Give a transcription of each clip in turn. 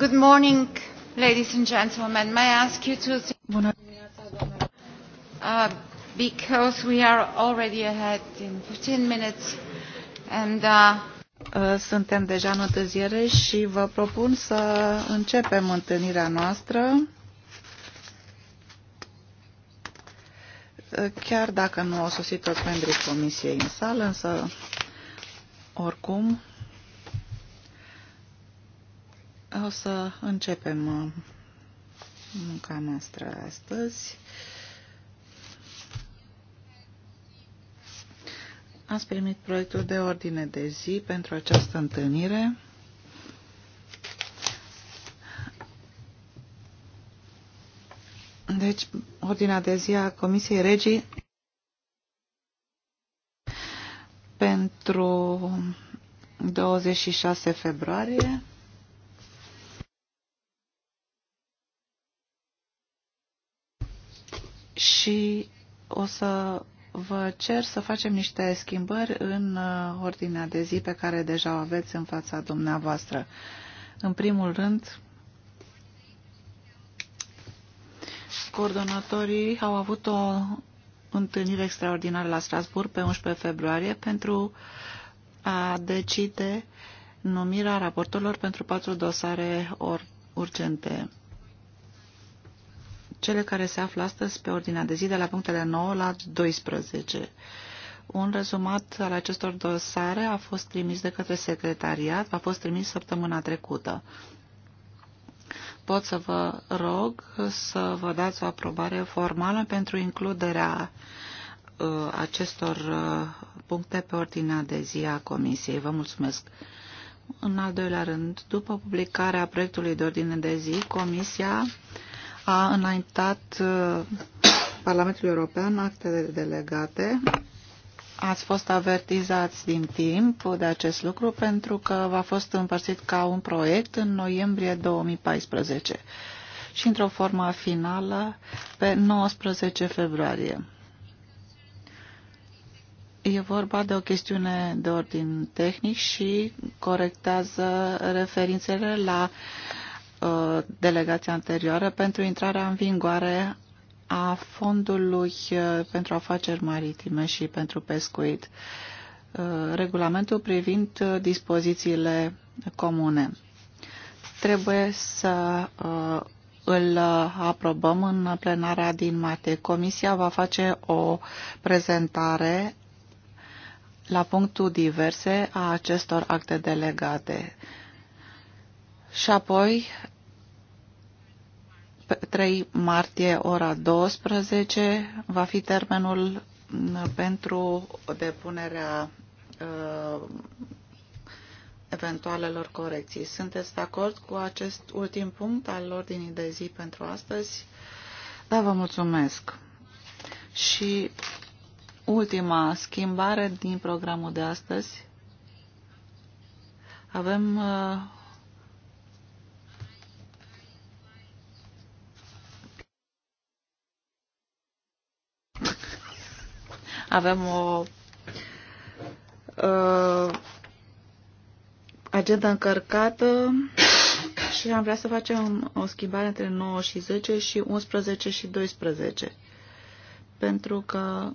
Good morning, ladies and gentlemen. May I ask you to... Bună dimineața, doamne. Uh, because we are already ahead in 15 minutes and... Uh, suntem deja în întârziere și vă propun să începem întâlnirea noastră. Chiar dacă nu au sosit toți membrii comisiei în sală, însă oricum o să începem uh, munca noastră astăzi. Ați primit proiectul de ordine de zi pentru această întâlnire. Deci, ordinea de zi a Comisiei Regii pentru 26 februarie și o să vă cer să facem niște schimbări în uh, ordinea de zi pe care deja o aveți în fața dumneavoastră. În primul rând, coordonatorii au avut o întâlnire extraordinară la Strasburg pe 11 februarie pentru a decide numirea raportorilor pentru patru dosare urgente cele care se află astăzi pe ordinea de zi de la punctele 9 la 12. Un rezumat al acestor dosare a fost trimis de către secretariat, a fost trimis săptămâna trecută. Pot să vă rog să vă dați o aprobare formală pentru includerea uh, acestor uh, puncte pe ordinea de zi a Comisiei. Vă mulțumesc. În al doilea rând, după publicarea proiectului de ordine de zi, Comisia a înaintat uh, Parlamentul European actele delegate. Ați fost avertizați din timp de acest lucru pentru că v-a fost împărțit ca un proiect în noiembrie 2014 și într-o formă finală pe 19 februarie. E vorba de o chestiune de ordin tehnic și corectează referințele la uh, Uh, delegația anterioară pentru intrarea în vigoare a Fondului uh, pentru Afaceri Maritime și pentru Pescuit, uh, regulamentul privind dispozițiile comune. Trebuie să îl aprobăm în plenarea din martie. Comisia va face o prezentare la punctul diverse a acestor acte delegate și apoi pe 3 martie ora 12 va fi termenul mm, pentru depunerea uh, eventualelor corecții. Sunteți de acord cu acest ultim punct al ordinii de zi pentru astăzi? Da, vă mulțumesc. Și ultima schimbare din programul de astăzi. Avem uh, Avem o uh, agenda încărcată și am vrea să facem o schimbare între 9 și 10 și 11 și 12. Pentru că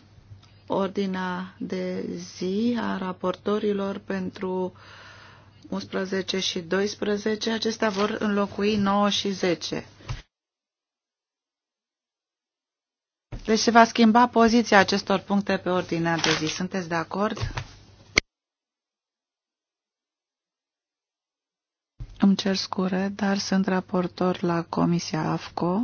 ordinea de zi a raportorilor pentru 11 și 12, acestea vor înlocui 9 și 10. Deci se va schimba poziția acestor puncte pe ordinea de zi. Sunteți de acord? Îmi cer scure, dar sunt raportor la Comisia AFCO,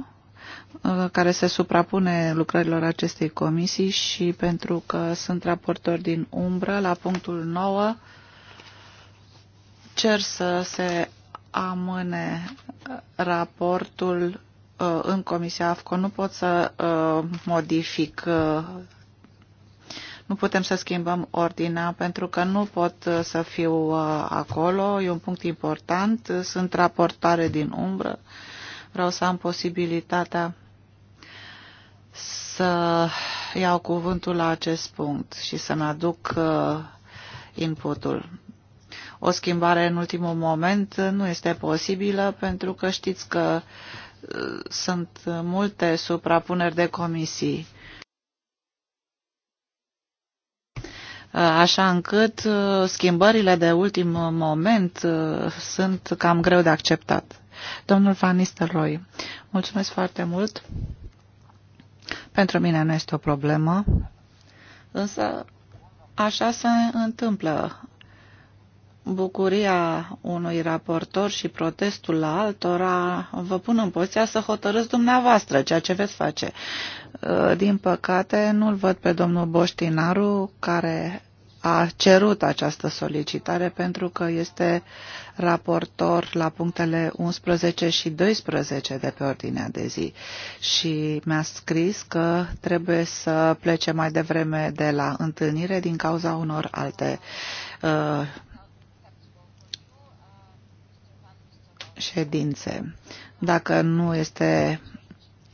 uh, care se suprapune lucrărilor acestei comisii și pentru că sunt raportor din umbră la punctul 9, cer să se amâne uh, raportul Uh, în Comisia AFCO nu pot să uh, modific, uh, nu putem să schimbăm ordinea pentru că nu pot să fiu acolo, e un punct important, sunt raportare din umbră, vreau să am posibilitatea să iau cuvântul la acest punct și să-mi aduc inputul. O schimbare în ultimul moment nu este posibilă pentru că știți că sunt multe suprapuneri de comisii. Așa încât uh, schimbările de ultim moment uh, sunt cam greu de acceptat. Domnul Van Nistelrooy, mulțumesc foarte mult. Pentru mine nu este o problemă, însă așa se întâmplă bucuria unui raportor și protestul la altora vă pun în poziția să hotărâți dumneavoastră ceea ce veți face. Uh, din păcate, nu-l văd pe domnul Boștinaru, care a cerut această solicitare pentru că este raportor la punctele 11 și 12 de pe ordinea de zi și mi-a scris că trebuie să plece mai devreme de la întâlnire din cauza unor alte uh, ședințe. Dacă nu este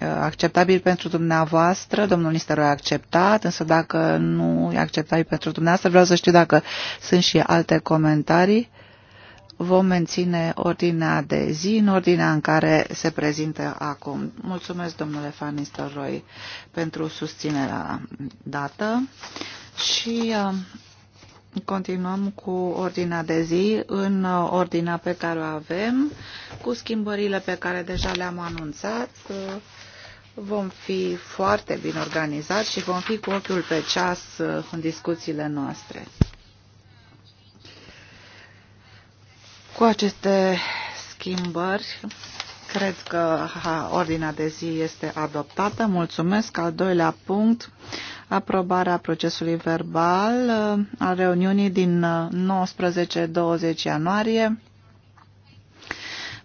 uh, acceptabil pentru dumneavoastră, domnul minister a acceptat, însă dacă nu e acceptabil pentru dumneavoastră, vreau să știu dacă sunt și alte comentarii. Vom menține ordinea de zi în ordinea în care se prezintă acum. Mulțumesc, domnule Fanistor Roy, pentru susținerea dată și uh, Continuăm cu ordinea de zi în uh, ordinea pe care o avem, cu schimbările pe care deja le-am anunțat. Uh, vom fi foarte bine organizați și vom fi cu ochiul pe ceas uh, în discuțiile noastre. Cu aceste schimbări Cred că ha, ordinea de zi este adoptată. Mulțumesc. Al doilea punct, aprobarea procesului verbal uh, al reuniunii din 19-20 uh, ianuarie.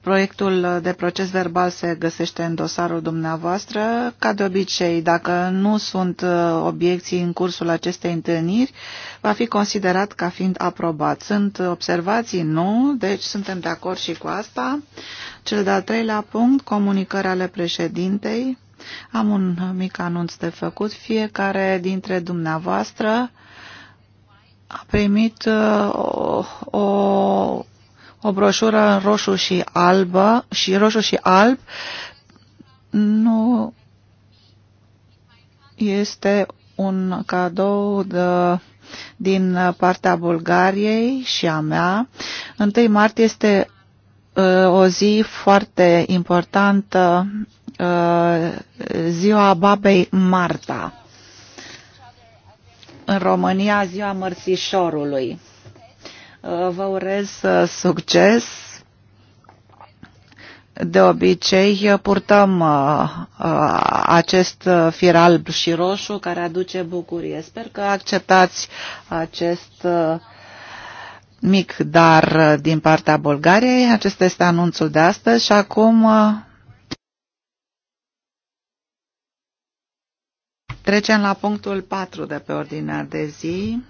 Proiectul de proces verbal se găsește în dosarul dumneavoastră. Ca de obicei, dacă nu sunt uh, obiecții în cursul acestei întâlniri, va fi considerat ca fiind aprobat. Sunt observații? Nu, deci suntem de acord și cu asta. Cel de-al treilea punct, comunicări ale președintei. Am un mic anunț de făcut. Fiecare dintre dumneavoastră a primit uh, o, o o broșură în roșu și albă și roșu și alb nu este un cadou de, din partea Bulgariei și a mea. 1 martie este uh, o zi foarte importantă, uh, ziua babei Marta. În România, ziua mărțișorului. Vă urez uh, succes. De obicei uh, purtăm uh, acest fir alb și roșu care aduce bucurie. Sper că acceptați acest mic dar din partea Bulgariei. Acesta este anunțul de astăzi și acum trecem la punctul 4 de pe ordinea de zi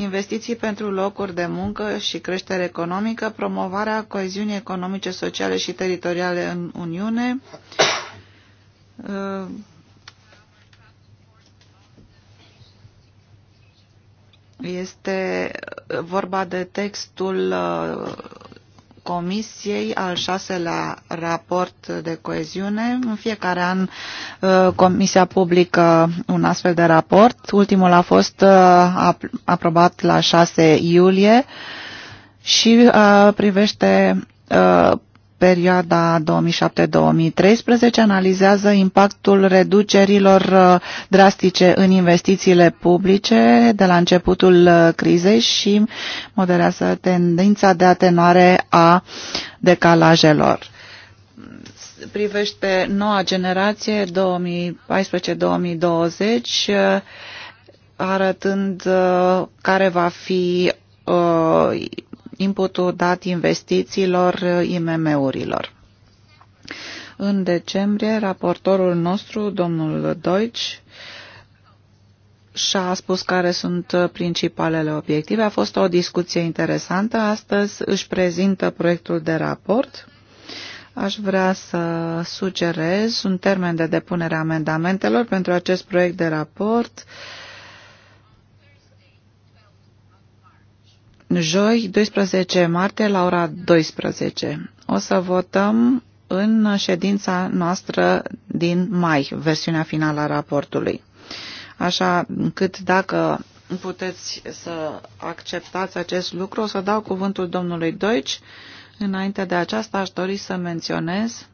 investiții pentru locuri de muncă și creștere economică, promovarea coeziunii economice, sociale și teritoriale în Uniune, este vorba de textul Comisiei, al șaselea raport de coeziune. În fiecare an uh, Comisia publică un astfel de raport. Ultimul a fost uh, aprobat la 6 iulie și uh, privește perioada 2007-2013 analizează impactul reducerilor uh, drastice în investițiile publice de la începutul uh, crizei și moderează tendința de atenuare a decalajelor privește noua generație 2014-2020, uh, arătând care va fi inputul dat investițiilor uh, IMM-urilor. În decembrie, raportorul nostru, domnul Deutsch, și-a spus care sunt uh, principalele obiective. A fost o discuție interesantă. Astăzi își prezintă proiectul de raport. Aș vrea să sugerez un termen de depunere a amendamentelor pentru acest proiect de raport. Uh, joi, 12 martie, la ora 12. O să votăm în ședința noastră din mai, versiunea finală a raportului. Așa încât dacă puteți să acceptați acest lucru, o să dau cuvântul domnului Deutsch. Înainte de aceasta aș dori să menționez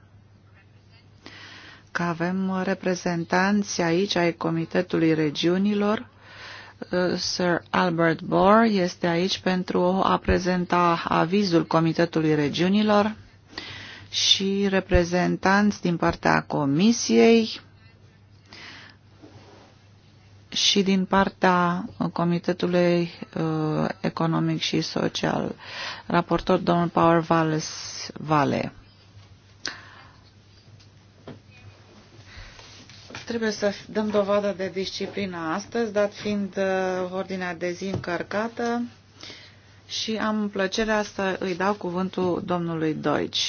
că avem reprezentanți aici ai Comitetului Regiunilor Uh, Sir Albert Bohr este aici pentru a prezenta avizul Comitetului Regiunilor și reprezentanți din partea Comisiei și din partea Comitetului uh, Economic și Social, raportor domnul Power Vales Vale. Trebuie să dăm dovadă de disciplină astăzi, dat fiind uh, ordinea de zi încărcată și am plăcerea să îi dau cuvântul domnului Deutsch.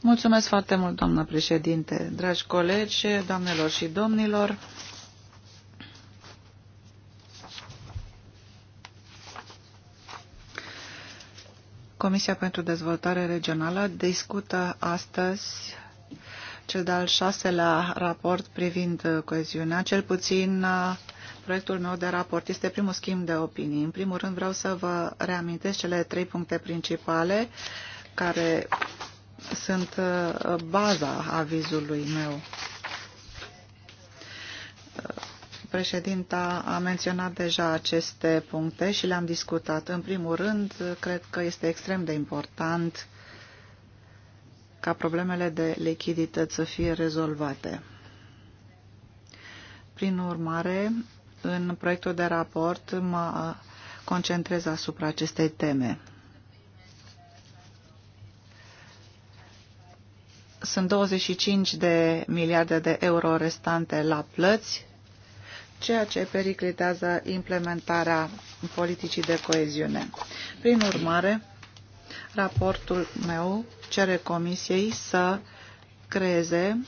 Mulțumesc foarte mult, doamnă președinte, dragi colegi, doamnelor și domnilor. Comisia pentru Dezvoltare Regională discută astăzi cel de-al șaselea raport privind coeziunea, cel puțin uh, proiectul meu de raport este primul schimb de opinii. În primul rând vreau să vă reamintesc cele trei puncte principale care sunt uh, baza avizului meu Președinta a menționat deja aceste puncte și le-am discutat. În primul rând, cred că este extrem de important ca problemele de lichidități să fie rezolvate. Prin urmare, în proiectul de raport mă concentrez asupra acestei teme. Sunt 25 de miliarde de euro restante la plăți ceea ce periclitează implementarea politicii de coeziune. Prin urmare, raportul meu cere Comisiei să creeze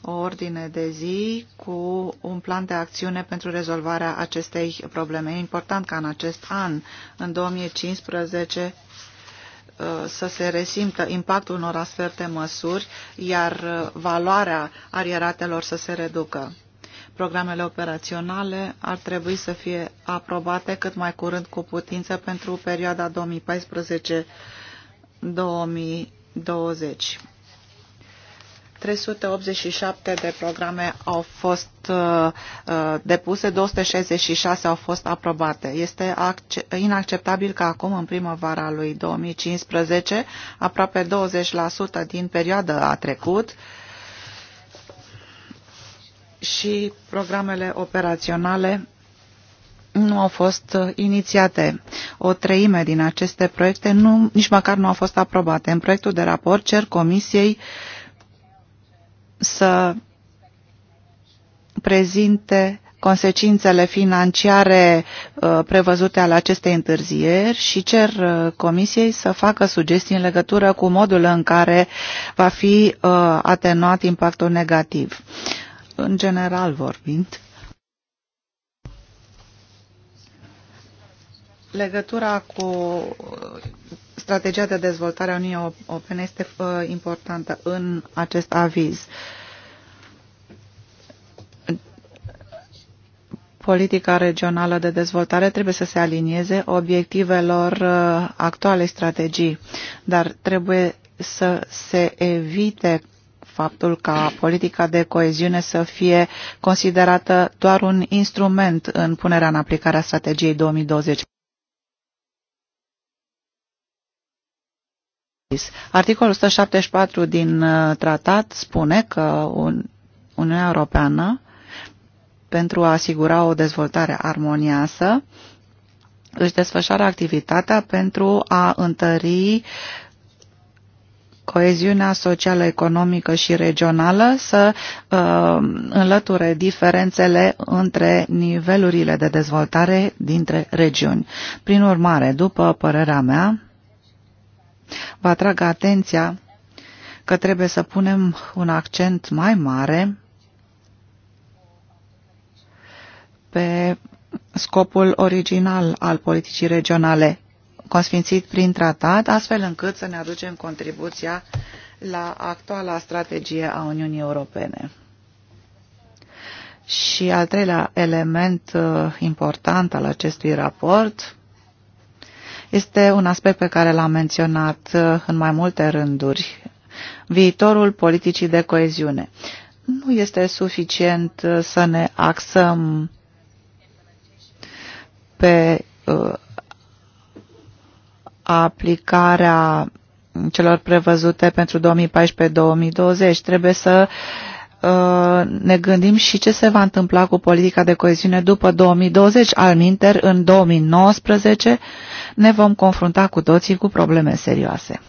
o ordine de zi cu un plan de acțiune pentru rezolvarea acestei probleme. E important ca în acest an, în 2015, să se resimtă impactul unor astfel de măsuri, iar valoarea arieratelor să se reducă. Programele operaționale ar trebui să fie aprobate cât mai curând cu putință pentru perioada 2014-2020. 387 de programe au fost uh, uh depuse, 266 au fost aprobate. Este inacceptabil că acum, în primăvara lui 2015, aproape 20% din perioada a trecut, uh, și programele operaționale nu au fost uh, inițiate. O treime din aceste proiecte nu, nici măcar nu au fost aprobate. În proiectul de raport cer Comisiei să prezinte consecințele financiare uh, prevăzute ale acestei întârzieri și cer uh, Comisiei să facă sugestii în legătură cu modul în care va fi atenuat impactul negativ în general vorbind, legătura cu uh, strategia de dezvoltare a Uniunii Europene este uh, importantă în acest aviz. Politica regională de dezvoltare trebuie să se alinieze obiectivelor uh, actuale strategii, dar trebuie să se evite faptul ca politica de coeziune să fie considerată doar un instrument în punerea în aplicare a strategiei 2020. Articolul 174 din uh, tratat spune că Uniunea Europeană, pentru a asigura o dezvoltare armonioasă, își desfășoară activitatea pentru a întări coeziunea socială, economică și regională să uh, înlăture diferențele între nivelurile de dezvoltare dintre regiuni. Prin urmare, după părerea mea, vă atrag atenția că trebuie să punem un accent mai mare pe scopul original al politicii regionale, consfințit prin tratat, astfel încât să ne aducem contribuția la actuala strategie a Uniunii Europene. Și al treilea element uh, important al acestui raport este un aspect pe care l-am menționat uh, în mai multe rânduri, viitorul politicii de coeziune. Nu este suficient uh, să ne axăm pe aplicarea celor prevăzute pentru 2014-2020. Trebuie să uh, ne gândim și ce se va întâmpla cu politica de coeziune după 2020. Alminter, în 2019 ne vom confrunta cu toții cu probleme serioase.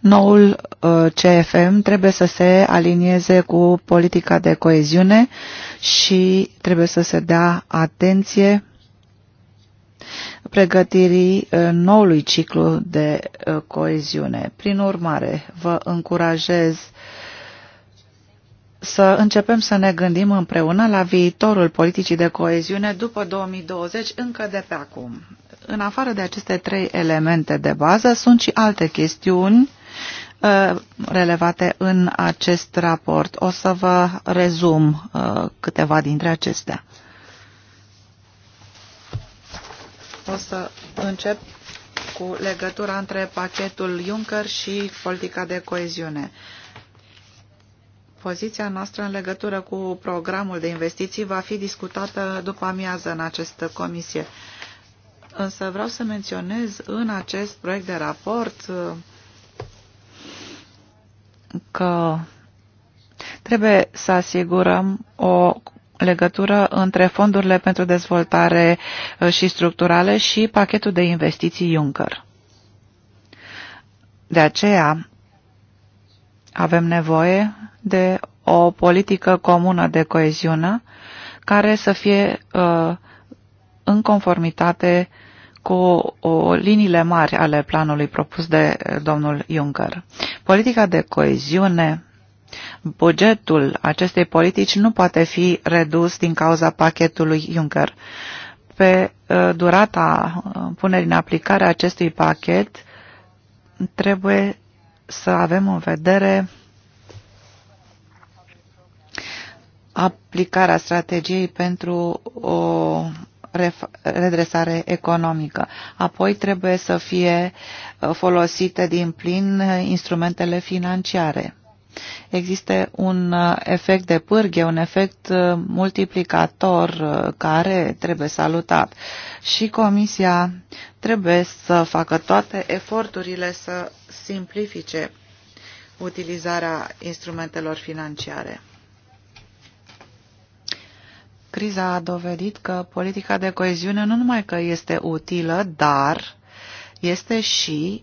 Noul uh, CFM trebuie să se alinieze cu politica de coeziune și trebuie să se dea atenție pregătirii uh, noului ciclu de uh, coeziune. Prin urmare, vă încurajez să începem să ne gândim împreună la viitorul politicii de coeziune după 2020, încă de pe acum. În afară de aceste trei elemente de bază, sunt și alte chestiuni uh, relevate în acest raport. O să vă rezum câteva dintre acestea. O să încep cu legătura între pachetul Juncker și politica de coeziune. Poziția noastră în legătură cu programul de investiții va fi discutată după amiază în această comisie. Însă vreau să menționez în acest proiect de raport uh, că trebuie să asigurăm o legătură între fondurile pentru dezvoltare uh, și structurale și pachetul de investiții Juncker. De aceea avem nevoie de o politică comună de coeziune care să fie uh, în conformitate cu o, liniile mari ale planului propus de uh, domnul Juncker. Politica de coeziune Bugetul acestei politici nu poate fi redus din cauza pachetului Juncker. Pe uh, durata uh, punerii în aplicare a acestui pachet trebuie să avem în vedere aplicarea strategiei pentru o redresare economică. Apoi trebuie să fie uh, folosite din plin instrumentele financiare. Există un uh, efect de pârghie, un efect uh, multiplicator uh, care trebuie salutat și Comisia trebuie să facă toate eforturile să simplifice utilizarea instrumentelor financiare. Criza a dovedit că politica de coeziune nu numai că este utilă, dar este și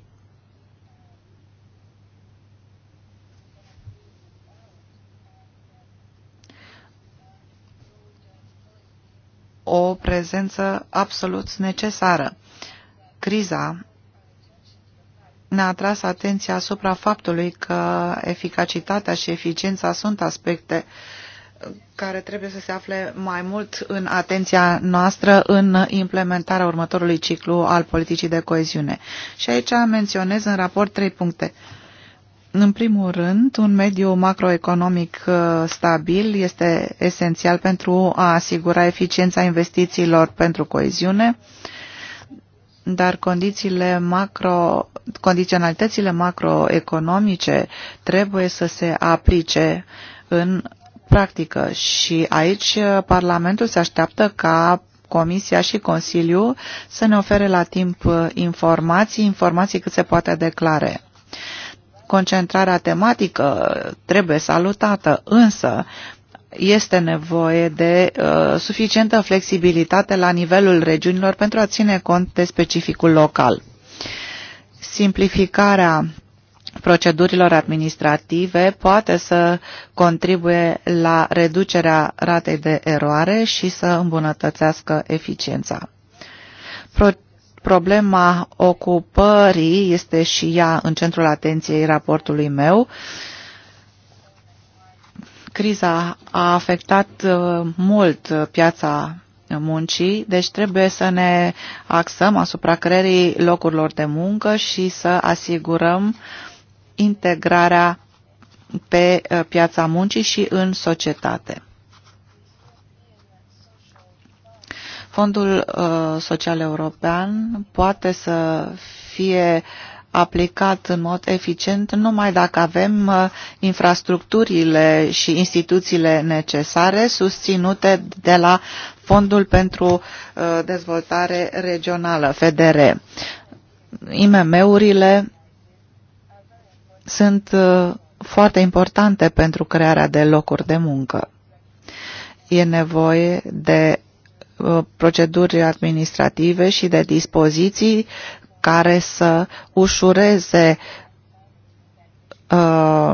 o prezență absolut necesară. Criza ne-a atras atenția asupra faptului că eficacitatea și eficiența sunt aspecte care trebuie să se afle mai mult în atenția noastră în implementarea următorului ciclu al politicii de coeziune. Și aici menționez în raport trei puncte. În primul rând, un mediu macroeconomic uh, stabil este esențial pentru a asigura eficiența investițiilor pentru coeziune, dar condițiile macro, condiționalitățile macroeconomice trebuie să se aplice în practică și aici uh, Parlamentul se așteaptă ca Comisia și Consiliu să ne ofere la timp uh, informații, informații cât se poate declare Concentrarea tematică trebuie salutată, însă este nevoie de uh, suficientă flexibilitate la nivelul regiunilor pentru a ține cont de specificul local. Simplificarea procedurilor administrative poate să contribuie la reducerea ratei de eroare și să îmbunătățească eficiența. Pro Problema ocupării este și ea în centrul atenției raportului meu. Criza a afectat uh, mult piața muncii, deci trebuie să ne axăm asupra creării locurilor de muncă și să asigurăm integrarea pe uh, piața muncii și în societate. Fondul uh, Social European poate să fie aplicat în mod eficient numai dacă avem uh, infrastructurile și instituțiile necesare susținute de la Fondul pentru uh, Dezvoltare Regională, FDR. IMM-urile sunt foarte importante pentru crearea de locuri de muncă. E nevoie de Uh, proceduri administrative și de dispoziții care să ușureze uh,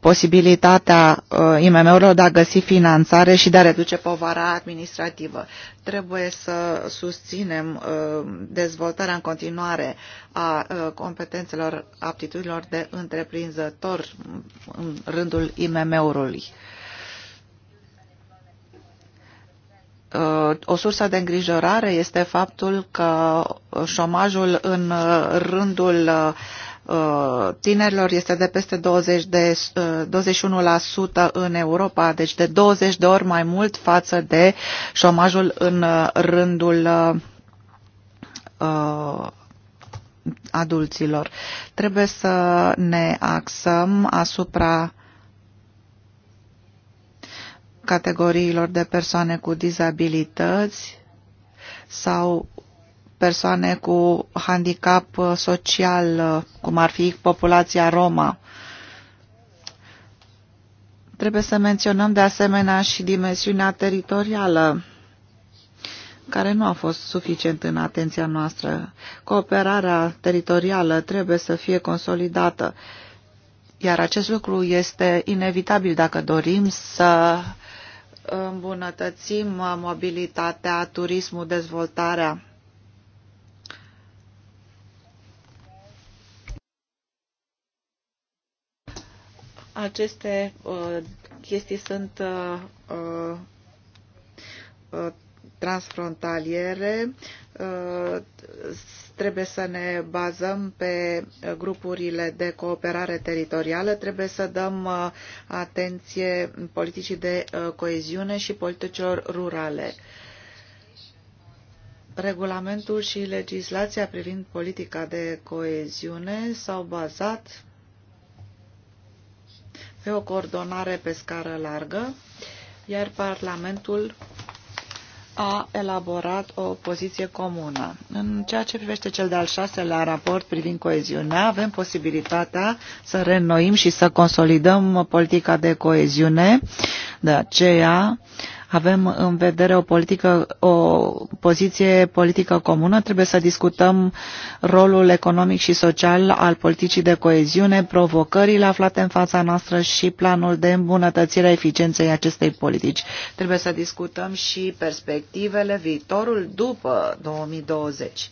posibilitatea uh, IMM-urilor de a găsi finanțare și de a reduce povara administrativă. Trebuie să susținem uh, dezvoltarea în continuare a uh, competențelor, aptitudinilor de întreprinzător în rândul imm urilor o sursă de îngrijorare este faptul că șomajul în rândul uh, tinerilor este de peste 20 de, 21% uh, în Europa, deci de 20 de ori mai mult față de șomajul în rândul uh, adulților. Trebuie să ne axăm asupra categoriilor de persoane cu dizabilități sau persoane cu handicap social, cum ar fi populația Roma. Trebuie să menționăm de asemenea și dimensiunea teritorială, care nu a fost suficient în atenția noastră. Cooperarea teritorială trebuie să fie consolidată, iar acest lucru este inevitabil dacă dorim să îmbunătățim mobilitatea, turismul, dezvoltarea. Aceste uh, chestii sunt uh, uh, uh transfrontaliere, uh, trebuie să ne bazăm pe grupurile de cooperare teritorială, trebuie să dăm uh, atenție politicii de uh, coeziune și politicilor rurale. Regulamentul și legislația privind politica de coeziune s-au bazat pe o coordonare pe scară largă, iar Parlamentul a elaborat o poziție comună. În ceea ce privește cel de-al șaselea raport privind coeziunea, avem posibilitatea să reînnoim și să consolidăm politica de coeziune, de aceea uh, avem în vedere o, politică, o poziție politică comună, trebuie să discutăm rolul economic și social al politicii de coeziune, provocările aflate în fața noastră și planul de îmbunătățire a eficienței acestei politici. Trebuie să discutăm și perspectivele, viitorul după 2020.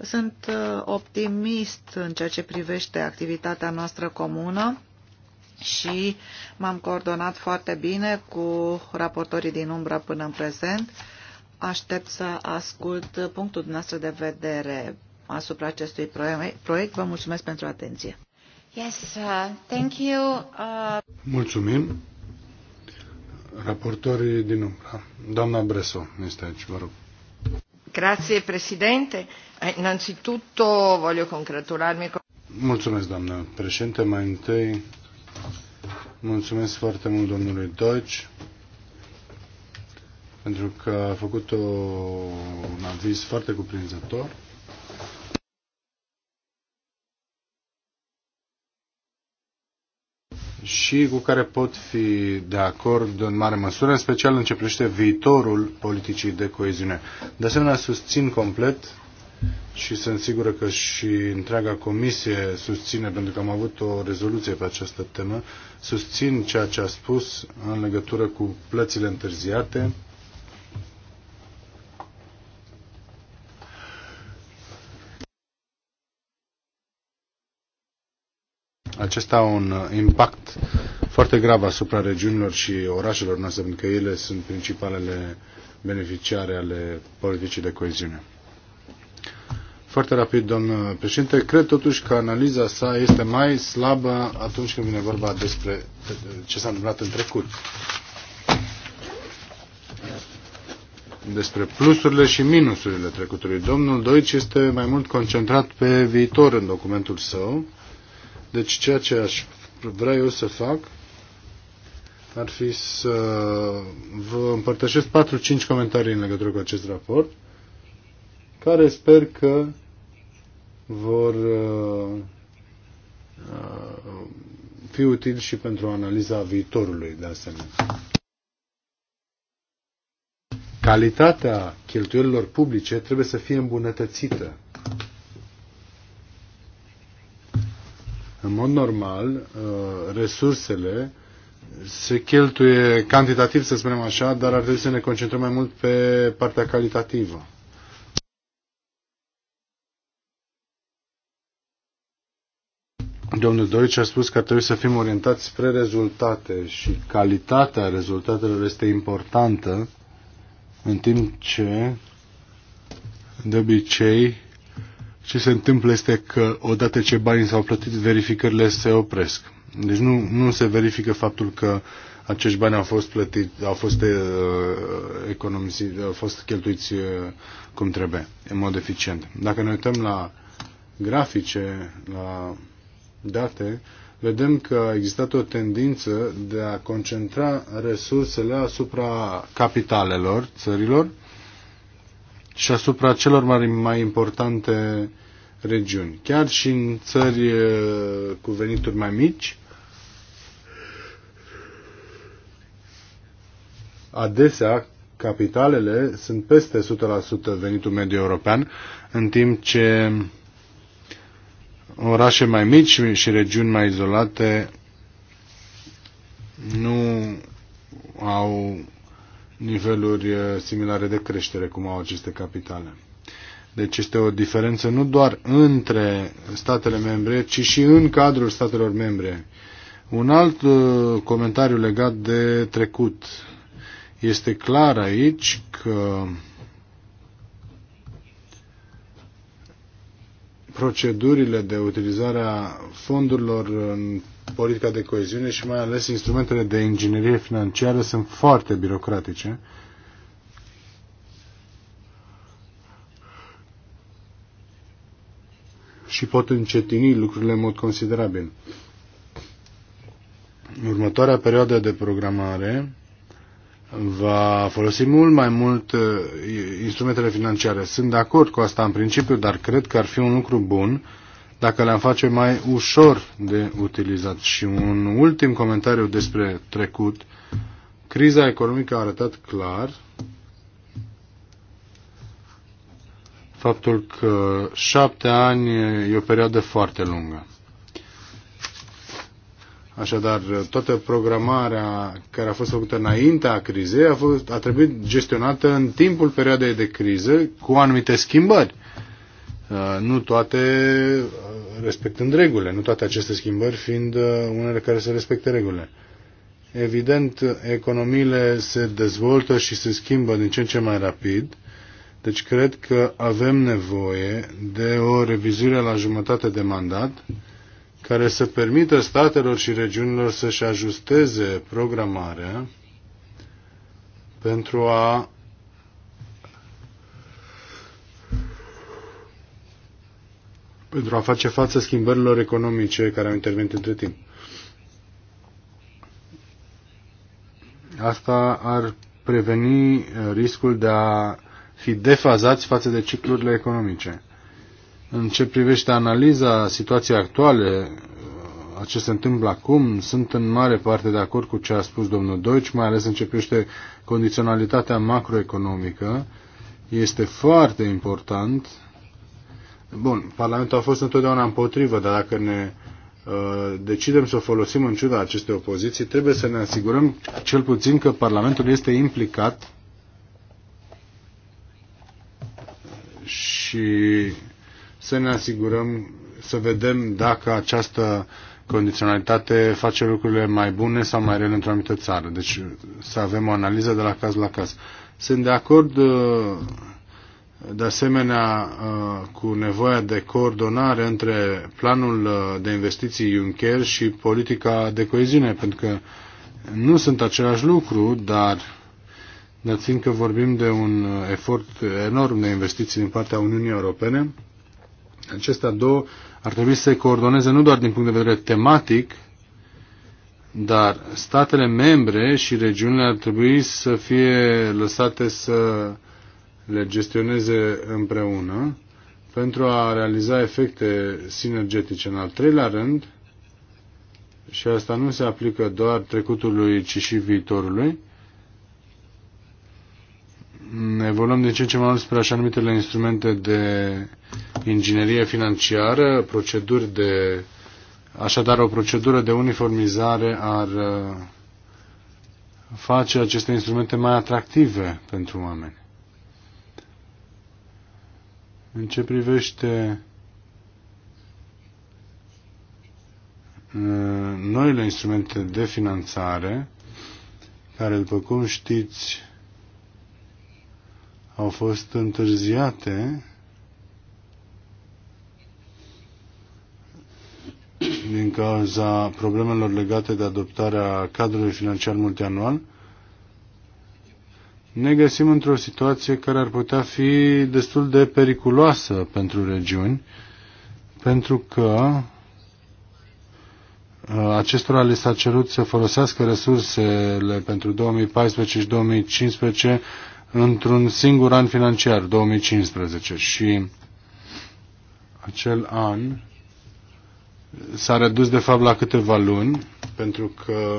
Sunt uh, optimist în ceea ce privește activitatea noastră comună și m-am coordonat foarte bine cu raportorii din umbra până în prezent. Aștept să ascult punctul dumneavoastră de vedere asupra acestui proiect. Vă mulțumesc pentru atenție. Yes, uh, thank you. Uh... Mulțumim. Raportorii din umbra. Doamna Breso este aici, vă rog. Grazie, Presidente. Eh, innanzitutto voglio congratularmi con... Mulțumesc, doamnă președinte. Mai întâi Mulțumesc foarte mult domnului Deutsch pentru că a făcut o, un aviz foarte cuprinzător. și cu care pot fi de acord în mare măsură, în special în ce privește viitorul politicii de coeziune. De asemenea, susțin complet și sunt sigură că și întreaga comisie susține, pentru că am avut o rezoluție pe această temă, susțin ceea ce a spus în legătură cu plățile întârziate. Acesta au un impact foarte grav asupra regiunilor și orașelor noastre, pentru că ele sunt principalele beneficiare ale politicii de coeziune. Foarte rapid, domnul președinte, cred totuși că analiza sa este mai slabă atunci când vine vorba despre ce s-a întâmplat în trecut. despre plusurile și minusurile trecutului. Domnul Doici este mai mult concentrat pe viitor în documentul său, deci ceea ce aș vrea eu să fac ar fi să vă împărtășesc 4-5 comentarii în legătură cu acest raport, care sper că vor uh, uh, fi util și pentru analiza viitorului de asemenea. Calitatea cheltuielilor publice trebuie să fie îmbunătățită. În mod normal, uh, resursele se cheltuie cantitativ, să spunem așa, dar ar trebui să ne concentrăm mai mult pe partea calitativă. domnul Dorici a spus că trebuie să fim orientați spre rezultate și calitatea rezultatelor este importantă în timp ce de obicei ce se întâmplă este că odată ce banii s-au plătit, verificările se opresc. Deci nu, nu se verifică faptul că acești bani au fost plătiți, au fost uh, economisiți, au fost cheltuiți uh, cum trebuie, în mod eficient. Dacă ne uităm la grafice, la date, vedem că a existat o tendință de a concentra resursele asupra capitalelor țărilor și asupra celor mai, mai importante regiuni. Chiar și în țări cu venituri mai mici, adesea capitalele sunt peste 100% venitul mediu european, în timp ce orașe mai mici și regiuni mai izolate nu au niveluri uh, similare de creștere cum au aceste capitale. Deci este o diferență nu doar între statele membre, ci și în cadrul statelor membre. Un alt uh, comentariu legat de trecut. Este clar aici că procedurile de utilizare a fondurilor în politica de coeziune și mai ales instrumentele de inginerie financiară sunt foarte birocratice. și pot încetini lucrurile în mod considerabil. Următoarea perioadă de programare va folosi mult mai mult uh, instrumentele financiare. Sunt de acord cu asta în principiu, dar cred că ar fi un lucru bun dacă le-am face mai ușor de utilizat. Și un ultim comentariu despre trecut. Criza economică a arătat clar faptul că șapte ani e o perioadă foarte lungă. Așadar, toată programarea care a fost făcută înaintea crizei a, fost, a trebuit gestionată în timpul perioadei de criză cu anumite schimbări. Uh, nu toate uh, respectând regulile, nu toate aceste schimbări fiind uh, unele care să respecte regulile. Evident, economiile se dezvoltă și se schimbă din ce în ce mai rapid, deci cred că avem nevoie de o revizuire la jumătate de mandat, care să permită statelor și regiunilor să-și ajusteze programarea pentru a pentru a face față schimbărilor economice care au intervenit între timp. Asta ar preveni uh, riscul de a fi defazați față de ciclurile economice. În ce privește analiza situației actuale, a ce se întâmplă acum, sunt în mare parte de acord cu ce a spus domnul Deutsch, mai ales în ce privește condiționalitatea macroeconomică. Este foarte important. Bun, Parlamentul a fost întotdeauna împotrivă, dar dacă ne uh, decidem să o folosim în ciuda acestei opoziții, trebuie să ne asigurăm cel puțin că Parlamentul este implicat și să ne asigurăm, să vedem dacă această condiționalitate face lucrurile mai bune sau mai rele într-o anumită țară. Deci să avem o analiză de la caz la caz. Sunt de acord uh, de asemenea uh, cu nevoia de coordonare între planul uh, de investiții Juncker și politica de coeziune, pentru că nu sunt același lucru, dar dar țin că vorbim de un efort enorm de investiții din partea Uniunii Europene Acestea două ar trebui să se coordoneze nu doar din punct de vedere tematic, dar statele membre și regiunile ar trebui să fie lăsate să le gestioneze împreună pentru a realiza efecte sinergetice. În al treilea rând, și asta nu se aplică doar trecutului, ci și viitorului, ne evoluăm din ce în ce mai mult spre așa numitele instrumente de inginerie financiară, proceduri de... Așadar, o procedură de uniformizare ar uh, face aceste instrumente mai atractive pentru oameni. În ce privește uh, noile instrumente de finanțare, care, după cum știți, au fost întârziate din cauza problemelor legate de adoptarea cadrului financiar multianual, ne găsim într-o situație care ar putea fi destul de periculoasă pentru regiuni, pentru că uh, acestora le s-a cerut să folosească resursele pentru 2014 și 2015 într-un singur an financiar, 2015. Și acel an s-a redus de fapt la câteva luni, pentru că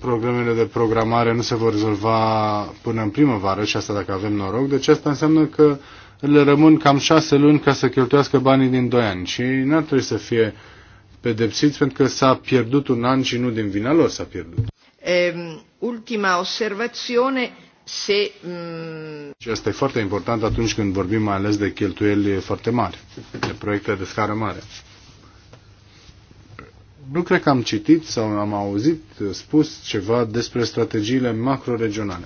programele de programare nu se vor rezolva până în primăvară și asta dacă avem noroc. Deci asta înseamnă că le rămân cam șase luni ca să cheltuiască banii din doi ani și n-ar trebui să fie pedepsiți pentru că s-a pierdut un an și nu din vina lor s-a pierdut. Ehm, ultima observație, se... Um... Și asta e foarte important atunci când vorbim mai ales de cheltuieli foarte mari, de proiecte de scară mare. Nu cred că am citit sau am auzit spus ceva despre strategiile macroregionale.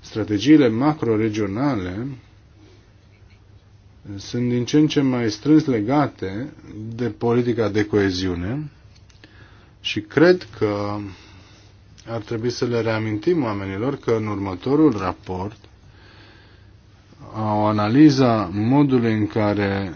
Strategiile macroregionale sunt din ce în ce mai strâns legate de politica de coeziune și cred că ar trebui să le reamintim oamenilor că în următorul raport o analiza modului în care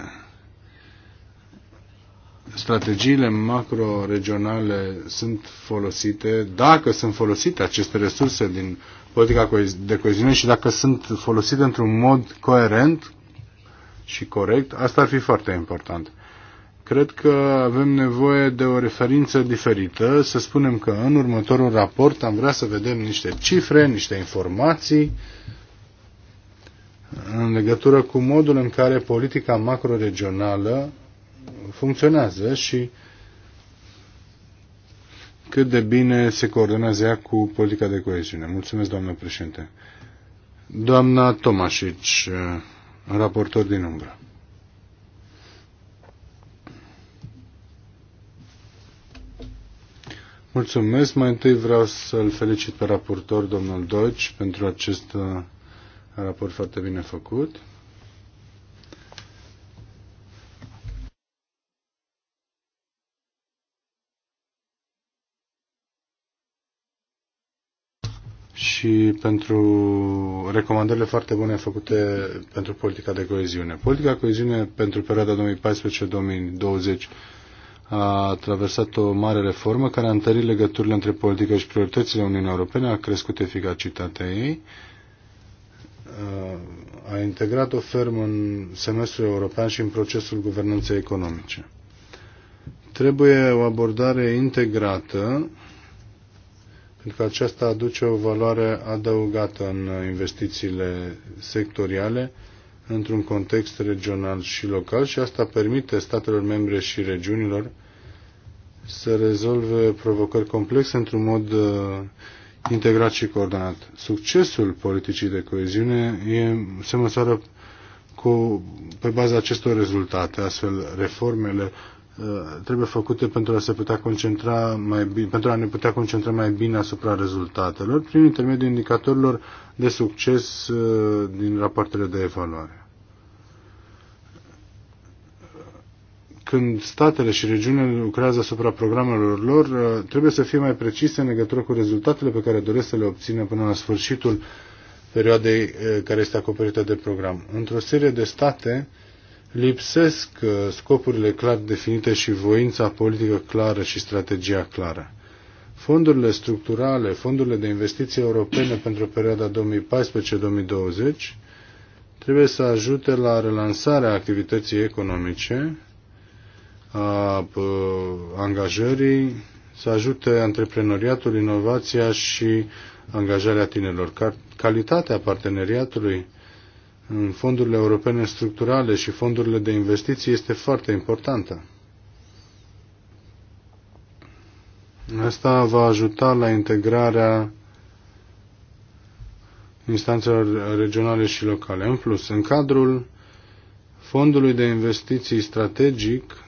strategiile macro-regionale sunt folosite, dacă sunt folosite aceste resurse din politica de coeziune și dacă sunt folosite într-un mod coerent și corect, asta ar fi foarte important cred că avem nevoie de o referință diferită. Să spunem că în următorul raport am vrea să vedem niște cifre, niște informații în legătură cu modul în care politica macroregională funcționează și cât de bine se coordonează ea cu politica de coeziune. Mulțumesc, doamnă președinte. Doamna Tomașici, raportor din umbră. Mulțumesc. Mai întâi vreau să-l felicit pe raportor, domnul Deutsch, pentru acest uh, raport foarte bine făcut. și pentru recomandările foarte bune făcute pentru politica de coeziune. Politica de coeziune pentru perioada 2014-2020 a traversat o mare reformă care a întărit legăturile între politică și prioritățile Uniunii Europene, a crescut eficacitatea ei, a integrat-o ferm în semestrul european și în procesul guvernanței economice. Trebuie o abordare integrată, pentru că aceasta aduce o valoare adăugată în investițiile sectoriale, într-un context regional și local și asta permite statelor membre și regiunilor să rezolve provocări complexe într-un mod uh, integrat și coordonat. Succesul politicii de coeziune e, se măsoară cu, pe baza acestor rezultate, astfel reformele uh, trebuie făcute pentru a se putea concentra mai bine, pentru a ne putea concentra mai bine asupra rezultatelor prin intermediul indicatorilor de succes uh, din rapoartele de evaluare. când statele și regiunile lucrează asupra programelor lor, uh, trebuie să fie mai precise în legătură cu rezultatele pe care doresc să le obțină până la sfârșitul perioadei uh, care este acoperită de program. Într-o serie de state lipsesc uh, scopurile clar definite și voința politică clară și strategia clară. Fondurile structurale, fondurile de investiții europene pentru perioada 2014-2020 trebuie să ajute la relansarea activității economice a angajării, să ajute antreprenoriatul, inovația și angajarea tinerilor. Calitatea parteneriatului în fondurile europene structurale și fondurile de investiții este foarte importantă. Asta va ajuta la integrarea instanțelor regionale și locale. În plus, în cadrul Fondului de Investiții Strategic,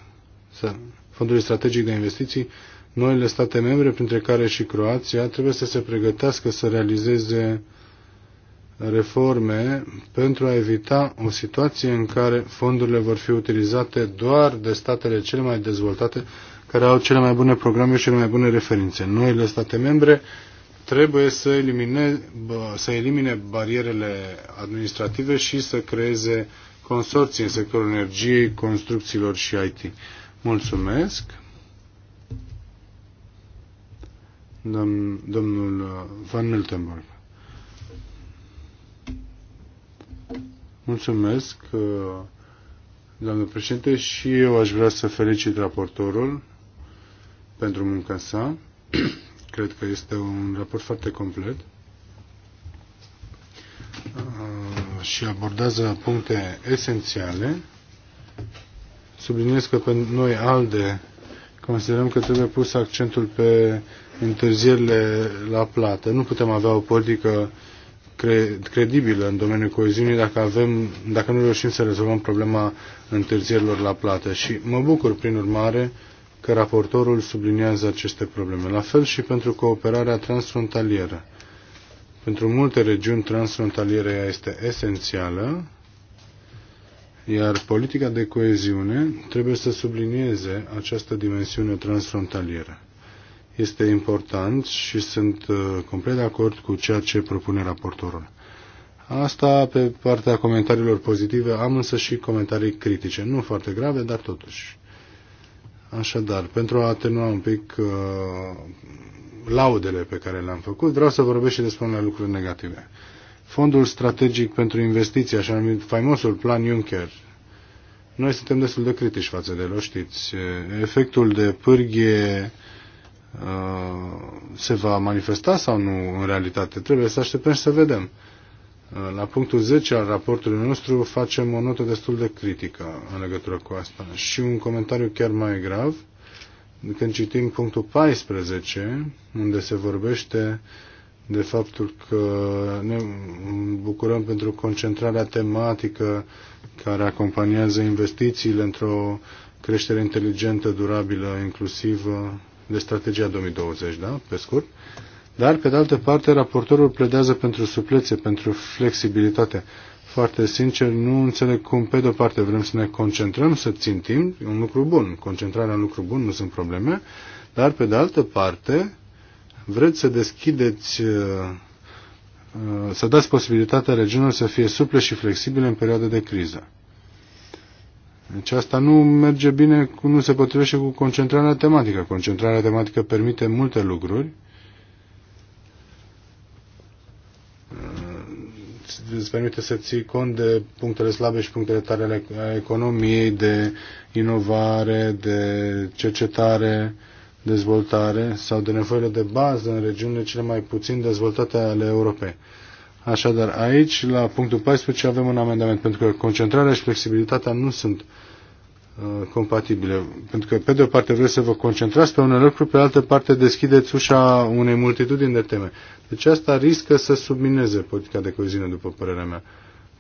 Fondului Strategic de Investiții, noile state membre, printre care și Croația, trebuie să se pregătească să realizeze reforme pentru a evita o situație în care fondurile vor fi utilizate doar de statele cele mai dezvoltate, care au cele mai bune programe și cele mai bune referințe. Noile state membre trebuie să elimine, să elimine barierele administrative și să creeze consorții în sectorul energiei, construcțiilor și IT. Mulțumesc. domnul uh, Van Miltenburg. Mulțumesc, uh, domnul președinte, și eu aș vrea să felicit raportorul pentru munca sa. Cred că este un raport foarte complet uh, și abordează puncte esențiale Subliniez că pe noi ALDE considerăm că trebuie pus accentul pe întârzierile la plată. Nu putem avea o politică credibilă în domeniul coeziunii dacă, avem, dacă nu reușim să rezolvăm problema întârzierilor la plată. Și mă bucur, prin urmare, că raportorul subliniază aceste probleme. La fel și pentru cooperarea transfrontalieră. Pentru multe regiuni transfrontaliere ea este esențială iar politica de coeziune trebuie să sublinieze această dimensiune transfrontalieră. Este important și sunt uh, complet de acord cu ceea ce propune raportorul. Asta pe partea comentariilor pozitive, am însă și comentarii critice, nu foarte grave, dar totuși. Așadar, pentru a atenua un pic uh, laudele pe care le-am făcut, vreau să vorbesc și despre unele lucruri negative. Fondul strategic pentru investiții, așa numit faimosul plan Juncker. Noi suntem destul de critici față de el, știți. Efectul de pârghie uh, se va manifesta sau nu în realitate. Trebuie să așteptăm și să vedem. Uh, la punctul 10 al raportului nostru facem o notă destul de critică în legătură cu asta și un comentariu chiar mai grav când citim punctul 14 unde se vorbește de faptul că ne bucurăm pentru concentrarea tematică care acompaniază investițiile într-o creștere inteligentă, durabilă, inclusivă de strategia 2020, da? Pe scurt. Dar, pe de altă parte, raportorul pledează pentru suplețe, pentru flexibilitate. Foarte sincer, nu înțeleg cum, pe de-o parte, vrem să ne concentrăm, să țintim, un lucru bun. Concentrarea un lucru bun, nu sunt probleme. Dar, pe de altă parte, vreți să deschideți, uh, uh, să dați posibilitatea regiunilor să fie suple și flexibile în perioada de criză. Deci asta nu merge bine, nu se potrivește cu concentrarea tematică. Concentrarea tematică permite multe lucruri. Uh, îți permite să ții cont de punctele slabe și punctele tare ale economiei, de inovare, de cercetare, dezvoltare sau de nevoile de bază în regiunile cele mai puțin dezvoltate ale Europei. Așadar, aici, la punctul 14, avem un amendament, pentru că concentrarea și flexibilitatea nu sunt uh, compatibile. Pentru că, pe de o parte, vreți să vă concentrați pe unele lucruri, pe altă parte, deschideți ușa unei multitudini de teme. Deci asta riscă să submineze politica de coziune, după părerea mea.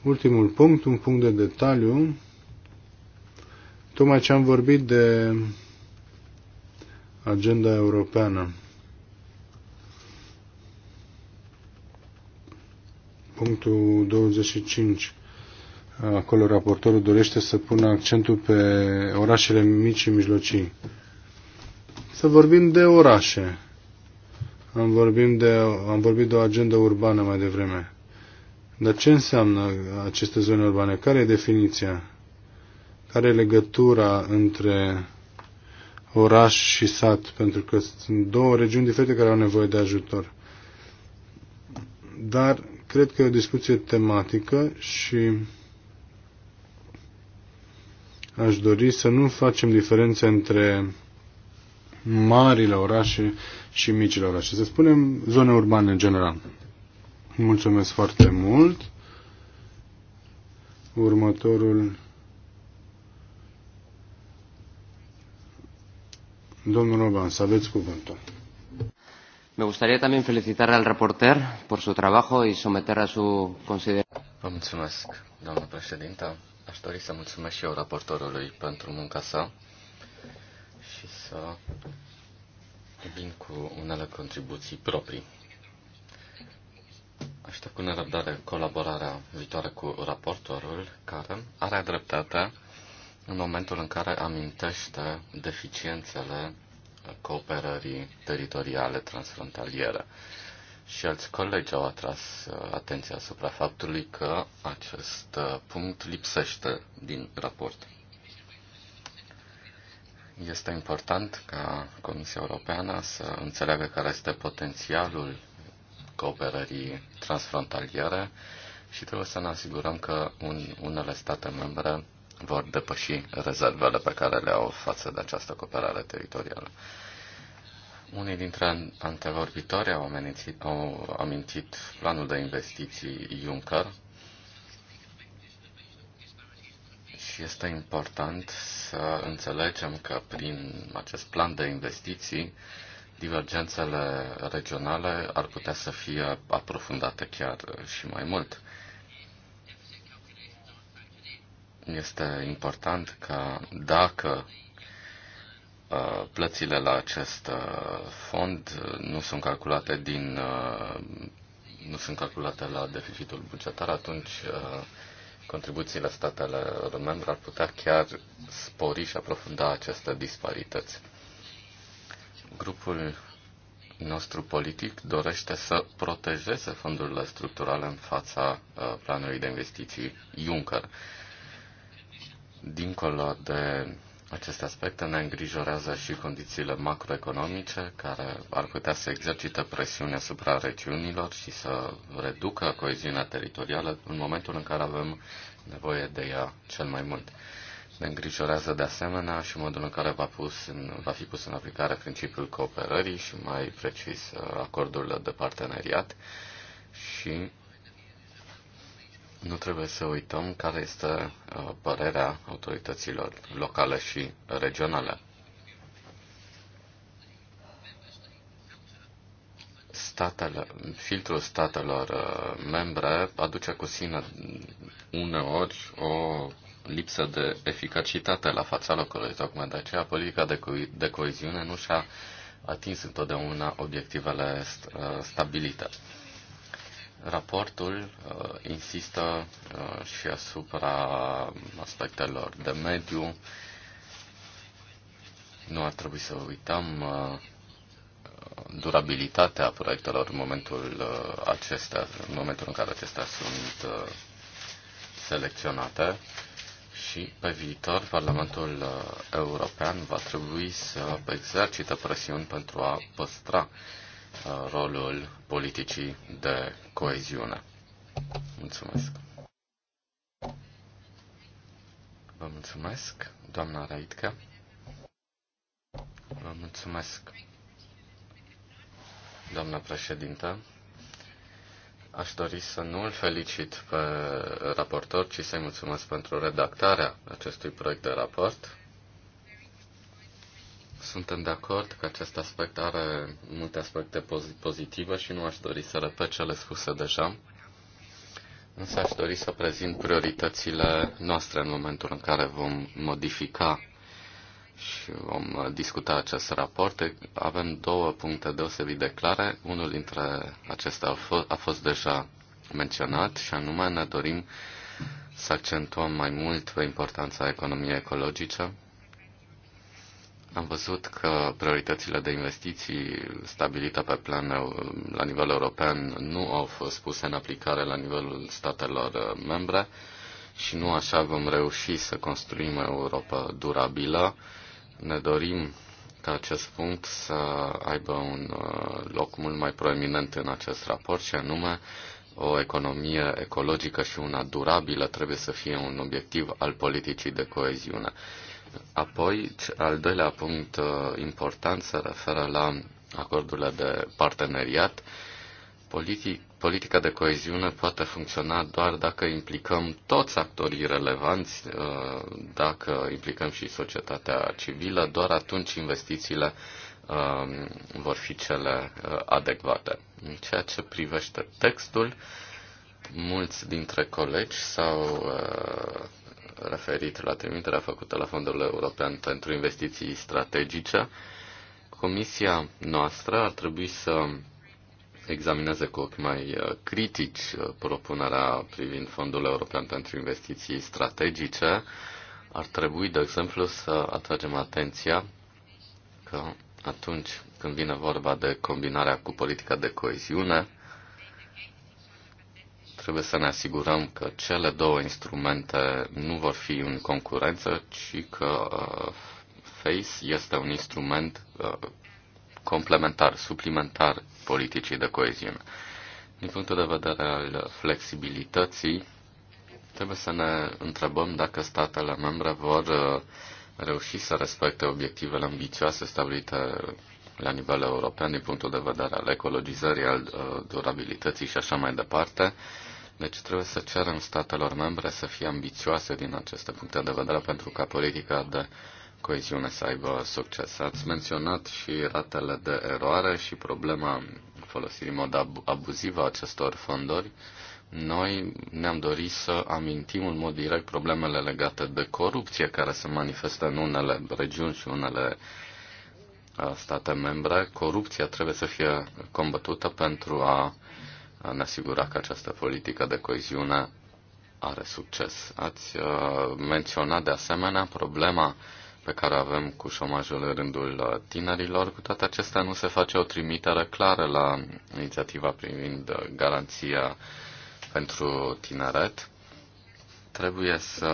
Ultimul punct, un punct de detaliu. Tocmai ce am vorbit de agenda europeană. Punctul 25. Acolo raportorul dorește să pună accentul pe orașele mici și mijlocii. Să vorbim de orașe. Am vorbit de, am vorbit de o agenda urbană mai devreme. Dar ce înseamnă aceste zone urbane? Care e definiția? Care e legătura între oraș și sat, pentru că sunt două regiuni diferite care au nevoie de ajutor. Dar cred că e o discuție tematică și aș dori să nu facem diferențe între marile orașe și micile orașe, să spunem zone urbane în general. Mulțumesc foarte mult. Următorul Domnul Roban, să aveți cuvântul. Me gustaría también felicitar al reporter por su trabajo y someter a su consideración. Vă mulțumesc, doamnă președintă. Aș dori să mulțumesc și eu raportorului pentru munca sa și să vin cu unele contribuții proprii. Aștept cu nerăbdare colaborarea viitoare cu raportorul, care are dreptate în momentul în care amintește deficiențele cooperării teritoriale transfrontaliere. Și alți colegi au atras uh, atenția asupra faptului că acest uh, punct lipsește din raport. Este important ca Comisia Europeană să înțeleagă care este potențialul cooperării transfrontaliere și trebuie să ne asigurăm că un, unele state membre vor depăși rezervele pe care le au față de această cooperare teritorială. Unii dintre antevorbitori au amintit, au amintit planul de investiții Juncker și este important să înțelegem că prin acest plan de investiții divergențele regionale ar putea să fie aprofundate chiar și mai mult. Este important că dacă uh, plățile la acest uh, fond uh, nu sunt calculate din nu sunt calculate la deficitul bugetar, atunci contribuțiile statelor membre ar putea chiar spori și aprofunda aceste disparități. Grupul nostru politic dorește să protejeze fondurile structurale în fața planului de investiții Juncker Dincolo de aceste aspecte ne îngrijorează și condițiile macroeconomice care ar putea să exercită presiune asupra regiunilor și să reducă coeziunea teritorială în momentul în care avem nevoie de ea cel mai mult. Ne îngrijorează de asemenea și modul în care va, pus în, va fi pus în aplicare principiul cooperării și mai precis uh, acordurile de parteneriat și nu trebuie să uităm care este uh, părerea autorităților locale și regionale. Statele, filtrul statelor uh, membre aduce cu sine uneori o lipsă de eficacitate la fața locului. Tocmai de aceea politica de, co- de coeziune nu și-a atins întotdeauna obiectivele st- uh, stabilite. Raportul uh, insistă uh, și asupra aspectelor de mediu. Nu ar trebui să uităm uh, durabilitatea proiectelor în momentul, uh, acestea, în momentul în care acestea sunt uh, selecționate și pe viitor Parlamentul uh, European va trebui să exercite presiuni pentru a păstra uh, rolul politicii de coeziune. Mulțumesc. Vă mulțumesc, doamna Raitcă. Vă mulțumesc, doamna președintă. Aș dori să nu îl felicit pe raportor, ci să-i mulțumesc pentru redactarea acestui proiect de raport. Suntem de acord că acest aspect are multe aspecte pozitive și nu aș dori să repet cele spuse deja, însă aș dori să prezint prioritățile noastre în momentul în care vom modifica și vom discuta acest raport. Avem două puncte deosebit de clare. Unul dintre acestea a, fost deja menționat și anume ne dorim să accentuăm mai mult pe importanța economiei ecologice am văzut că prioritățile de investiții stabilite pe plan la nivel european nu au fost puse în aplicare la nivelul statelor uh, membre și nu așa vom reuși să construim Europa durabilă. Ne dorim ca acest punct să aibă un uh, loc mult mai proeminent în acest raport și anume o economie ecologică și una durabilă trebuie să fie un obiectiv al politicii de coeziune. Apoi, al doilea punct uh, important se referă la acordurile de parteneriat. Politic, politica de coeziune poate funcționa doar dacă implicăm toți actorii relevanți, uh, dacă implicăm și societatea civilă, doar atunci investițiile um, vor fi cele uh, adecvate. În ceea ce privește textul, mulți dintre colegi s-au referit la trimiterea făcută la Fondul European pentru Investiții Strategice, comisia noastră ar trebui să examineze cu ochi mai uh, critici uh, propunerea privind Fondul European pentru Investiții Strategice. Ar trebui, de exemplu, să atragem atenția că atunci când vine vorba de combinarea cu politica de coeziune, Trebuie să ne asigurăm că cele două instrumente nu vor fi în concurență, ci că uh, FACE este un instrument uh, complementar, suplimentar politicii de coeziune. Din punctul de vedere al flexibilității, trebuie să ne întrebăm dacă statele membre vor uh, reuși să respecte obiectivele ambițioase stabilite la nivel european din punctul de vedere al ecologizării, al durabilității și așa mai departe deci trebuie să cerem statelor membre să fie ambițioase din aceste puncte de vedere pentru ca politica de coeziune să aibă succes. Ați menționat și ratele de eroare și problema folosirii în mod abuzivă a acestor fonduri. Noi ne-am dorit să amintim în mod direct problemele legate de corupție care se manifestă în unele regiuni și unele uh, state membre. Corupția trebuie să fie combătută pentru a a ne asigura că această politică de coeziune are succes. Ați uh, menționat de asemenea problema pe care avem cu șomajul în rândul uh, tinerilor. Cu toate acestea nu se face o trimitere clară la inițiativa privind uh, garanția pentru tineret. Trebuie să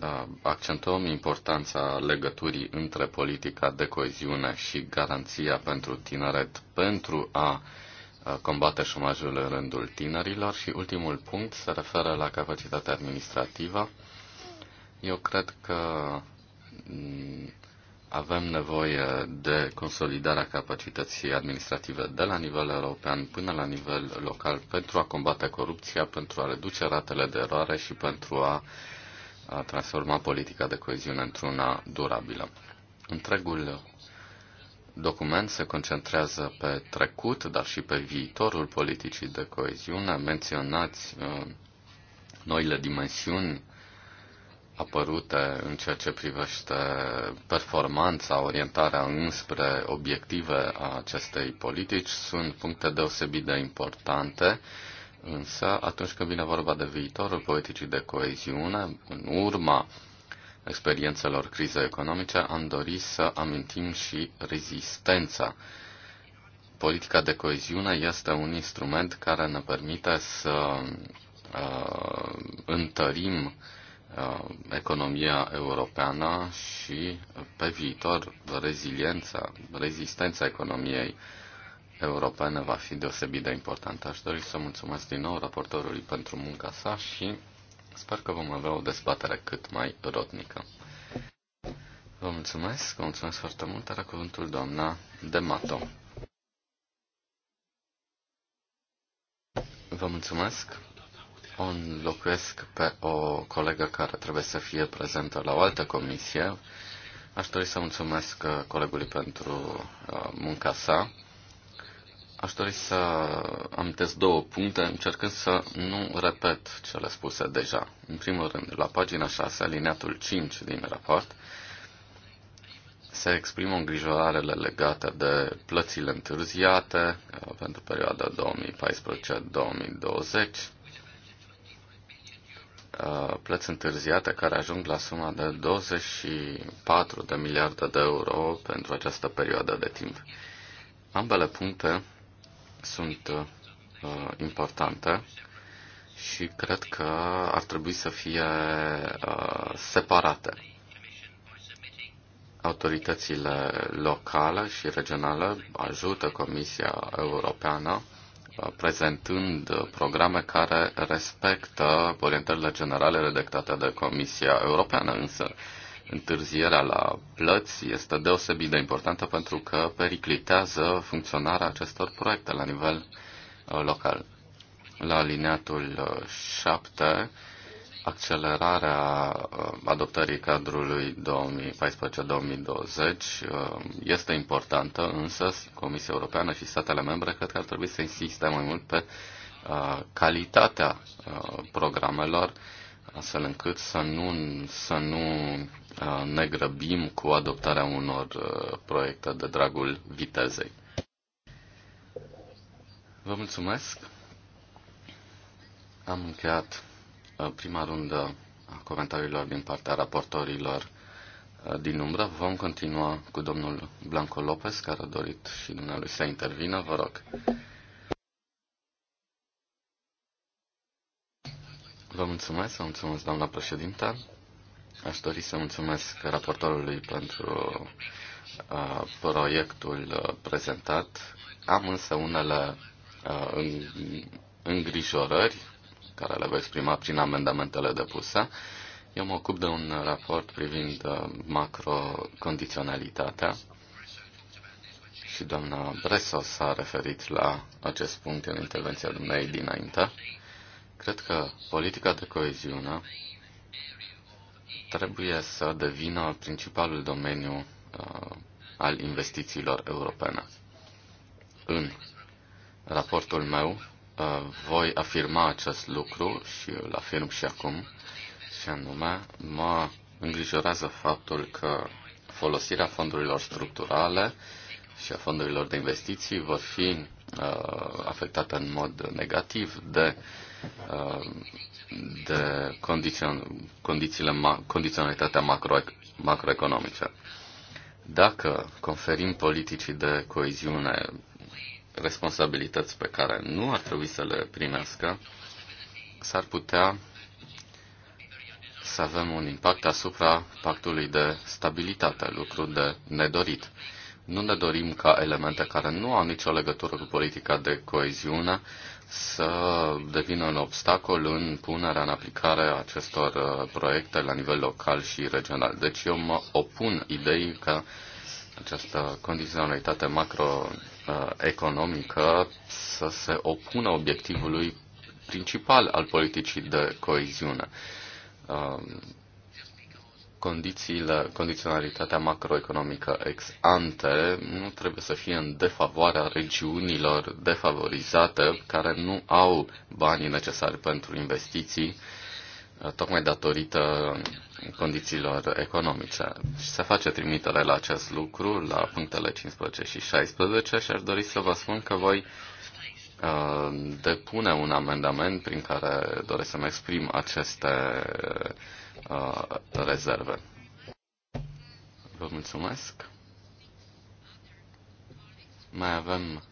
uh, accentuăm importanța legăturii între politica de coeziune și garanția pentru tineret pentru a uh, combate șomajul în rândul tinerilor și ultimul punct se referă la capacitatea administrativă. Eu cred că mm, avem nevoie de consolidarea capacității administrative de la nivel european până la nivel local pentru a combate corupția, pentru a reduce ratele de eroare și pentru a transforma politica de coeziune într-una durabilă. Întregul document se concentrează pe trecut, dar și pe viitorul politicii de coeziune. Menționați uh, noile dimensiuni apărute în ceea ce privește performanța, orientarea înspre obiective a acestei politici sunt puncte deosebit de importante, însă atunci când vine vorba de viitorul politicii de coeziune, în urma experiențelor crizei economice, am dorit să amintim și rezistența. Politica de coeziune este un instrument care ne permite să uh, întărim uh, economia europeană și pe viitor reziliența, rezistența economiei europene va fi deosebit de importantă. Aș dori să mulțumesc din nou raportorului pentru munca sa și Sper că vom avea o dezbatere cât mai rodnică. Vă mulțumesc, vă mulțumesc foarte mult. Era cuvântul doamna Demato. Vă mulțumesc. O înlocuiesc pe o colegă care trebuie să fie prezentă la o altă comisie. Aș dori să mulțumesc colegului pentru uh, munca sa. Aș dori să am două puncte, încercând să nu repet cele spuse deja. În primul rând, la pagina 6, alineatul 5 din raport, se exprimă îngrijorarele legate de plățile întârziate uh, pentru perioada 2014-2020, uh, plăți întârziate care ajung la suma de 24 de miliarde de euro pentru această perioadă de timp. Ambele puncte sunt uh, importante și cred că ar trebui să fie uh, separate. Autoritățile locale și regionale ajută Comisia Europeană uh, prezentând uh, programe care respectă orientările generale redactate de Comisia Europeană, însă întârzierea la plăți este deosebit de importantă pentru că periclitează funcționarea acestor proiecte la nivel uh, local. La alineatul 7, uh, accelerarea uh, adoptării cadrului 2014-2020 este importantă, însă Comisia Europeană și statele membre cred că ar trebui să insiste mai mult pe calitatea programelor astfel încât să nu, să nu uh, ne grăbim cu adoptarea unor uh, proiecte de dragul vitezei. Vă mulțumesc! Am încheiat uh, prima rundă a comentariilor din partea raportorilor din umbră. Vom continua cu domnul Blanco Lopez, care a dorit și dumnealui să intervină. Vă rog! Vă mulțumesc, vă mulțumesc, doamna președintă. Aș dori să mulțumesc raportorului pentru uh, proiectul prezentat. Am însă unele uh, îngrijorări care le voi exprima prin amendamentele depuse. Eu mă ocup de un raport privind macrocondiționalitatea și doamna Bresos a referit la acest punct în intervenția dumneavoastră dinainte. Cred că politica de coeziune trebuie să devină principalul domeniu uh, al investițiilor europene. În raportul meu uh, voi afirma acest lucru și îl afirm și acum, și anume mă îngrijorează faptul că folosirea fondurilor structurale și a fondurilor de investiții vor fi uh, afectate în mod negativ de uh, Uh, de condițion, condițiile, condiționalitatea macro, macroeconomică. Dacă conferim politicii de coeziune responsabilități pe care nu ar trebui să le primească, s-ar putea să avem un impact asupra pactului de stabilitate, lucru de nedorit. Nu ne dorim ca elemente care nu au nicio legătură cu politica de coeziune să devină un obstacol în punerea în aplicare a acestor uh, proiecte la nivel local și regional. Deci eu mă opun ideii că această condiționalitate macroeconomică uh, să se opună obiectivului principal al politicii de coeziune uh, condițiile, condiționalitatea macroeconomică ex ante nu trebuie să fie în defavoarea regiunilor defavorizate care nu au banii necesari pentru investiții uh, tocmai datorită condițiilor economice. Și se face trimitere la acest lucru, la punctele 15 și 16 și aș dori să vă spun că voi uh, depune un amendament prin care doresc să-mi exprim aceste Uh, rezerve. Vă mulțumesc. Mai avem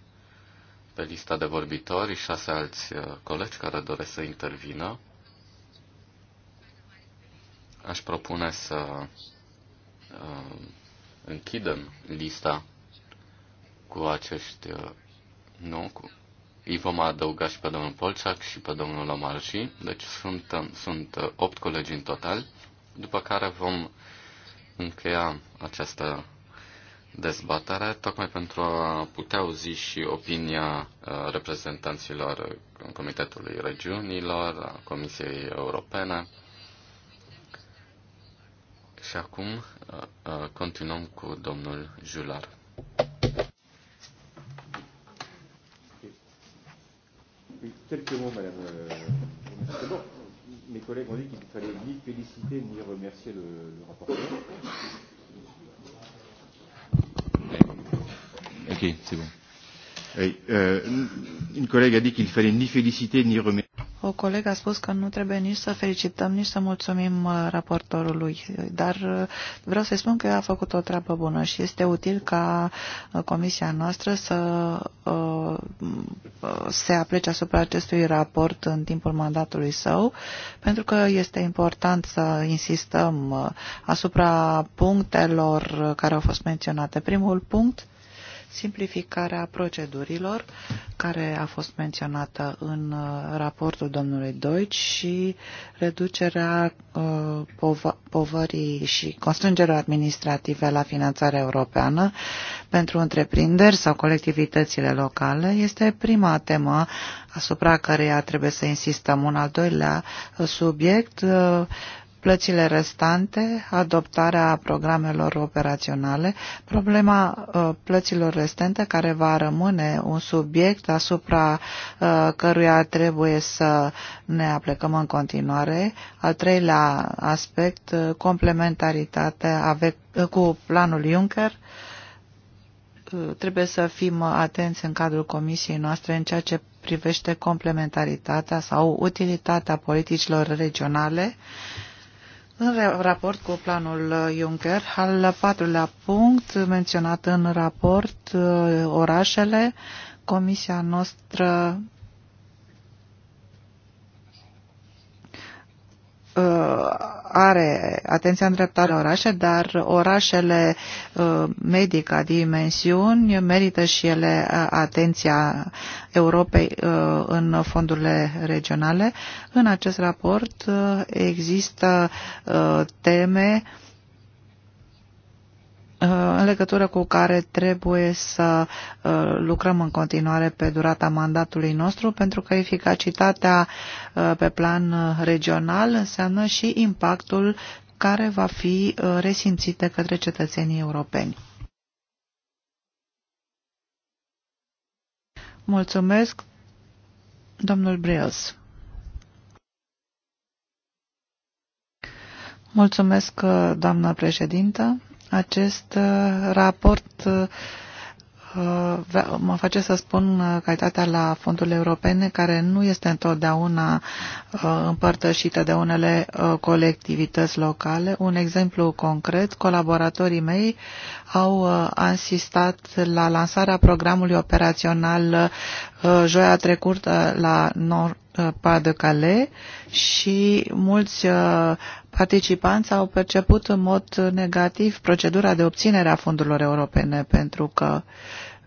pe lista de vorbitori șase alți uh, colegi care doresc să intervină. Aș propune să uh, închidem lista cu acești, uh, nu, cu, îi vom adăuga și pe domnul Polciac și pe domnul Omarji, deci sunt, sunt 8 uh, colegi în total, după care vom încheia această dezbatere, tocmai pentru a putea auzi și opinia uh, reprezentanților uh, Comitetului Regiunilor, a Comisiei Europene. Și acum continuăm cu domnul Jular. Quelques mots, Madame. Euh, bon, mes collègues ont dit qu'il fallait ni féliciter ni remercier le, le rapporteur. Ok, c'est bon. Oui, euh, une collègue a dit qu'il fallait ni féliciter ni remercier. O colegă a spus că nu trebuie nici să felicităm, nici să mulțumim uh, raportorului, dar uh, vreau să-i spun că a făcut o treabă bună și este util ca uh, comisia noastră să se aplece asupra acestui raport în timpul mandatului său, pentru că este important să insistăm asupra punctelor care au fost menționate. Primul punct simplificarea procedurilor, care a fost menționată în uh, raportul domnului Deutsch și reducerea uh, povării și constrângerilor administrative la finanțarea europeană pentru întreprinderi sau colectivitățile locale este prima temă asupra căreia trebuie să insistăm. Un al doilea uh, subiect plățile restante, adoptarea programelor operaționale, problema uh, plăților restante care va rămâne un subiect asupra uh, căruia trebuie să ne aplecăm în continuare. Al treilea aspect, uh, complementaritatea cu planul Juncker, trebuie să fim atenți în cadrul comisiei noastre în ceea ce privește complementaritatea sau utilitatea politicilor regionale. În raport cu planul uh, Juncker, al patrulea punct menționat în raport, uh, orașele, comisia noastră uh, are atenția îndreptată la orașe, dar orașele uh, medii ca dimensiuni merită și ele uh, atenția Europei uh, în fondurile regionale. În acest raport există teme uh, în legătură cu care trebuie să uh, lucrăm în continuare pe durata mandatului nostru, pentru că eficacitatea uh, pe plan uh, regional înseamnă și impactul care va fi resimțit de către cetățenii europeni. Mulțumesc, domnul Brios. Mulțumesc, doamnă președintă. Acest uh, raport uh, mă face să spun uh, calitatea la fondurile europene, care nu este întotdeauna împărtășită de unele colectivități locale. Un exemplu concret, colaboratorii mei au asistat la lansarea programului operațional joia trecută la Nord Pas de Calais și mulți participanți au perceput în mod negativ procedura de obținere a fondurilor europene pentru că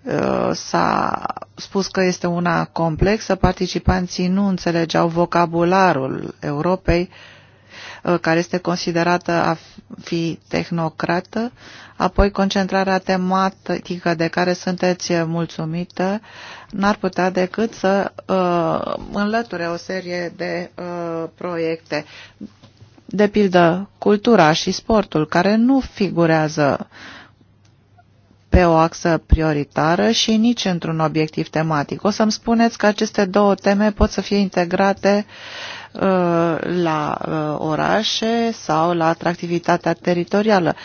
uh, s-a spus că este una complexă, participanții nu înțelegeau vocabularul Europei, uh, care este considerată a fi tehnocrată, apoi concentrarea tematică de care sunteți mulțumită n-ar putea decât să uh, înlăture o serie de uh, proiecte de pildă cultura și sportul, care nu figurează pe o axă prioritară și nici într-un obiectiv tematic. O să-mi spuneți că aceste două teme pot să fie integrate uh, la uh, orașe sau la atractivitatea teritorială.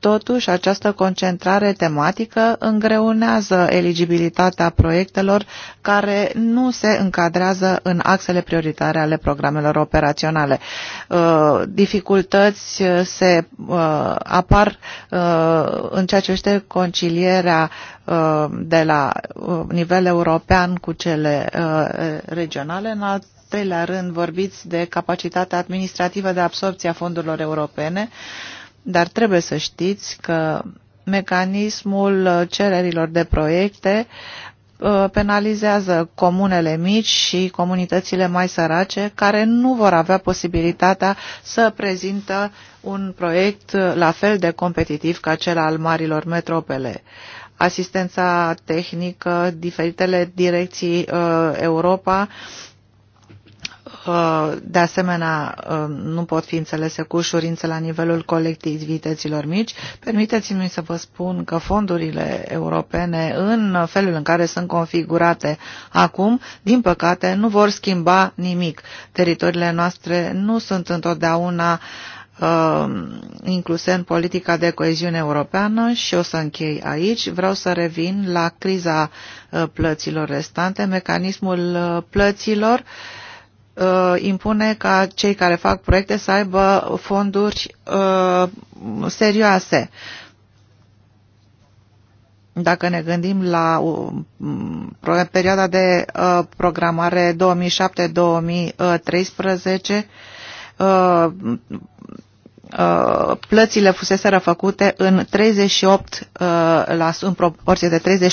Totuși, această concentrare tematică îngreunează eligibilitatea proiectelor care nu se încadrează în axele prioritare ale programelor operaționale. Uh, dificultăți uh, se uh, apar în ceea ce este concilierea de la nivel european cu cele regionale. În alt treilea rând, vorbiți de capacitatea administrativă de absorpție a fondurilor europene. Uh, dar trebuie să știți că mecanismul cererilor de proiecte uh, penalizează comunele mici și comunitățile mai sărace care nu vor avea posibilitatea să prezintă un proiect la fel de competitiv ca cel al marilor metropele. Asistența tehnică, diferitele direcții uh, Europa Uh, de asemenea uh, nu pot fi înțelese cu ușurință la nivelul colectivităților mici. Permiteți-mi să vă spun că fondurile europene, în felul în care sunt configurate acum, din păcate, nu vor schimba nimic. Teritoriile noastre nu sunt întotdeauna uh, incluse în politica de coeziune europeană și o să închei aici. Vreau să revin la criza plăților restante, mecanismul plăților uh, Uh, impune ca cei care fac proiecte să aibă fonduri uh, serioase. Dacă ne gândim la um, perioada de uh, programare 2007-2013, plățile fuseseră făcute în 38 în proporție de 38%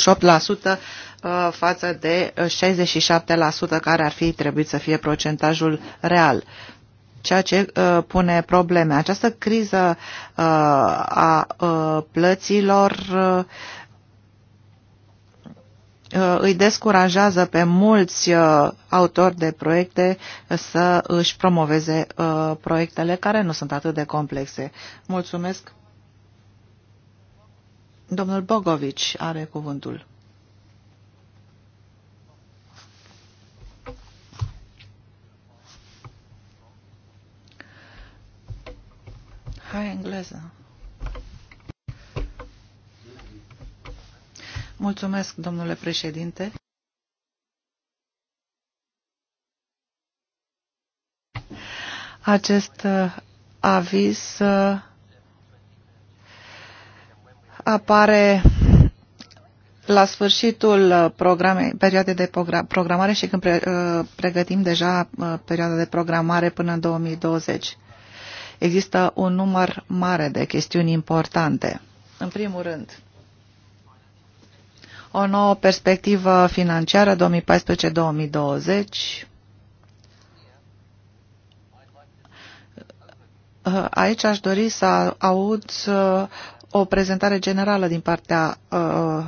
Uh, față de 67% uh, care ar fi trebuit să fie procentajul real ceea ce uh, pune probleme. Această criză uh, a uh, plăților uh, uh îi descurajează pe mulți autori de proiecte să își promoveze proiectele care nu sunt atât de complexe. Mulțumesc. Domnul Bogovici are cuvântul. engleză. Mulțumesc, domnule președinte. Acest uh, aviz uh, apare la sfârșitul uh, perioadei de programare și când pregătim deja perioada de programare până în 2020. Există un număr mare de chestiuni importante. În primul rând, o nouă perspectivă financiară 2014-2020. Aici aș dori să aud uh, o prezentare generală din partea uh,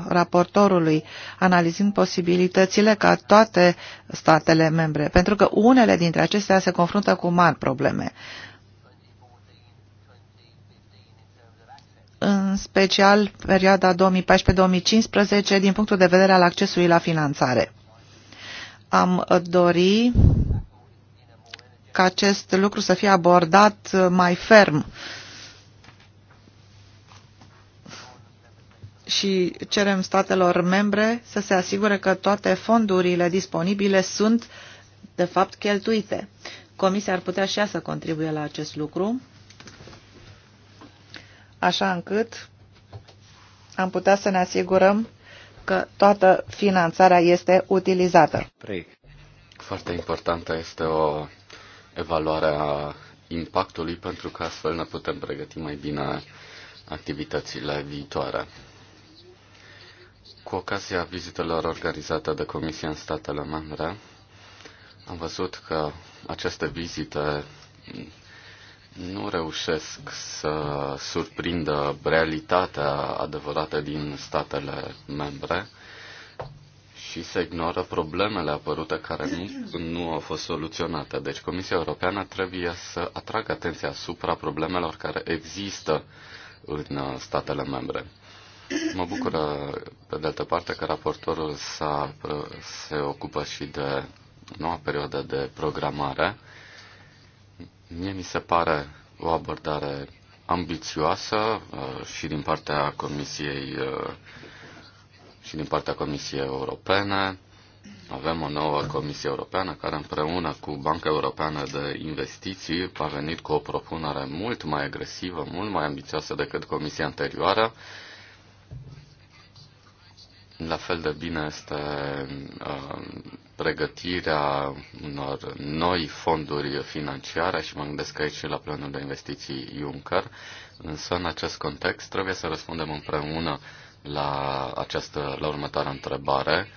raportorului, analizând posibilitățile ca toate statele membre, pentru că unele dintre acestea se confruntă cu mari probleme. în special perioada 2014-2015, din punctul de vedere al accesului la finanțare. Am dori ca acest lucru să fie abordat mai ferm și cerem statelor membre să se asigure că toate fondurile disponibile sunt, de fapt, cheltuite. Comisia ar putea și ea să contribuie la acest lucru așa încât am putea să ne asigurăm că toată finanțarea este utilizată. Foarte importantă este o evaluare a impactului pentru că astfel ne putem pregăti mai bine activitățile viitoare. Cu ocazia vizitelor organizate de Comisia în statele membre, am văzut că aceste vizite nu reușesc să surprindă realitatea adevărată din statele membre și se ignoră problemele apărute care nu, nu au fost soluționate. Deci Comisia Europeană trebuie să atragă atenția asupra problemelor care există în uh, statele membre. Mă bucură, pe de altă parte, că raportorul s-a, uh, se ocupă și de noua perioadă de programare Mie mi se pare o abordare ambițioasă uh, și din partea Comisiei uh, și din partea Comisiei Europene. Avem o nouă Comisie Europeană care împreună cu Banca Europeană de Investiții a venit cu o propunere mult mai agresivă, mult mai ambițioasă decât Comisia anterioară. La fel de bine este uh, pregătirea unor noi fonduri financiare și mă gândesc aici și la planul de investiții Juncker, însă în acest context trebuie să răspundem împreună la, această, la următoarea întrebare.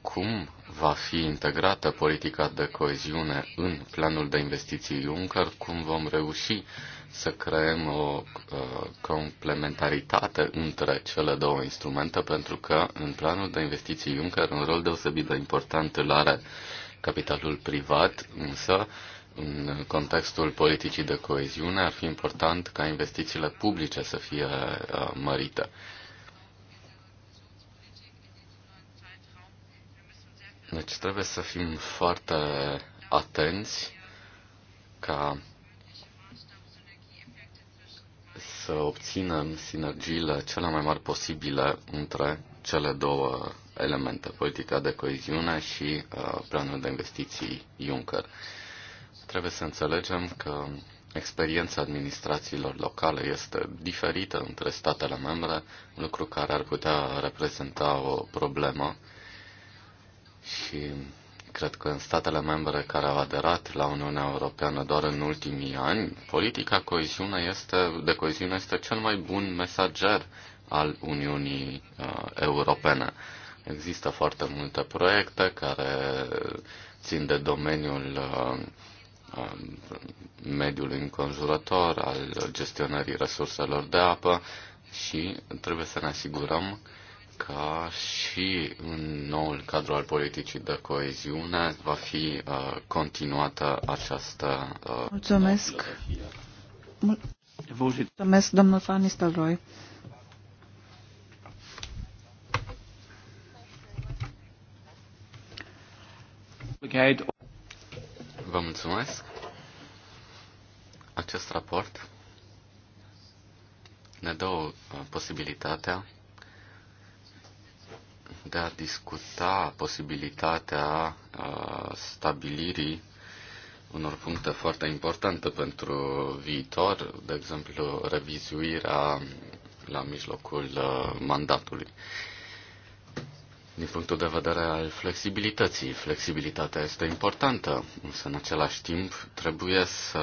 Cum va fi integrată politica de coeziune în planul de investiții Juncker? Cum vom reuși uh, să creăm o uh, complementaritate între cele două instrumente, pentru că în planul de investiții Juncker un rol deosebit de important îl are capitalul privat, însă în contextul politicii de coeziune ar fi important ca investițiile publice să fie uh, mărite. Deci trebuie să fim foarte atenți ca să obținem sinergiile cele mai mari posibile între cele două elemente, politica de coeziune și uh, planul de investiții Juncker. Trebuie să înțelegem că experiența administrațiilor locale este diferită între statele membre, lucru care ar putea reprezenta o problemă și Cred că în statele membre care au aderat la Uniunea Europeană doar în ultimii ani, politica coeziune este, de coeziune este cel mai bun mesager al Uniunii uh, Europene. Există foarte multe proiecte care țin de domeniul uh, um, mediului înconjurător, al gestionării resurselor de apă și trebuie să ne asigurăm uh, ca și în noul cadru al politicii de coeziune va fi uh, continuată această. Uh, Mulțumesc. Mulțumesc, domnul Van Nistelrooy. Vă mulțumesc. Acest raport ne dă uh, posibilitatea de a discuta posibilitatea uh, stabilirii unor puncte foarte importante pentru viitor, de exemplu, revizuirea la mijlocul uh, mandatului. Din punctul de vedere al flexibilității, flexibilitatea este importantă, însă în același timp trebuie să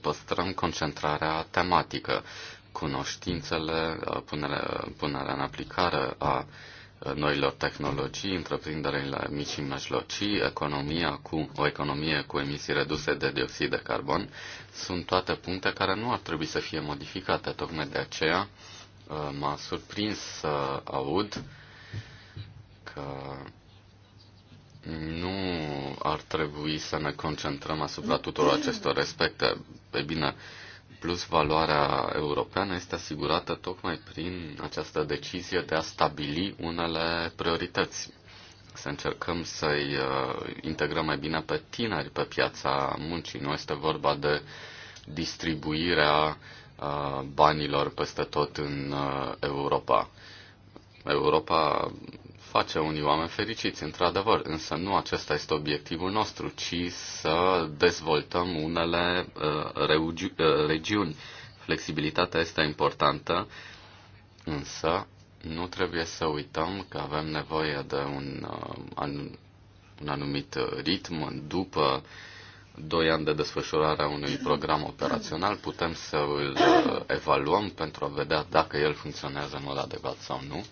păstrăm concentrarea tematică, cunoștințele, uh, punerea, punerea în aplicare a uh, noilor tehnologii, întreprinderile mici și mijlocii, economia cu, o economie cu emisii reduse de dioxid de carbon, sunt toate puncte care nu ar trebui să fie modificate. Tocmai de aceea uh, m-a surprins să aud că nu ar trebui să ne concentrăm asupra tuturor acestor respecte. Pe bine, plus valoarea europeană este asigurată tocmai prin această decizie de a stabili unele priorități. Să încercăm să-i uh, integrăm mai bine pe tineri pe piața muncii. Nu este vorba de distribuirea uh, banilor peste tot în uh, Europa. Europa face unii oameni fericiți, într-adevăr, însă nu acesta este obiectivul nostru, ci să dezvoltăm unele uh, uh regiuni. Flexibilitatea este importantă, însă nu trebuie să uităm că avem nevoie de un, uh, un anumit ritm după doi ani de desfășurare a unui program operațional, putem să îl uh, evaluăm pentru a vedea dacă el funcționează în mod adecvat sau nu.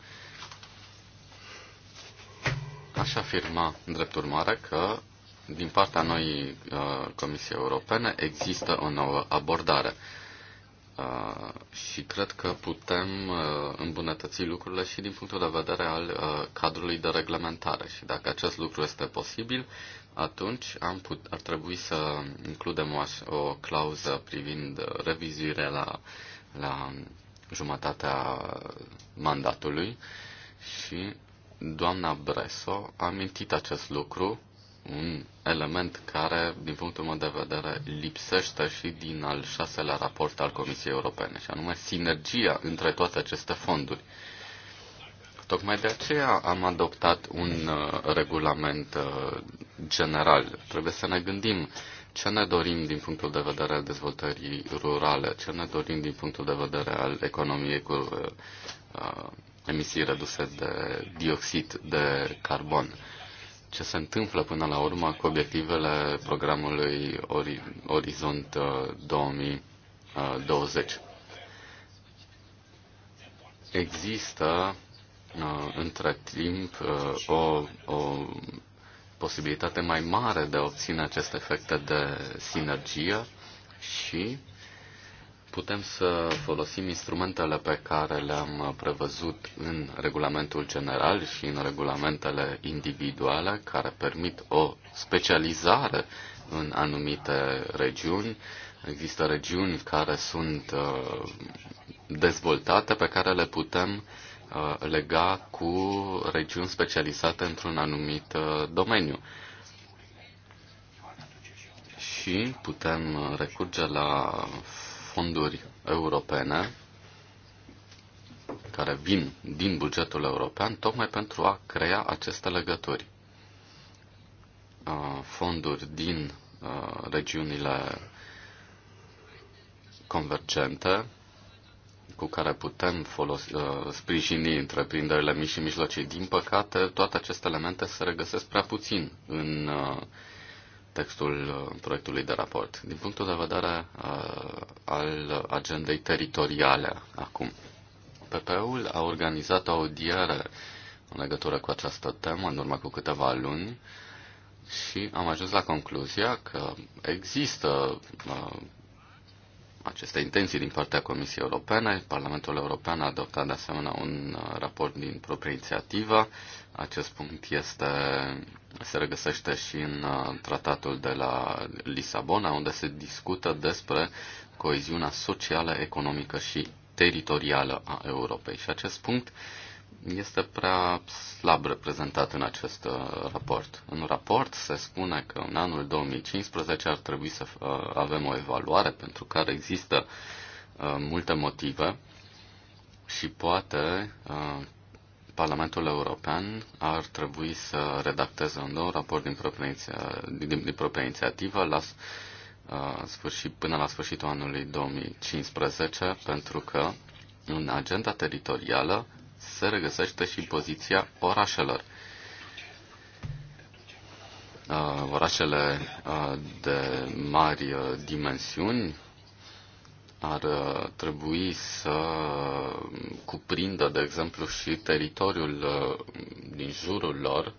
Aș afirma, drept urmare, că din partea noi uh, Comisiei Europene există o nouă abordare uh, și cred că putem uh, îmbunătăți lucrurile și din punctul de vedere al cadrului de reglementare. Și dacă acest lucru este posibil, atunci am put, ar trebui să includem o, o clauză privind revizuirea la, la jumătatea mandatului și doamna Breso a amintit acest lucru, un element care, din punctul meu de vedere, lipsește și din al șaselea raport al Comisiei Europene, și anume sinergia între toate aceste fonduri. Tocmai de aceea am adoptat un uh, regulament uh, general. Trebuie să ne gândim ce ne dorim din punctul de vedere al dezvoltării rurale, ce ne dorim din punctul de vedere al economiei cu uh, emisii reduse de dioxid de carbon. Ce se întâmplă până la urmă cu obiectivele programului Orizont 2020? Uh, uh, Există uh, între timp o, o posibilitate mai mare de a obține aceste efecte de sinergie și putem să folosim instrumentele pe care le-am prevăzut în regulamentul general și în regulamentele individuale care permit o specializare în anumite regiuni. Există regiuni care sunt uh, dezvoltate pe care le putem uh, lega cu regiuni specializate într-un anumit uh, domeniu și putem recurge la fonduri europene care vin din bugetul european tocmai pentru a crea aceste legături. Fonduri din regiunile convergente cu care putem folosi, sprijini întreprinderile mici și mijlocii. Din păcate, toate aceste elemente se regăsesc prea puțin în textul uh, proiectului de raport. Din punctul de vedere uh, al agendei teritoriale acum, PP-ul a organizat o audiere în legătură cu această temă în urmă cu câteva luni și am ajuns la concluzia că există uh, aceste intenții din partea Comisiei Europene. Parlamentul European a adoptat de asemenea un uh, raport din proprie inițiativă. Acest punct este, se regăsește și în uh, tratatul de la Lisabona, unde se discută despre coeziunea socială, economică și teritorială a Europei. Și acest punct uh, este prea slab reprezentat în acest uh, raport. În raport se spune că în anul 2015 ar trebui să uh, avem o evaluare pentru care există uh, multe motive și poate Parlamentul European ar trebui să redacteze un nou raport din propria, din, din proprie inițiativă la sfârșit, până la sfârșitul anului 2015 pentru că în agenda teritorială se regăsește și poziția orașelor. Uh, orașele uh, de mari uh, dimensiuni ar trebui să cuprindă, de exemplu, și teritoriul din jurul lor,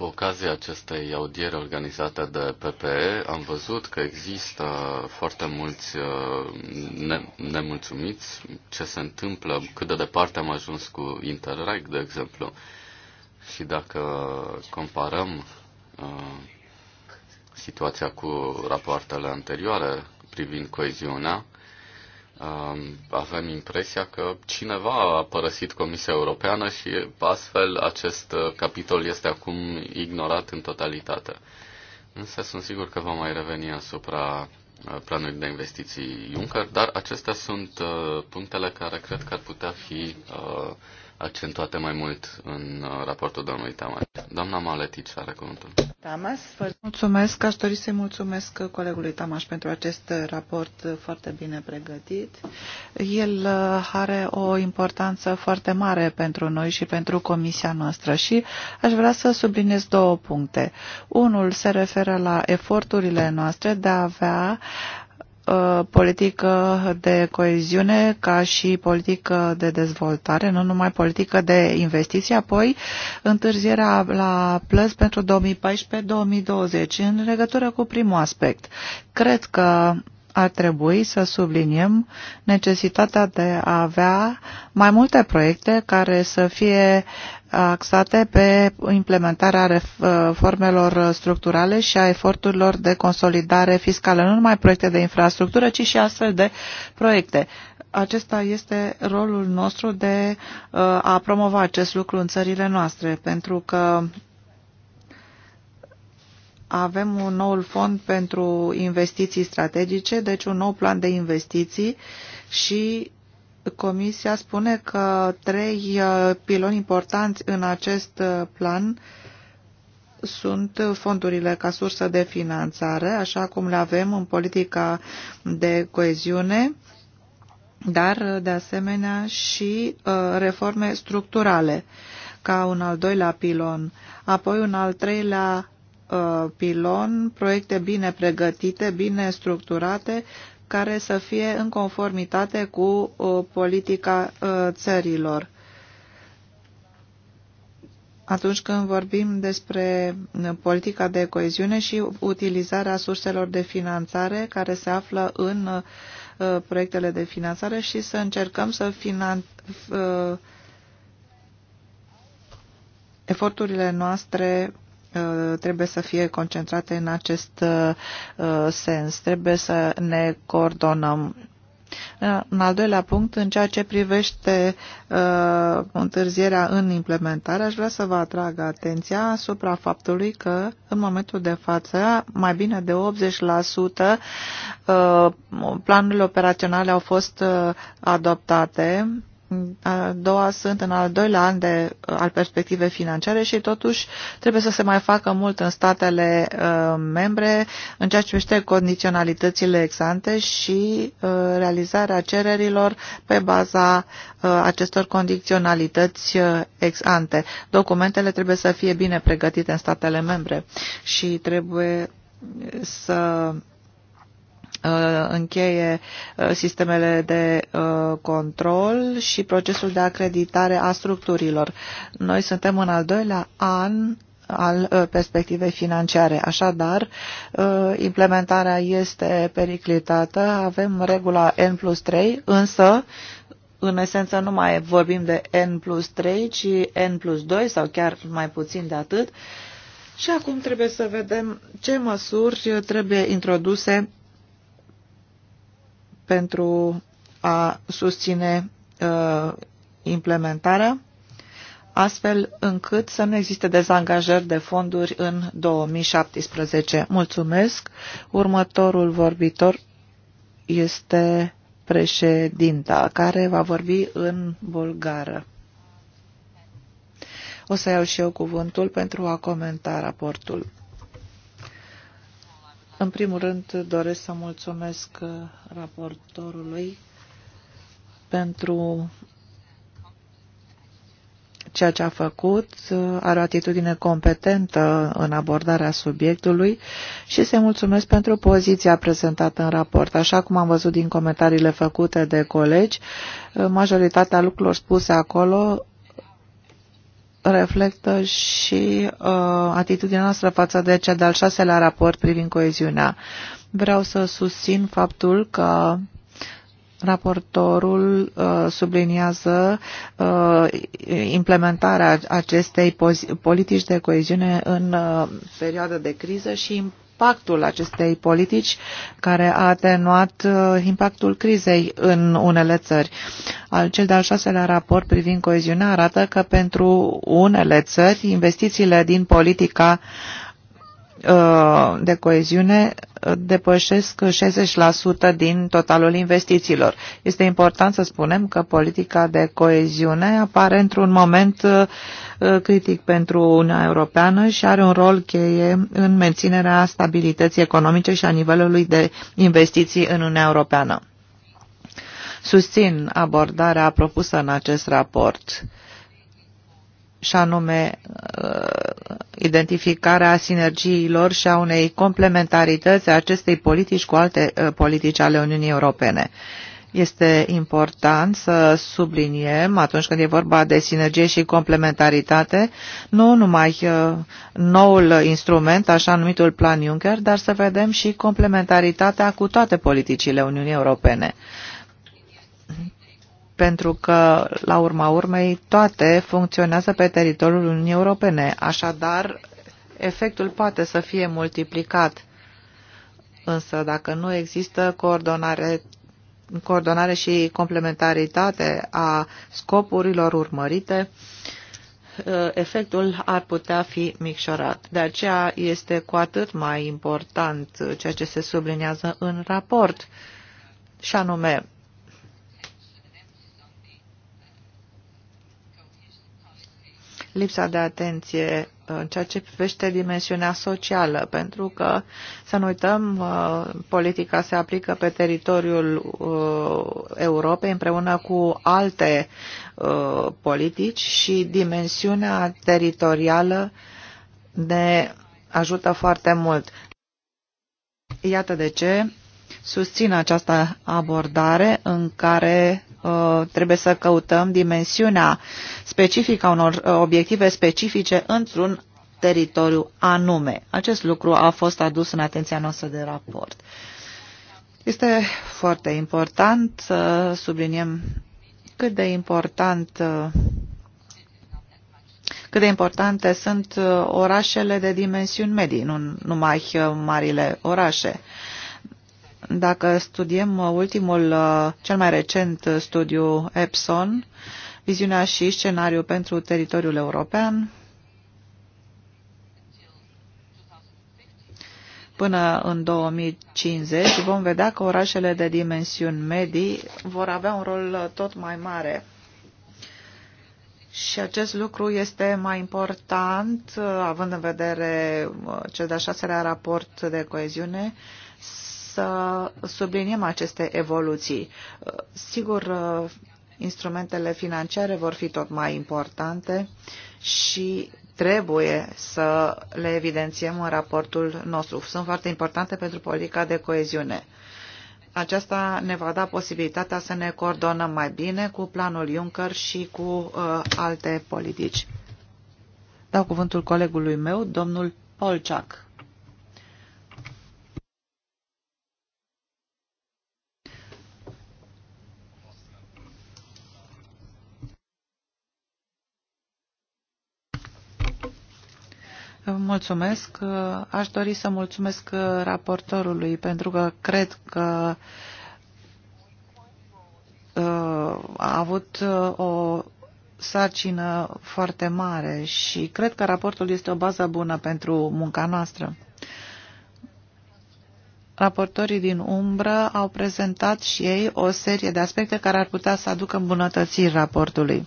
Cu ocazia acestei audiere organizate de PPE, am văzut că există foarte mulți uh, ne- nemulțumiți ce se întâmplă, cât de departe am ajuns cu Interreg, de exemplu. Și dacă comparăm uh, situația cu rapoartele anterioare privind coeziunea, avem impresia că cineva a părăsit Comisia Europeană și astfel acest uh, capitol este acum ignorat în totalitate. Însă sunt sigur că vom mai reveni asupra uh, planului de investiții Juncker, dar acestea sunt uh, punctele care cred că ar putea fi accentuate mai mult în uh, raportul domnului Tamas. Doamna Maletici are cuvântul. Tamas, mulțumesc. Aș dori să-i mulțumesc colegului Tamas pentru acest raport foarte bine pregătit. El uh, are o importanță foarte mare pentru noi și pentru comisia noastră și aș vrea să subliniez două puncte. Unul se referă la eforturile noastre de a avea Uh, politică de coeziune ca și politică de dezvoltare, nu numai politică de investiții, apoi întârzierea la plus pentru 2014-2020 în legătură cu primul aspect. Cred că ar trebui să subliniem necesitatea de a avea mai multe proiecte care să fie axate pe implementarea reformelor structurale și a eforturilor de consolidare fiscală, nu numai proiecte de infrastructură, ci și astfel de proiecte. Acesta este rolul nostru de uh, a promova acest lucru în țările noastre, pentru că avem un nou fond pentru investiții strategice, deci un nou plan de investiții și Comisia spune că trei uh, piloni importanți în acest uh, plan sunt fondurile ca sursă de finanțare, așa cum le avem în politica de coeziune, dar uh, de asemenea și reforme structurale ca un al doilea pilon, apoi un al treilea Uh, pilon, proiecte bine pregătite, bine structurate, care să fie în conformitate cu uh, politica uh, țărilor. Atunci când vorbim despre politica de coeziune și utilizarea surselor de finanțare care se află în proiectele de finanțare și să încercăm să finanțăm eforturile noastre Uh, trebuie să fie concentrate în acest uh, sens. Trebuie să ne coordonăm. Uh, în al doilea punct, în ceea ce privește uh, întârzierea în implementare, aș vrea să vă atrag atenția asupra faptului că în momentul de față mai bine de 80% uh, planurile operaționale au fost uh, adoptate a doua sunt în al doilea an de, uh, al perspective financiare și totuși trebuie să se mai facă mult în statele uh, membre în ceea ce privește condiționalitățile exante și uh, realizarea cererilor pe baza uh, acestor condiționalități uh, exante. Documentele trebuie să fie bine pregătite în statele membre și trebuie să Uh, încheie uh, sistemele de uh, control și procesul de acreditare a structurilor. Noi suntem în al doilea an al perspectivei financiare. Așadar, implementarea este periclitată, avem regula N plus 3, însă în esență nu mai vorbim de N plus 3, ci N plus 2 sau chiar mai puțin de atât. Și acum trebuie să vedem ce măsuri trebuie introduse pentru a susține uh, implementarea, astfel încât să nu existe dezangajări de fonduri în 2017. Mulțumesc. Următorul vorbitor este președinta, care va vorbi în bulgară. O să iau și eu cuvântul pentru a comenta raportul. În primul rând doresc să mulțumesc uh, raportorului pentru ceea ce a făcut, uh, are o atitudine competentă în abordarea subiectului și se mulțumesc pentru poziția prezentată în raport. Așa cum am văzut din comentariile făcute de colegi, uh, majoritatea lucrurilor spuse acolo reflectă și uh, atitudinea noastră față de cea de-al șaselea raport privind coeziunea. Vreau să susțin faptul că raportorul uh, subliniază uh, implementarea acestei politici de coeziune în uh, perioada de criză și impactul acestei politici care a atenuat uh, impactul crizei în unele țări. Al cel de-al șaselea raport privind coeziunea arată că pentru unele țări investițiile din politica Uh, de coeziune uh, depășesc 60% din totalul investițiilor. Este important să spunem că politica de coeziune apare într-un moment uh, critic pentru Uniunea Europeană și are un rol cheie în menținerea stabilității economice și a nivelului de investiții în Uniunea Europeană. Susțin abordarea propusă în acest raport și anume uh, identificarea sinergiilor și a unei complementarități a acestei politici cu alte uh, politici ale Uniunii Europene. Este important să subliniem, atunci când e vorba de sinergie și complementaritate, nu numai uh, noul instrument, așa numitul Plan Juncker, dar să vedem și complementaritatea cu toate politicile Uniunii Europene pentru că, la urma urmei, toate funcționează pe teritoriul Uniunii Europene, așadar, efectul poate să fie multiplicat. Însă, dacă nu există coordonare, coordonare și complementaritate a scopurilor urmărite, efectul ar putea fi micșorat. De aceea este cu atât mai important ceea ce se subliniază în raport, și anume lipsa de atenție uh, în ceea ce privește dimensiunea socială, pentru că, să nu uităm, uh, politica se aplică pe teritoriul uh, Europei împreună cu alte politici și dimensiunea teritorială ne ajută foarte mult. Iată de ce susțin această abordare în care Uh, trebuie să căutăm dimensiunea specifică a unor uh, obiective specifice într-un teritoriu anume. Acest lucru a fost adus în atenția noastră de raport. Este foarte important să subliniem cât de important uh, cât de importante sunt orașele de dimensiuni medii, nu numai marile orașe. Dacă studiem ultimul, uh, cel mai recent studiu Epson, viziunea și scenariul pentru teritoriul european, Până în 2050 vom vedea că orașele de dimensiuni medii vor avea un rol uh, tot mai mare. Și acest lucru este mai important, uh, având în vedere cel de-a șaselea raport de coeziune să subliniem aceste evoluții. Sigur, instrumentele financiare vor fi tot mai importante și trebuie să le evidențiem în raportul nostru. Sunt foarte importante pentru politica de coeziune. Aceasta ne va da posibilitatea să ne coordonăm mai bine cu planul Juncker și cu uh, alte politici. Dau cuvântul colegului meu, domnul Polciak. Mulțumesc. Aș dori să mulțumesc raportorului pentru că cred că uh, a avut uh, o sarcină foarte mare și cred că raportul este o bază bună pentru munca noastră. Raportorii din umbră au prezentat și ei o serie de aspecte care ar putea să aducă îmbunătățiri raportului.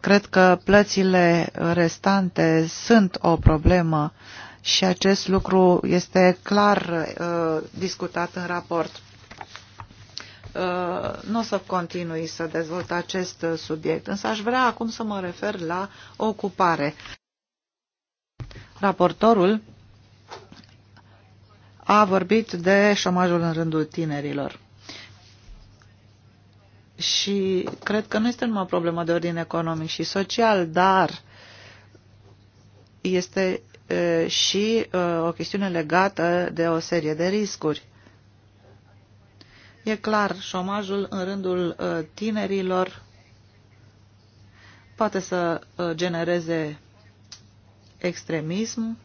Cred că plățile restante sunt o problemă și acest lucru este clar uh, discutat în raport. Uh, nu o să continui să dezvolt acest subiect, însă aș vrea acum să mă refer la ocupare. Raportorul a vorbit de șomajul în rândul tinerilor. Și cred că nu este numai o problemă de ordin economic și social, dar este și o chestiune legată de o serie de riscuri. E clar, șomajul în rândul tinerilor poate să genereze extremism,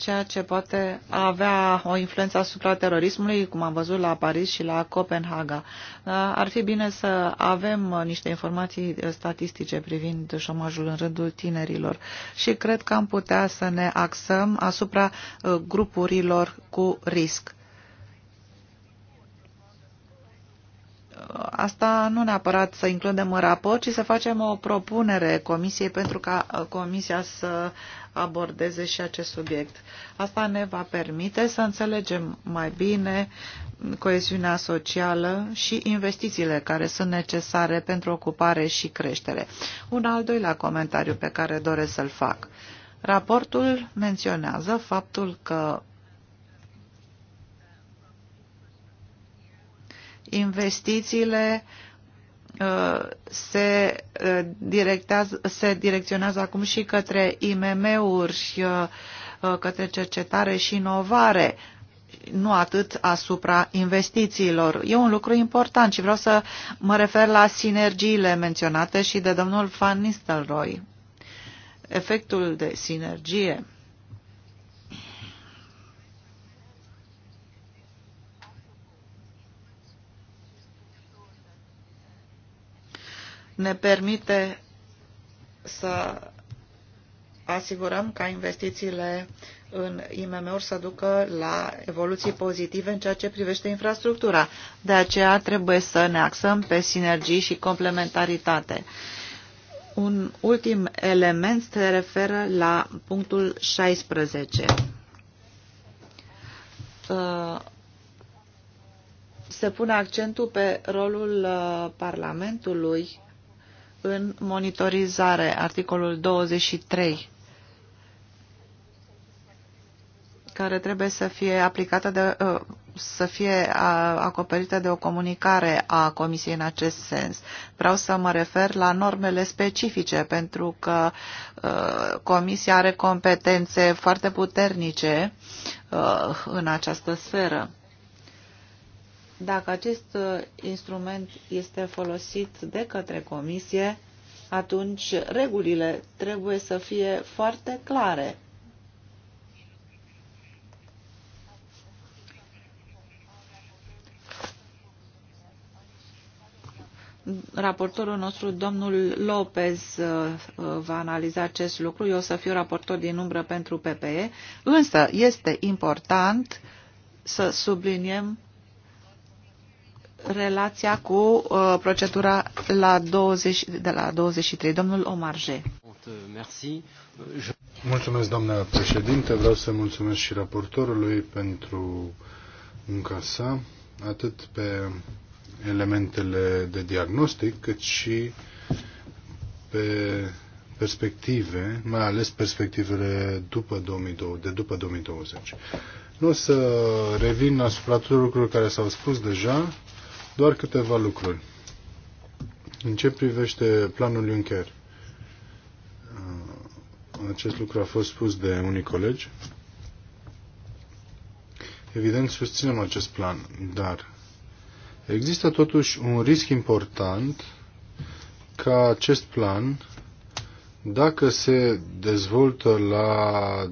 ceea ce poate avea o influență asupra terorismului, cum am văzut la Paris și la Copenhaga. Uh, ar fi bine să avem uh, niște informații uh, statistice privind șomajul în rândul tinerilor și cred că am putea să ne axăm asupra grupurilor cu risc. asta nu neapărat să includem în raport, ci să facem o propunere Comisiei pentru ca Comisia să abordeze și acest subiect. Asta ne va permite să înțelegem mai bine coeziunea socială și investițiile care sunt necesare pentru ocupare și creștere. Un al doilea comentariu pe care doresc să-l fac. Raportul menționează faptul că investițiile uh, Uh, se, uh, se direcționează acum și către IMM-uri, uh, către cercetare și inovare, nu atât asupra investițiilor. E un lucru important și vreau să mă refer la sinergiile menționate și de domnul Van Nistelrooy. Efectul de sinergie ne permite să asigurăm ca investițiile în IMM-uri să ducă la evoluții pozitive în ceea ce privește infrastructura. De aceea trebuie să ne axăm pe sinergii și complementaritate. Un ultim element se referă la punctul 16. Uh, se pune accentul pe rolul uh, Parlamentului în monitorizare, articolul 23, care trebuie să fie aplicată de, uh, să fie uh, acoperită de o comunicare a Comisiei în acest sens. Vreau să mă refer la normele specifice, pentru că uh, Comisia are competențe foarte puternice în această sferă. Dacă acest uh, instrument este folosit de către comisie, atunci regulile trebuie să fie foarte clare. Raportorul nostru, domnul Lopez, uh, uh, va analiza acest lucru. Eu o să fiu raportor din umbră pentru PPE, însă este important să subliniem relația cu uh, procedura la 20, de la 23. Domnul Omarje. Mulțumesc, doamna președinte. Vreau să mulțumesc și raportorului pentru munca sa, atât pe elementele de diagnostic, cât și pe perspective, mai ales perspectivele după 2020, de după 2020. Nu o să revin asupra tuturor lucrurilor care s-au spus deja doar câteva lucruri. În ce privește planul Juncker? Uh, acest lucru a fost spus de unii colegi. Evident, susținem acest plan, dar există totuși un risc important ca acest plan, dacă se dezvoltă la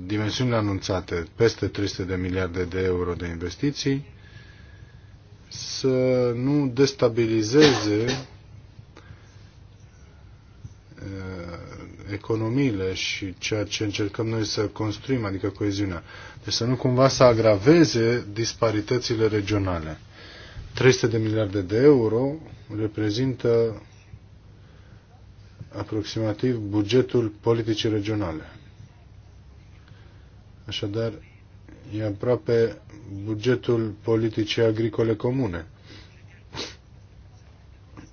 dimensiunile anunțate, peste 300 de miliarde de euro de investiții, să nu destabilizeze uh, economiile și ceea ce încercăm noi să construim, adică coeziunea. Deci să nu cumva să agraveze disparitățile regionale. 300 de miliarde de euro reprezintă aproximativ bugetul politicii regionale. Așadar, e aproape bugetul politicii agricole comune.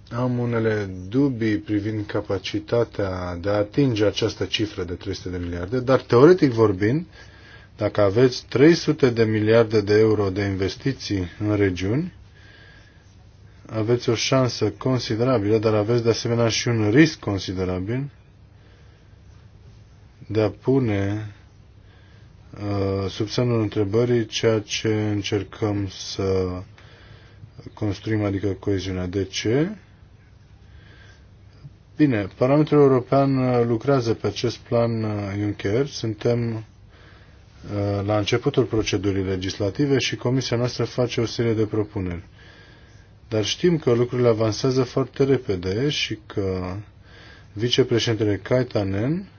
Am unele dubii privind capacitatea de a atinge această cifră de 300 de miliarde, dar teoretic vorbind, dacă aveți 300 de miliarde de euro de investiții în regiuni, aveți o șansă considerabilă, dar aveți de asemenea și un risc considerabil de a pune Uh, sub semnul întrebării ceea ce încercăm să construim, adică coeziunea. De ce? Bine, Parlamentul European uh, lucrează pe acest plan uh, Juncker. Suntem la începutul procedurii legislative și Comisia noastră face o serie de propuneri. Dar știm că lucrurile avansează foarte repede și că vicepreședintele Kaitanen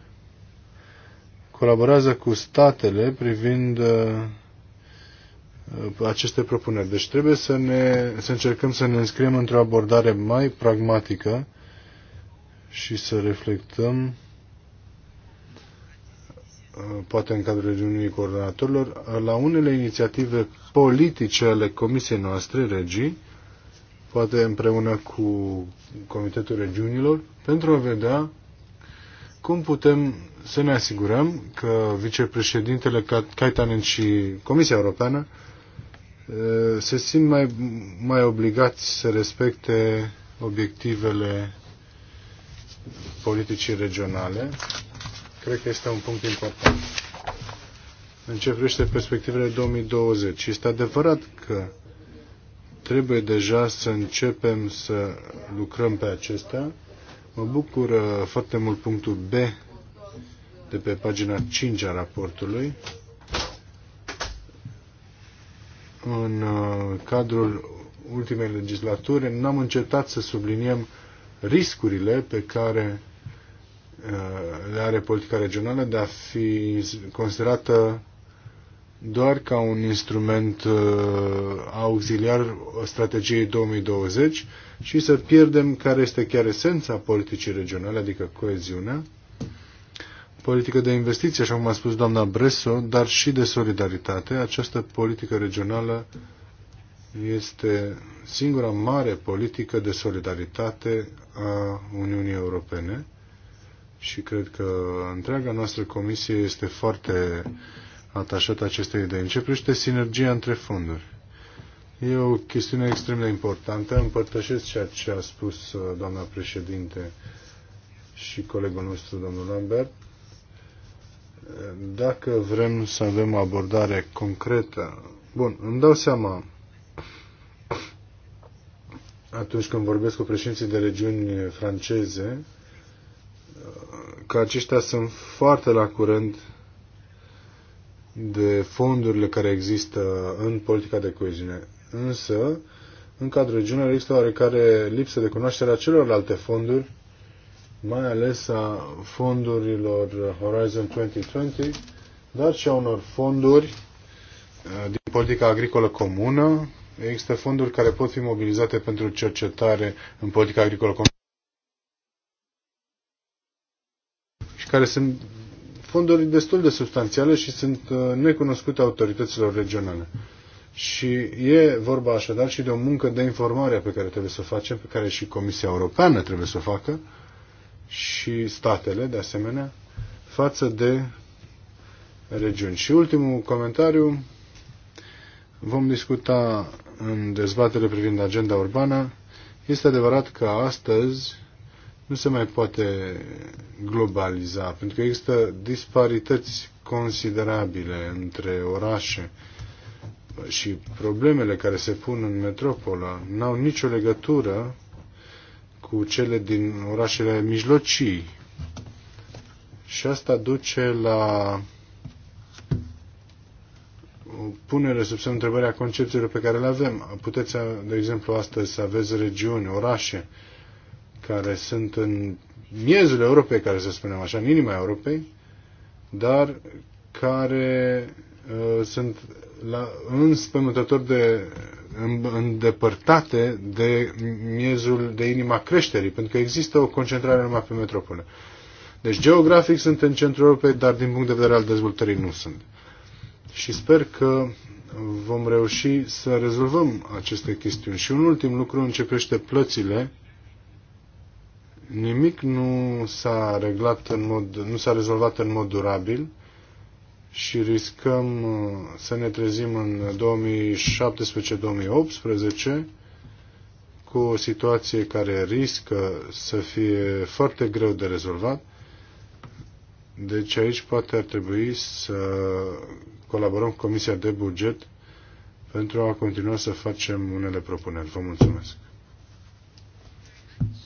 colaborează cu statele privind uh, uh, aceste propuneri. Deci trebuie să, ne, să încercăm să ne înscriem într-o abordare mai pragmatică și să reflectăm uh, poate în cadrul regiunii coordonatorilor, la unele inițiative politice ale comisiei noastre, regii, poate împreună cu Comitetul Regiunilor, pentru a vedea cum putem să ne asigurăm că vicepreședintele Caitanen și Comisia Europeană se simt mai, mai obligați să respecte obiectivele politicii regionale. Cred că este un punct important. Începește perspectivele 2020, este adevărat că trebuie deja să începem să lucrăm pe acestea. Mă bucur foarte mult punctul B de pe pagina 5 a raportului. În uh, cadrul ultimei legislaturi n-am încetat să subliniem riscurile pe care uh, le are politica regională de a fi considerată doar ca un instrument uh, auxiliar strategiei 2020 și să pierdem care este chiar esența politicii regionale, adică coeziunea, politică de investiție, așa cum a spus doamna Bresso, dar și de solidaritate. Această politică regională este singura mare politică de solidaritate a Uniunii Europene și cred că întreaga noastră comisie este foarte atașată acestei idei. Începește sinergia între fonduri. E o chestiune extrem de importantă. Împărtășesc ceea ce a spus uh, doamna președinte și colegul nostru, domnul Lambert dacă vrem să avem o abordare concretă, bun, îmi dau seama atunci când vorbesc cu președinții de regiuni franceze că aceștia sunt foarte la curent de fondurile care există în politica de coeziune. Însă, în cadrul regiunilor există oarecare lipsă de cunoaștere a celorlalte fonduri mai ales a fondurilor Horizon 2020, dar și a unor fonduri uh, din politica agricolă comună. Există fonduri care pot fi mobilizate pentru cercetare în politica agricolă comună și care sunt fonduri destul de substanțiale și sunt uh, necunoscute autorităților regionale. Și e vorba așadar și de o muncă de informare pe care trebuie să o facem, pe care și Comisia Europeană trebuie să o facă, și statele, de asemenea, față de regiuni. Și ultimul comentariu vom discuta în dezbatere privind agenda urbană. Este adevărat că astăzi nu se mai poate globaliza, pentru că există disparități considerabile între orașe și problemele care se pun în metropolă n-au nicio legătură cu cele din orașele mijlocii. Și asta duce la punere sub semnul întrebării a concepțiilor pe care le avem. Puteți, de exemplu, astăzi să aveți regiuni, orașe, care sunt în miezul Europei, care să spunem așa, în inima Europei, dar care uh, sunt la, înspământător de îndepărtate de miezul, de inima creșterii, pentru că există o concentrare numai pe metropole. Deci geografic sunt în centrul Europei, dar din punct de vedere al dezvoltării nu sunt. Și sper că vom reuși să rezolvăm aceste chestiuni. Și un ultim lucru începește plățile. Nimic nu s-a reglat în mod, nu s-a rezolvat în mod durabil și riscăm uh, să ne trezim în 2017-2018 cu o situație care riscă să fie foarte greu de rezolvat. Deci aici poate ar trebui să colaborăm cu Comisia de Buget pentru a continua să facem unele propuneri. Vă mulțumesc.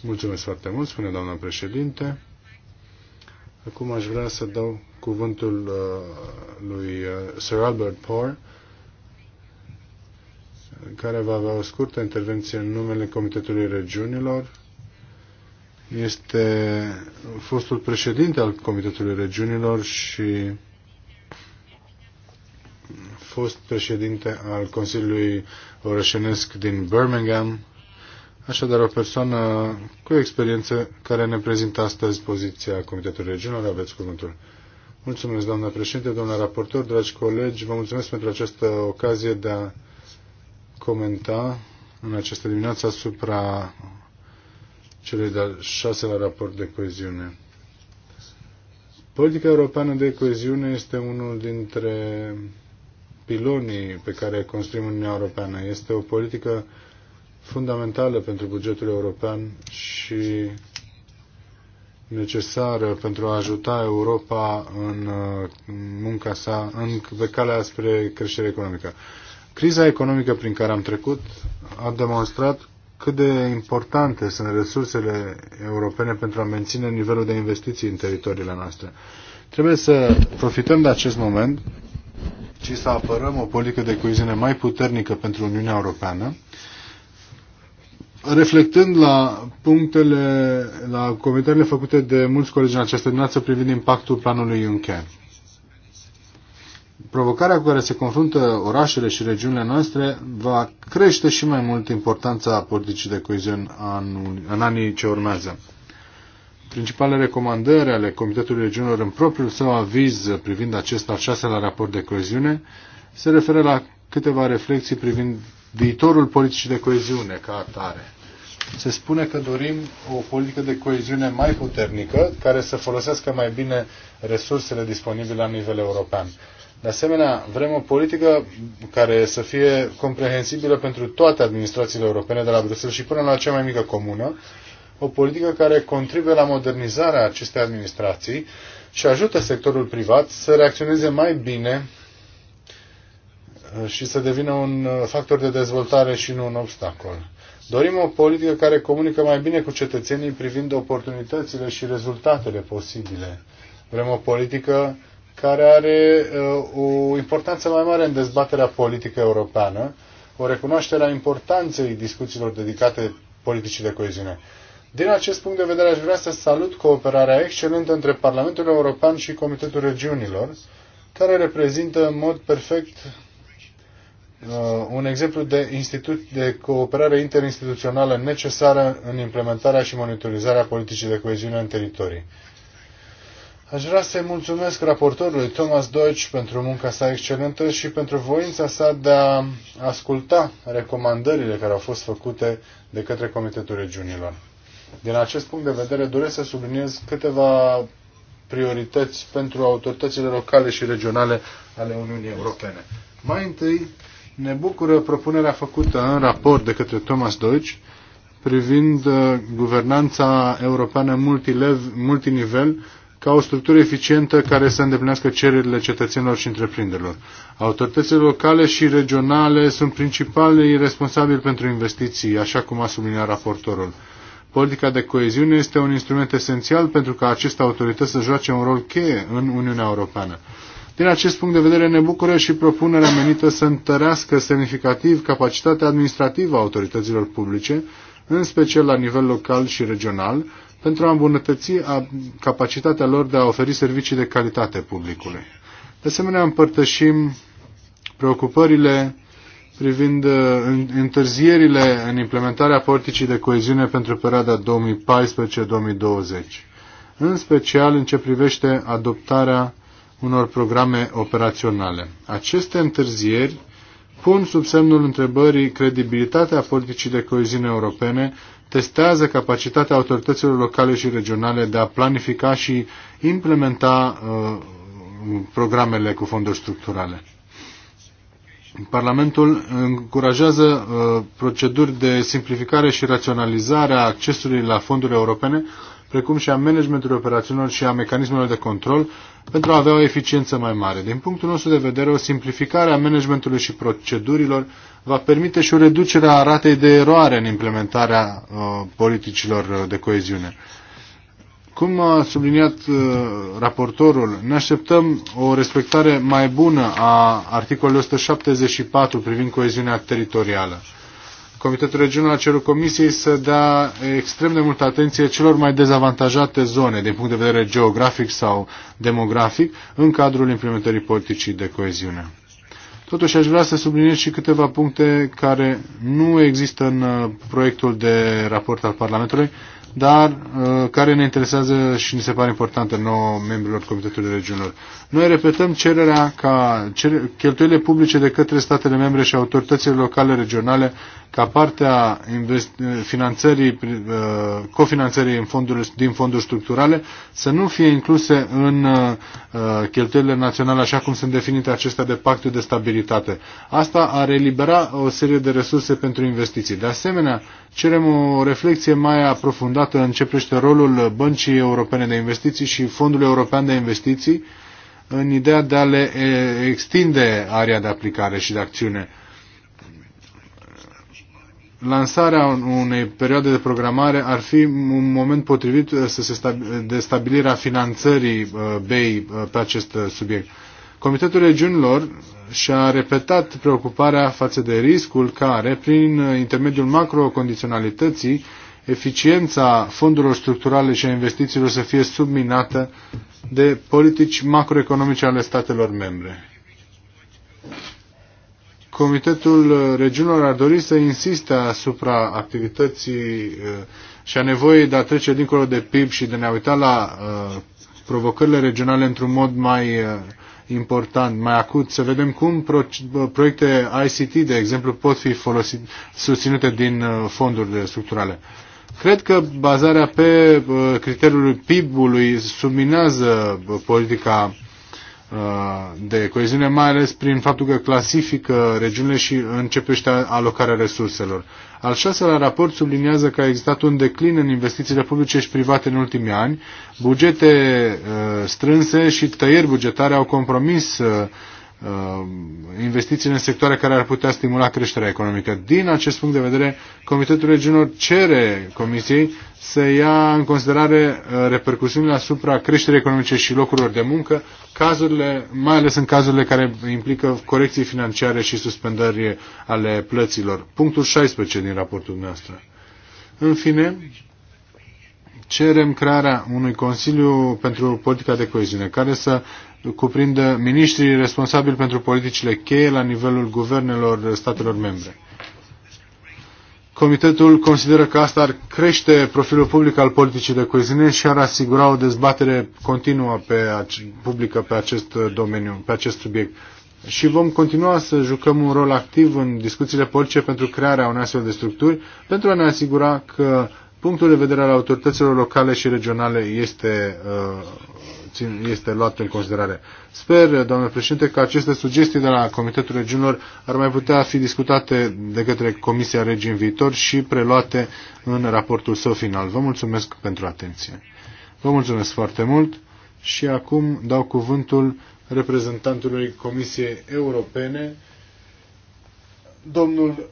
Mulțumesc foarte mult, spune doamna președinte. Acum aș vrea să dau cuvântul uh, lui uh, Sir Albert Poor, care va avea o scurtă intervenție în numele Comitetului Regiunilor. Este fostul președinte al Comitetului Regiunilor și fost președinte al Consiliului Orășenesc din Birmingham, Așadar, o persoană cu experiență care ne prezintă astăzi poziția Comitetului Regiunilor. Aveți cuvântul. Mulțumesc, doamna președinte, doamna raportor, dragi colegi, vă mulțumesc pentru această ocazie de a comenta în această dimineață asupra celui de-al șaselea raport de coeziune. Politica europeană de coeziune este unul dintre pilonii pe care construim Uniunea Europeană. Este o politică fundamentală pentru bugetul european și necesară pentru a ajuta Europa în uh, munca sa în, pe calea spre creștere economică. Criza economică prin care am trecut a demonstrat cât de importante sunt resursele europene pentru a menține nivelul de investiții în teritoriile noastre. Trebuie să profităm de acest moment și să apărăm o politică de coeziune mai puternică pentru Uniunea Europeană, reflectând la punctele, la comentariile făcute de mulți colegi în această dimineață privind impactul planului Juncker. Provocarea cu care se confruntă orașele și regiunile noastre va crește și mai mult importanța politicii de coeziune în anii ce urmează. Principalele recomandări ale Comitetului Regiunilor în propriul său aviz privind acest al șaselea raport de coeziune se referă la câteva reflexii privind viitorul politicii de coeziune ca atare. Se spune că dorim o politică de coeziune mai puternică, care să folosească mai bine resursele disponibile la nivel european. De asemenea, vrem o politică care să fie comprehensibilă pentru toate administrațiile europene, de la Bruxelles și până la cea mai mică comună, o politică care contribuie la modernizarea acestei administrații și ajută sectorul privat să reacționeze mai bine și să devină un uh, factor de dezvoltare și nu un obstacol. Dorim o politică care comunică mai bine cu cetățenii privind oportunitățile și rezultatele posibile. Vrem o politică care are uh, o importanță mai mare în dezbaterea politică europeană, o recunoaștere a importanței discuțiilor dedicate politicii de coeziune. Din acest punct de vedere, aș vrea să salut cooperarea excelentă între Parlamentul European și Comitetul Regiunilor, care reprezintă în mod perfect Uh, un exemplu de, institut, de cooperare interinstituțională necesară în implementarea și monitorizarea politicii de coeziune în teritorii. Aș vrea să-i mulțumesc raportorului Thomas Deutsch pentru munca sa excelentă și pentru voința sa de a asculta recomandările care au fost făcute de către Comitetul Regiunilor. Din acest punct de vedere, doresc să subliniez câteva priorități pentru autoritățile locale și regionale ale Uniunii Europene. Mai întâi, ne bucură propunerea făcută în raport de către Thomas Deutsch privind uh, guvernanța europeană multinivel ca o structură eficientă care să îndeplinească cererile cetățenilor și întreprinderilor. Autoritățile locale și regionale sunt principalii responsabili pentru investiții, așa cum a subliniat raportorul. Politica de coeziune este un instrument esențial pentru ca aceste autorități să joace un rol cheie în Uniunea Europeană. Din acest punct de vedere ne bucură și propunerea menită să întărească semnificativ capacitatea administrativă a autorităților publice, în special la nivel local și regional, pentru a îmbunătăți capacitatea lor de a oferi servicii de calitate publicului. De asemenea, împărtășim preocupările privind uh, întârzierile în implementarea politicii de coeziune pentru perioada 2014-2020, în special în ce privește adoptarea unor programe operaționale. Aceste întârzieri pun sub semnul întrebării credibilitatea politicii de coeziune europene, testează capacitatea autorităților locale și regionale de a planifica și implementa uh, programele cu fonduri structurale. Parlamentul încurajează uh, proceduri de simplificare și raționalizare a accesului la fonduri europene, uh, precum și a managementului operațiunilor și a mecanismelor de control, pentru a avea o eficiență mai mare. Din punctul nostru de vedere, o simplificare a managementului și procedurilor va permite și o reducere a ratei de eroare în implementarea uh, politicilor de coeziune. Cum a subliniat uh, raportorul, ne așteptăm o respectare mai bună a articolului 174 privind coeziunea teritorială. Comitetul Regional a cerut Comisiei să dea extrem de multă atenție celor mai dezavantajate zone din punct de vedere geografic sau demografic în cadrul implementării politicii de coeziune. Totuși aș vrea să subliniez și câteva puncte care nu există în uh, proiectul de raport al Parlamentului, dar uh, care ne interesează și ni se pare importantă nouă membrilor Comitetului Regional. Noi repetăm cererea ca cer cheltuielile publice de către statele membre și autoritățile locale regionale ca partea finanțării, uh, cofinanțării în fonduri, din fonduri structurale să nu fie incluse în uh, cheltuielile naționale așa cum sunt definite acestea de pactul de stabilitate. Asta ar elibera o serie de resurse pentru investiții. De asemenea, cerem o reflexie mai aprofundată în ce privește rolul Băncii Europene de Investiții și Fondului European de Investiții în ideea de a le extinde area de aplicare și de acțiune lansarea unei perioade de programare ar fi un moment potrivit uh, să se de stabilirea finanțării uh, BEI uh, pe acest subiect. Comitetul Regiunilor și-a repetat preocuparea față de riscul care, prin intermediul macrocondiționalității, eficiența fondurilor structurale și a investițiilor să fie subminată de politici macroeconomice ale statelor membre. Comitetul uh, Regiunilor ar dori să insiste asupra activității uh, și a nevoii de a trece dincolo de PIB și de a ne uita la uh, provocările regionale într-un mod mai important, mai acut, să vedem cum pro, proiecte ICT, de exemplu, pot fi folosit, susținute din fondurile structurale. Cred că bazarea pe criteriul PIB-ului subminează politica Uh, de coeziune, mai ales prin faptul că clasifică regiunile și începește alocarea resurselor. Al șaselea raport subliniază că a existat un declin în investițiile publice și private în ultimii ani, bugete uh, strânse și tăieri bugetare au compromis uh, Uh, investițiile în sectoare care ar putea stimula creșterea economică. Din acest punct de vedere, Comitetul Regiunilor cere Comisiei să ia în considerare uh, repercusiunile asupra creșterii economice și locurilor de muncă, cazurile, mai ales în cazurile care implică corecții financiare și suspendări ale plăților. Punctul 16 din raportul noastră. În fine, cerem crearea unui Consiliu pentru politica de coeziune care să cuprindă miniștrii responsabili pentru politicile cheie la nivelul guvernelor statelor membre. Comitetul consideră că asta ar crește profilul public al politicii de coeziune și ar asigura o dezbatere continuă pe, publică pe acest domeniu, pe acest subiect. Și vom continua să jucăm un rol activ în discuțiile politice pentru crearea unei astfel de structuri, pentru a ne asigura că punctul de vedere al autorităților locale și regionale este uh, este luat în considerare. Sper, doamnă președinte, că aceste sugestii de la Comitetul Regiunilor ar mai putea fi discutate de către Comisia Regii în viitor și preluate în raportul său final. Vă mulțumesc pentru atenție. Vă mulțumesc foarte mult și acum dau cuvântul reprezentantului Comisiei Europene, domnul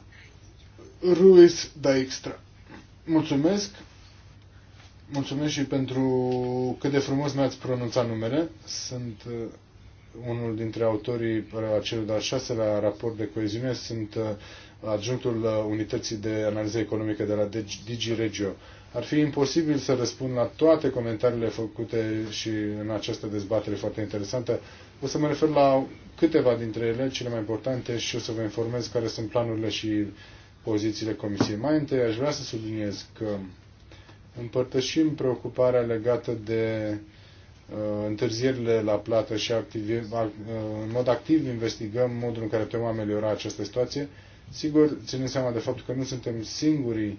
Ruiz Daixtra. Mulțumesc! Mulțumesc și pentru cât de frumos mi-ați pronunțat numele. Sunt uh, unul dintre autorii uh, acelui de-al șaselea raport de coeziune. Sunt uh, adjunctul unității de analiză economică de la Digi Regio. Ar fi imposibil să răspund la toate comentariile făcute și în această dezbatere foarte interesantă. O să mă refer la câteva dintre ele, cele mai importante, și o să vă informez care sunt planurile și pozițiile Comisiei. Mai întâi aș vrea să subliniez că Împărtășim preocuparea legată de uh, întârzierile la plată și activi, uh, în mod activ investigăm modul în care putem ameliora această situație. Sigur, ținem seama de faptul că nu suntem singurii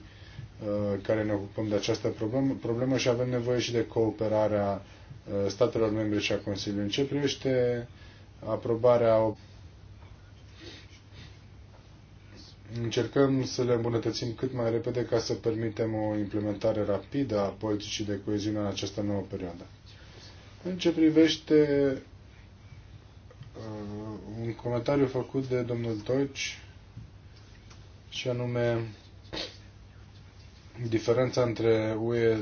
uh, care ne ocupăm de această problemă, problemă și avem nevoie și de cooperarea uh, statelor membre și a Consiliului. În ce privește aprobarea Încercăm să le îmbunătățim cât mai repede ca să permitem o implementare rapidă a politicii de coeziune în această nouă perioadă. În ce privește uh, un comentariu făcut de domnul Deutsch și anume diferența între UE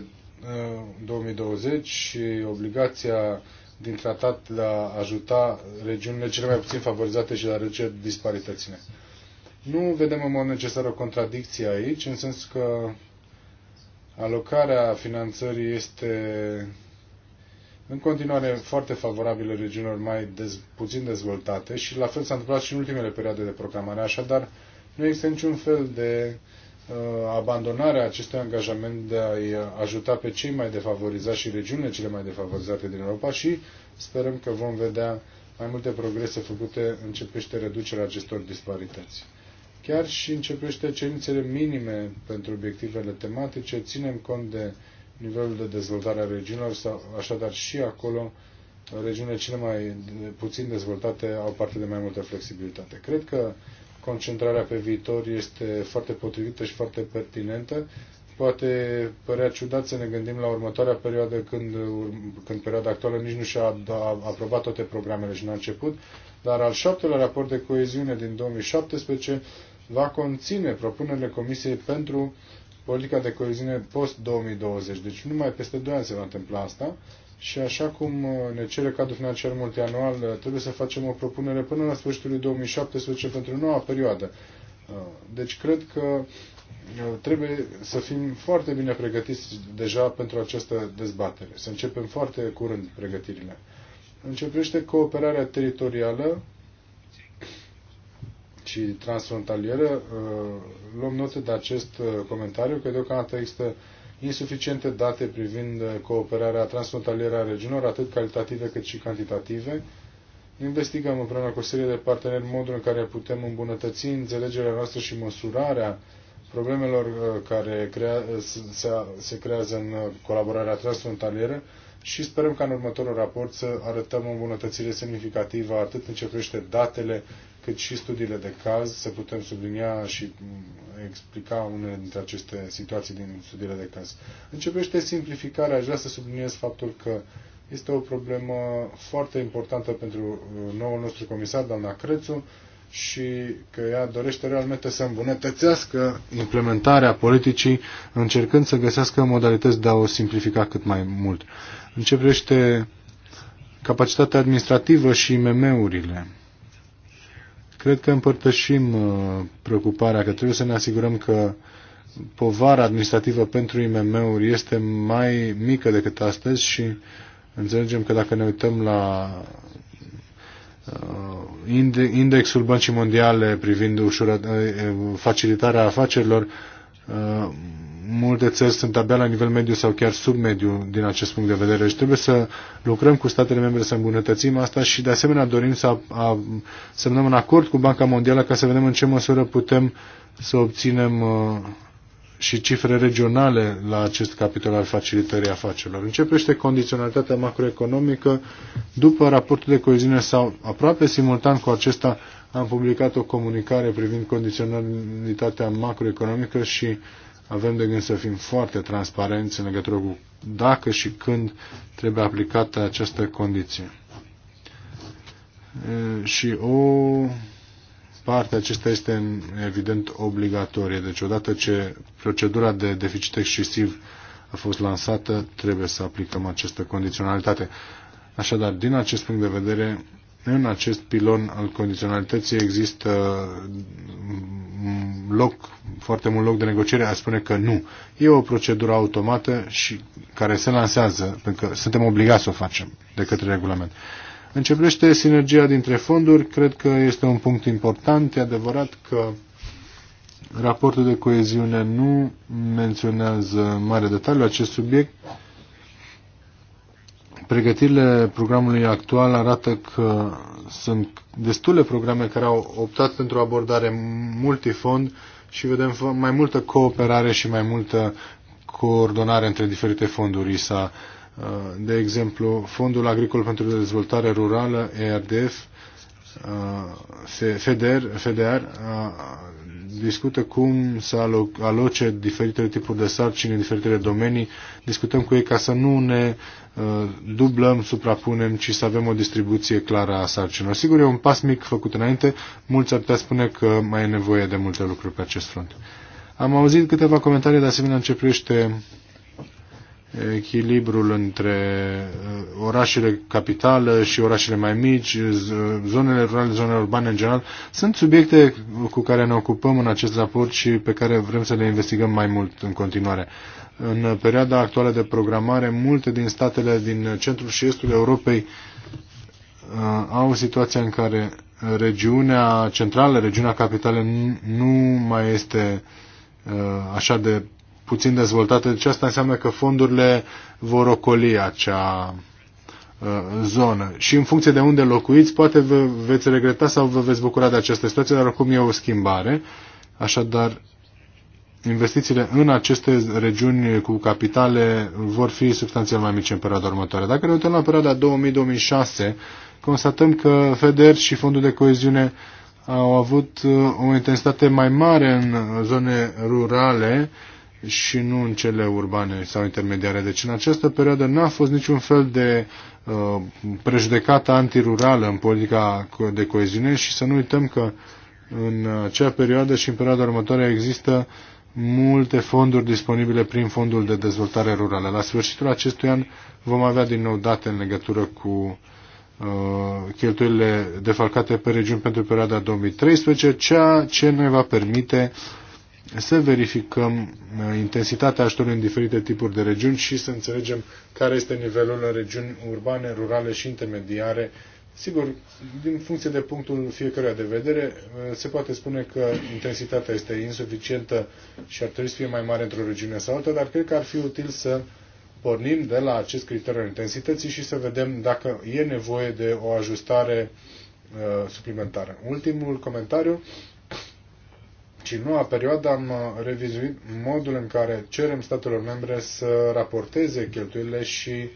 2020 uh, și obligația din tratat de a ajuta regiunile cele mai puțin favorizate și de a reduce disparitățile. Uh, nu vedem în mod necesar o contradicție aici, în sensul că alocarea finanțării este în continuare foarte favorabilă regiunilor mai dez, puțin dezvoltate și la fel s-a întâmplat și în ultimele perioade de programare, așadar nu există niciun fel de uh, abandonare a acestui angajament de a-i ajuta pe cei mai defavorizați și regiunile cele mai defavorizate din Europa și sperăm că vom vedea mai multe progrese făcute în ce reducerea acestor disparități. Chiar și în ce privește cerințele minime pentru obiectivele tematice, ținem cont de nivelul de dezvoltare a regiunilor, sau, așadar și acolo regiunile cele mai puțin dezvoltate au parte de mai multă flexibilitate. Cred că concentrarea pe viitor este foarte potrivită și foarte pertinentă. Poate părea ciudat să ne gândim la următoarea perioadă când, când perioada actuală nici nu și-a da, aprobat toate programele și n a început, dar al șaptelea raport de coeziune din 2017 va conține propunerile Comisiei pentru politica de coeziune post-2020. Deci numai peste 2 ani se va întâmpla asta și așa cum uh, ne cere cadrul financiar multianual, uh, trebuie să facem o propunere până la sfârșitul 2017 pentru noua perioadă. Uh, deci cred că trebuie să fim foarte bine pregătiți deja pentru această dezbatere, să începem foarte curând pregătirile privește cooperarea teritorială și transfrontalieră. Uh, luăm notă de acest uh, comentariu, că deocamdată există insuficiente date privind uh, cooperarea transfrontalieră a regiunilor, atât calitative cât și cantitative. Investigăm împreună cu o serie de parteneri modul în care putem îmbunătăți înțelegerea noastră și măsurarea problemelor care crea, se, se creează în colaborarea transfrontalieră și sperăm ca în următorul raport să arătăm o îmbunătățire semnificativă atât în ce crește datele, cât și studiile de caz, să putem sublinia și mm, explica unele dintre aceste situații din studiile de caz. În ce crește simplificarea, aș vrea să subliniez faptul că este o problemă foarte importantă pentru uh, noul nostru comisar, doamna Crețu, și că ea dorește realmente să îmbunătățească implementarea politicii, încercând să găsească modalități de a o simplifica cât mai mult. În ce privește capacitatea administrativă și IMM-urile, cred că împărtășim uh, preocuparea că trebuie să ne asigurăm că povara administrativă pentru IMM-uri este mai mică decât astăzi și înțelegem că dacă ne uităm la uh, indexul Băncii Mondiale privind ușura, uh, facilitarea afacerilor, multe țări sunt abia la nivel mediu sau chiar sub mediu din acest punct de vedere și trebuie să lucrăm cu statele membre să îmbunătățim asta și de asemenea dorim să a, semnăm un acord cu Banca Mondială ca să vedem în ce măsură putem să obținem uh, și cifre regionale la acest capitol al facilitării afacerilor. Începește condiționalitatea macroeconomică. După raportul de coeziune sau aproape simultan cu acesta am publicat o comunicare privind condiționalitatea macroeconomică și uh, avem de gând să fim foarte transparenți în legătură cu dacă și când trebuie aplicată această condiție. Și o parte acesta este evident obligatorie. Deci odată ce procedura de deficit excesiv a fost lansată, trebuie să aplicăm această condiționalitate. Așadar, din acest punct de vedere, în acest pilon al condiționalității există loc, foarte mult loc de negociere, a spune că nu. E o procedură automată și care se lansează, pentru că suntem obligați să o facem de către regulament. Începește sinergia dintre fonduri, cred că este un punct important. E adevărat că raportul de coeziune nu menționează mare detaliu acest subiect, pregătirile programului actual arată că sunt destule programe care au optat pentru abordare multifond și vedem mai multă cooperare și mai multă coordonare între diferite fonduri ISA. Uh, de exemplu, Fondul Agricol pentru Dezvoltare Rurală, ERDF, uh, FEDER, FEDER uh, discută cum să aloce diferite tipuri de sarcini în diferitele domenii. Discutăm cu ei ca să nu ne uh, dublăm, suprapunem, ci să avem o distribuție clară a sarcinilor. Sigur, e un pas mic făcut înainte. Mulți ar putea spune că mai e nevoie de multe lucruri pe acest front. Am auzit câteva comentarii de asemenea în ce privește echilibrul între uh, orașele capitală și orașele mai mici, zonele rurale, zonele urbane în general, sunt subiecte cu care ne ocupăm în acest raport și pe care vrem să le investigăm mai mult în continuare. În perioada actuală de programare, multe din statele din centrul și estul Europei uh, au situația în care regiunea centrală, regiunea capitală nu mai este uh, așa de puțin dezvoltate. Deci asta înseamnă că fondurile vor ocoli acea uh, zonă. Și în funcție de unde locuiți, poate vă veți regreta sau vă veți bucura de această situație, dar acum e o schimbare. Așadar, investițiile în aceste regiuni cu capitale vor fi substanțial mai mici în perioada următoare. Dacă ne uităm la perioada 2000-2006, constatăm că FEDER și Fondul de Coeziune au avut uh, o intensitate mai mare în zone rurale, și nu în cele urbane sau intermediare. Deci în această perioadă nu a fost niciun fel de uh, prejudecată antirurală în politica de coeziune și să nu uităm că în acea perioadă și în perioada următoare există multe fonduri disponibile prin Fondul de Dezvoltare Rurală. La sfârșitul acestui an vom avea din nou date în legătură cu uh, cheltuielile defalcate pe regiuni pentru perioada 2013, ceea ce ne va permite uh, să verificăm uh, intensitatea ajutorului în diferite tipuri de regiuni și să înțelegem care este nivelul în regiuni urbane, rurale și intermediare. Sigur, din funcție de punctul fiecăruia de vedere, uh, se poate spune că intensitatea este insuficientă și ar trebui să fie mai mare într-o regiune sau alta, dar cred că ar fi util să pornim de la acest criteriu al intensității și să vedem dacă e nevoie de o ajustare uh, suplimentară. Ultimul comentariu ci noua perioadă am uh, revizuit modul în care cerem statelor membre să raporteze cheltuielile și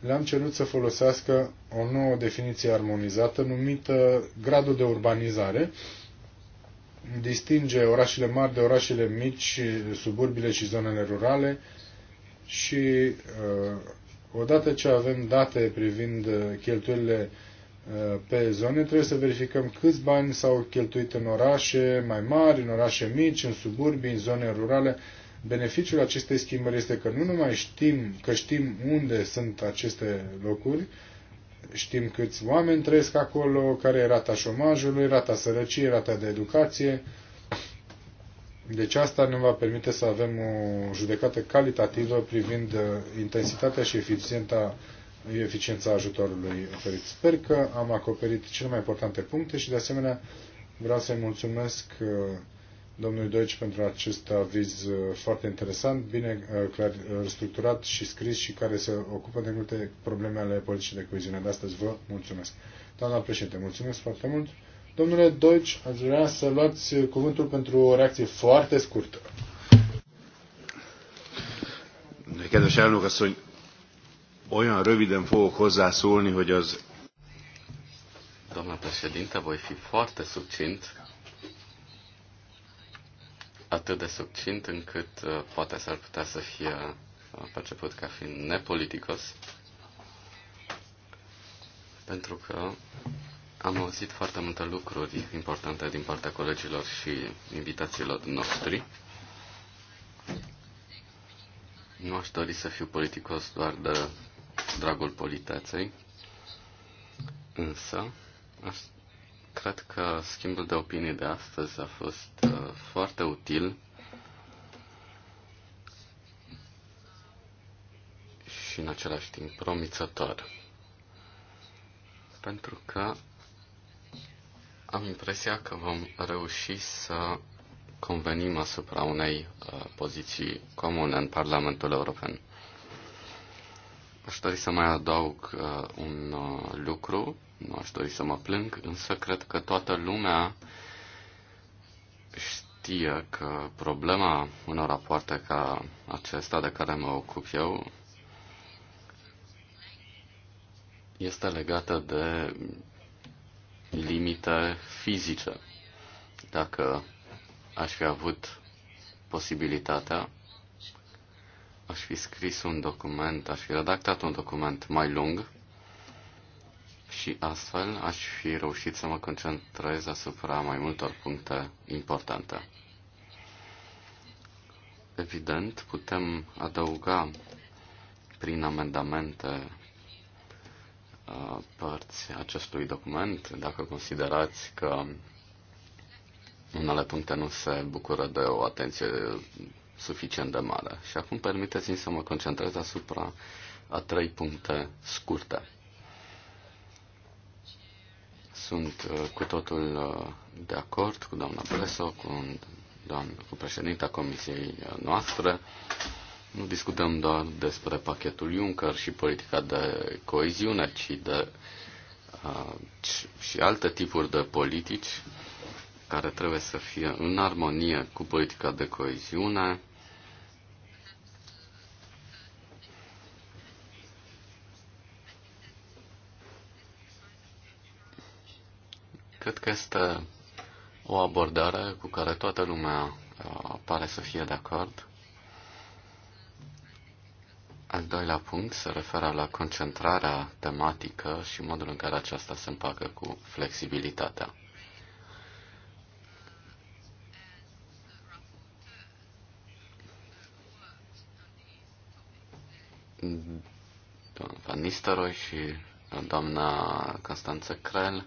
le-am cerut să folosească o nouă definiție armonizată numită gradul de urbanizare. Distinge orașele mari de orașele mici, suburbile și zonele rurale și uh, odată ce avem date privind uh, cheltuielile Uh, pe zone, trebuie să verificăm câți bani s-au cheltuit în orașe mai mari, în orașe mici, în suburbii, în zone rurale. Beneficiul acestei schimbări este că nu numai știm că știm unde sunt aceste locuri, știm câți oameni trăiesc acolo, care e rata șomajului, rata sărăciei, rata de educație. Deci asta ne va permite să avem o judecată calitativă privind uh, intensitatea și eficiența eficiența ajutorului oferit. Sper că am acoperit cele mai importante puncte și, de asemenea, vreau să-i mulțumesc uh, domnului Deutsch pentru acest aviz uh, foarte interesant, bine uh, clar, structurat și scris și care se ocupă de multe probleme ale politicii de coeziune. De astăzi vă mulțumesc. Doamna președinte, mulțumesc foarte mult. Domnule Deutsch, aș vrea să luați cuvântul pentru o reacție foarte scurtă. Kedves elnök asszony, Olyan röviden fogok hozzászólni, hogy az... Doamna președinte, voi fi foarte succint, atât de succint încât uh, poate s-ar putea să fie uh, perceput ca fiind nepoliticos, pentru că am auzit foarte multe lucruri importante din partea colegilor și invitațiilor noștri. Nu aș dori să fiu politicos doar de dragul politeței, însă cred că schimbul de opinii de astăzi a fost uh, foarte util și în același timp promițător. Pentru că am impresia că vom reuși să convenim asupra unei uh, poziții comune în Parlamentul European. Aș dori să mai adaug uh, un uh, lucru, nu aș dori să mă plâng, însă cred că toată lumea știe că problema unor rapoarte ca acesta de care mă ocup eu este legată de limite fizice. Dacă aș fi avut posibilitatea, aș fi scris un document, aș fi redactat un document mai lung și astfel aș fi reușit să mă concentrez asupra mai multor puncte importante. Evident, putem adăuga prin amendamente uh, părți acestui document, dacă considerați că unele puncte nu se bucură de o atenție suficient de mare. Și acum permiteți-mi să mă concentrez asupra a trei puncte scurte. Sunt uh, cu totul uh, de acord cu doamna Bresso, cu, cu președinta comisiei uh, noastre. Nu discutăm doar despre pachetul Juncker și politica de coeziune, ci de uh, și alte tipuri de politici care trebuie să fie în armonie cu politica de coeziune, Cred că este o abordare cu care toată lumea uh, pare să fie de acord. Al doilea punct se referă la concentrarea tematică și modul în care aceasta se împacă cu flexibilitatea. Doamna Van Nistelrooy și doamna Constanță Crel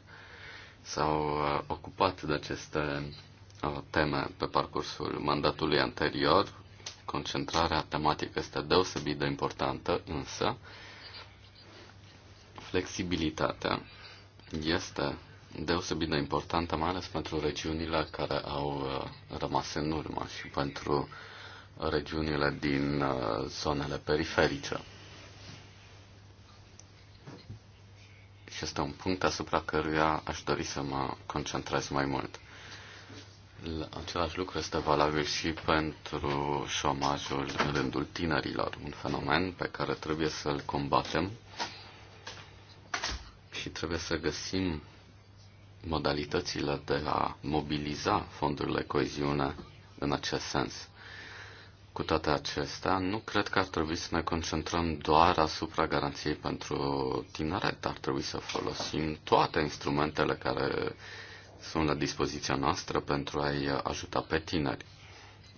s-au uh, ocupat de aceste uh, teme pe parcursul mandatului anterior. Concentrarea tematică este deosebit de importantă, însă flexibilitatea este deosebit de importantă, mai ales pentru regiunile care au uh, rămas în urmă și pentru regiunile din zonele periferice. Deci este un punct asupra căruia aș dori să mă concentrez mai mult. Același lucru este valabil și pentru șomajul în rândul tinerilor, un fenomen pe care trebuie să-l combatem și trebuie să găsim modalitățile de a mobiliza fondurile coeziune în acest sens. Cu toate acestea, nu cred că ar trebui să ne concentrăm doar asupra garanției pentru tineret. Ar trebui să folosim toate instrumentele care sunt la dispoziția noastră pentru a-i ajuta pe tineri.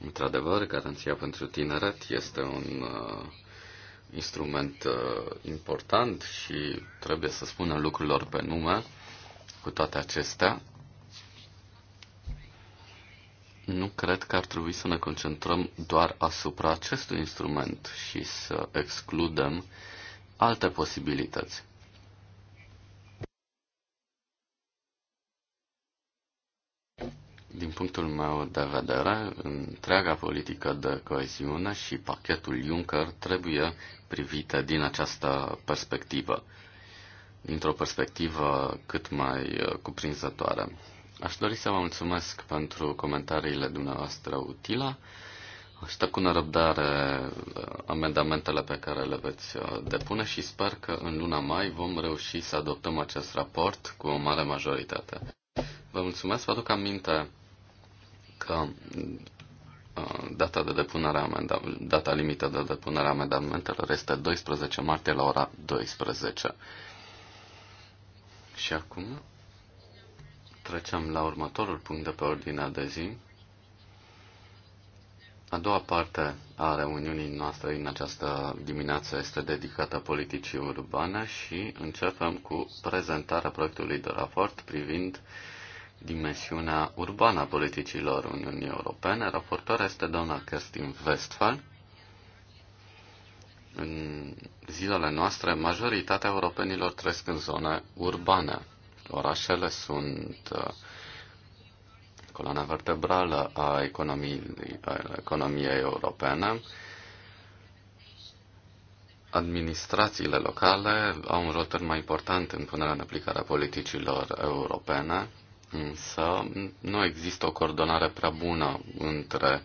Într-adevăr, garanția pentru tineret este un uh, instrument uh, important și trebuie să spunem lucrurilor pe nume. Cu toate acestea, nu cred că ar trebui să ne concentrăm doar asupra acestui instrument și să excludem alte posibilități. Din punctul meu de vedere, întreaga politică de coeziune și pachetul Juncker trebuie privite din această perspectivă, dintr-o perspectivă cât mai cuprinzătoare. Aș dori să vă mulțumesc pentru comentariile dumneavoastră utile. Aștept cu nerăbdare uh, amendamentele pe care le veți uh, depune și sper că în luna mai vom reuși să adoptăm acest raport cu o mare majoritate. Vă mulțumesc, vă aduc aminte că uh, data de depunere data limită de depunere a amendamentelor este 12 martie la ora 12. Și acum Trecem la următorul punct de pe ordinea de zi. A doua parte a reuniunii noastre în această dimineață este dedicată politicii urbane și începem cu prezentarea proiectului de raport privind dimensiunea urbană a politicilor Uniunii Europene. Raportoarea este doamna Kerstin Westphal. În zilele noastre, majoritatea europenilor trăiesc în zone urbane. Orașele sunt uh, coloana vertebrală a economiei, a economiei europene. Administrațiile locale au un rol mai important în punerea în aplicare a politicilor europene, însă nu există o coordonare prea bună între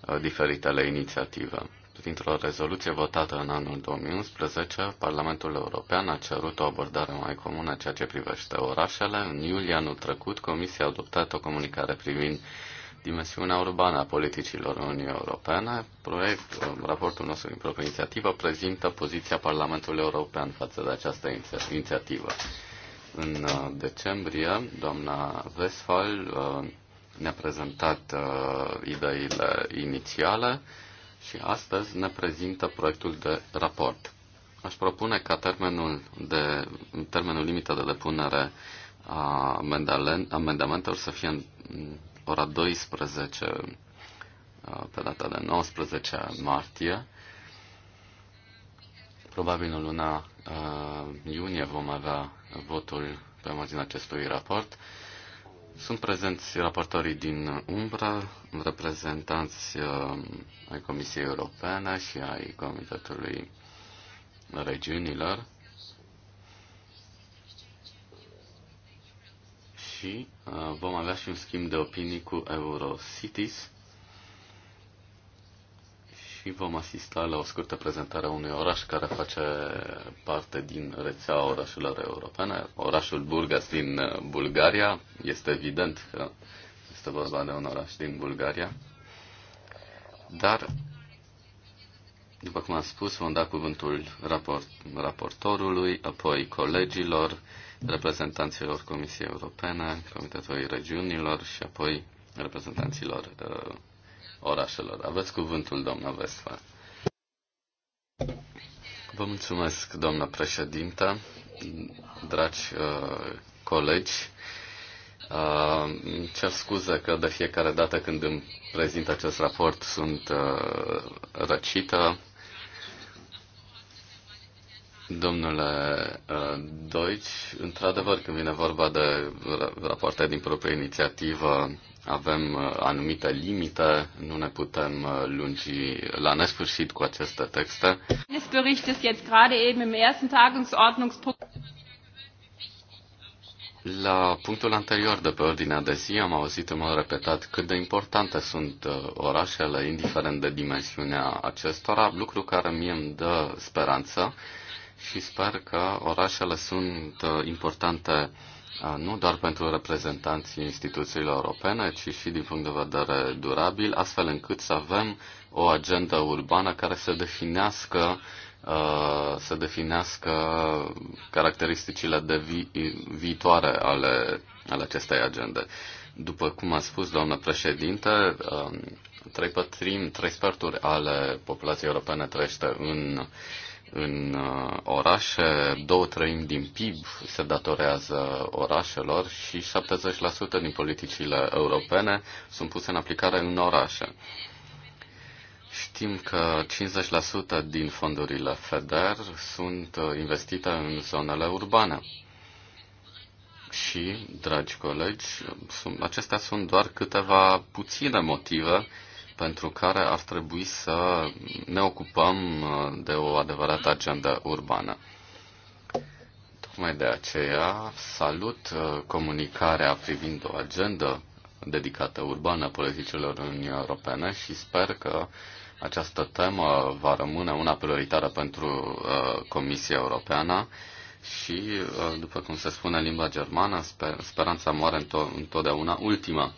uh, diferitele inițiative printr-o rezoluție votată în anul 2011, Parlamentul European a cerut o abordare mai comună în ceea ce privește orașele. În iulie anul trecut, Comisia a adoptat o comunicare privind dimensiunea urbană a politicilor Uniunii Europene. Proiect, raportul nostru din proprie inițiativă prezintă poziția Parlamentului European față de această inițiativă. În uh, decembrie, doamna Westphal uh, ne-a prezentat uh, ideile inițiale și astăzi ne prezintă proiectul de raport. Aș propune ca termenul, de, termenul limită de depunere a amendamentelor să fie în ora 12 pe data de 19 martie. Probabil în luna iunie vom avea votul pe marginea acestui raport. Sunt prezenți raportorii din Umbra, reprezentanți uh, ai Comisiei Europene și ai Comitetului Regiunilor și uh, vom avea și un schimb de opinii cu Eurocities și vom asista la o scurtă prezentare a unui oraș care face parte din rețeaua orașelor europene. Orașul Burgas din uh, Bulgaria. Este evident că este vorba de un oraș din Bulgaria. Dar, după cum am spus, vom da cuvântul raport, raportorului, apoi colegilor, reprezentanților Comisiei Europene, Comitetului Regiunilor și apoi reprezentanților uh, orașelor. Aveți cuvântul, doamna Vesfa. Vă mulțumesc, doamna președintă, dragi uh, colegi. Uh, cer scuze că de fiecare dată când îmi prezint acest raport sunt uh, răcită. Domnule uh, Deutsch, într-adevăr, când vine vorba de rapoarte din proprie inițiativă, avem uh, anumite limite, nu ne putem uh, lungi la nesfârșit cu aceste texte. Des Berichtes jetzt gerade eben im ersten Tagesordnungspunkt la punctul anterior de pe ordinea de zi am auzit în mod repetat cât de importante sunt uh, orașele, indiferent de dimensiunea acestora, lucru care mie îmi dă speranță și sper că orașele sunt importante nu doar pentru reprezentanții instituțiilor europene, ci și din punct de vedere durabil, astfel încât să avem o agendă urbană care să definească să definească caracteristicile de vi- viitoare ale, ale acestei agende. După cum a spus doamna președinte, trei pătrimi, trei sferturi ale populației europene trăiește în în uh, orașe, două treimi din PIB se datorează orașelor și 70% din politicile europene sunt puse în aplicare în orașe. Știm că 50% din fondurile FEDER sunt uh, investite în zonele urbane. Și, dragi colegi, acestea sunt doar câteva puține motive uh, pentru care ar trebui să ne ocupăm uh, de o adevărată agenda urbană. Tocmai de aceea salut uh, comunicarea privind o agendă dedicată urbană politicilor Uniunii Europene și sper că această temă va rămâne una prioritară pentru uh, Comisia Europeană și, după cum se spune în limba germană, sper, speranța moare întotdeauna ultima.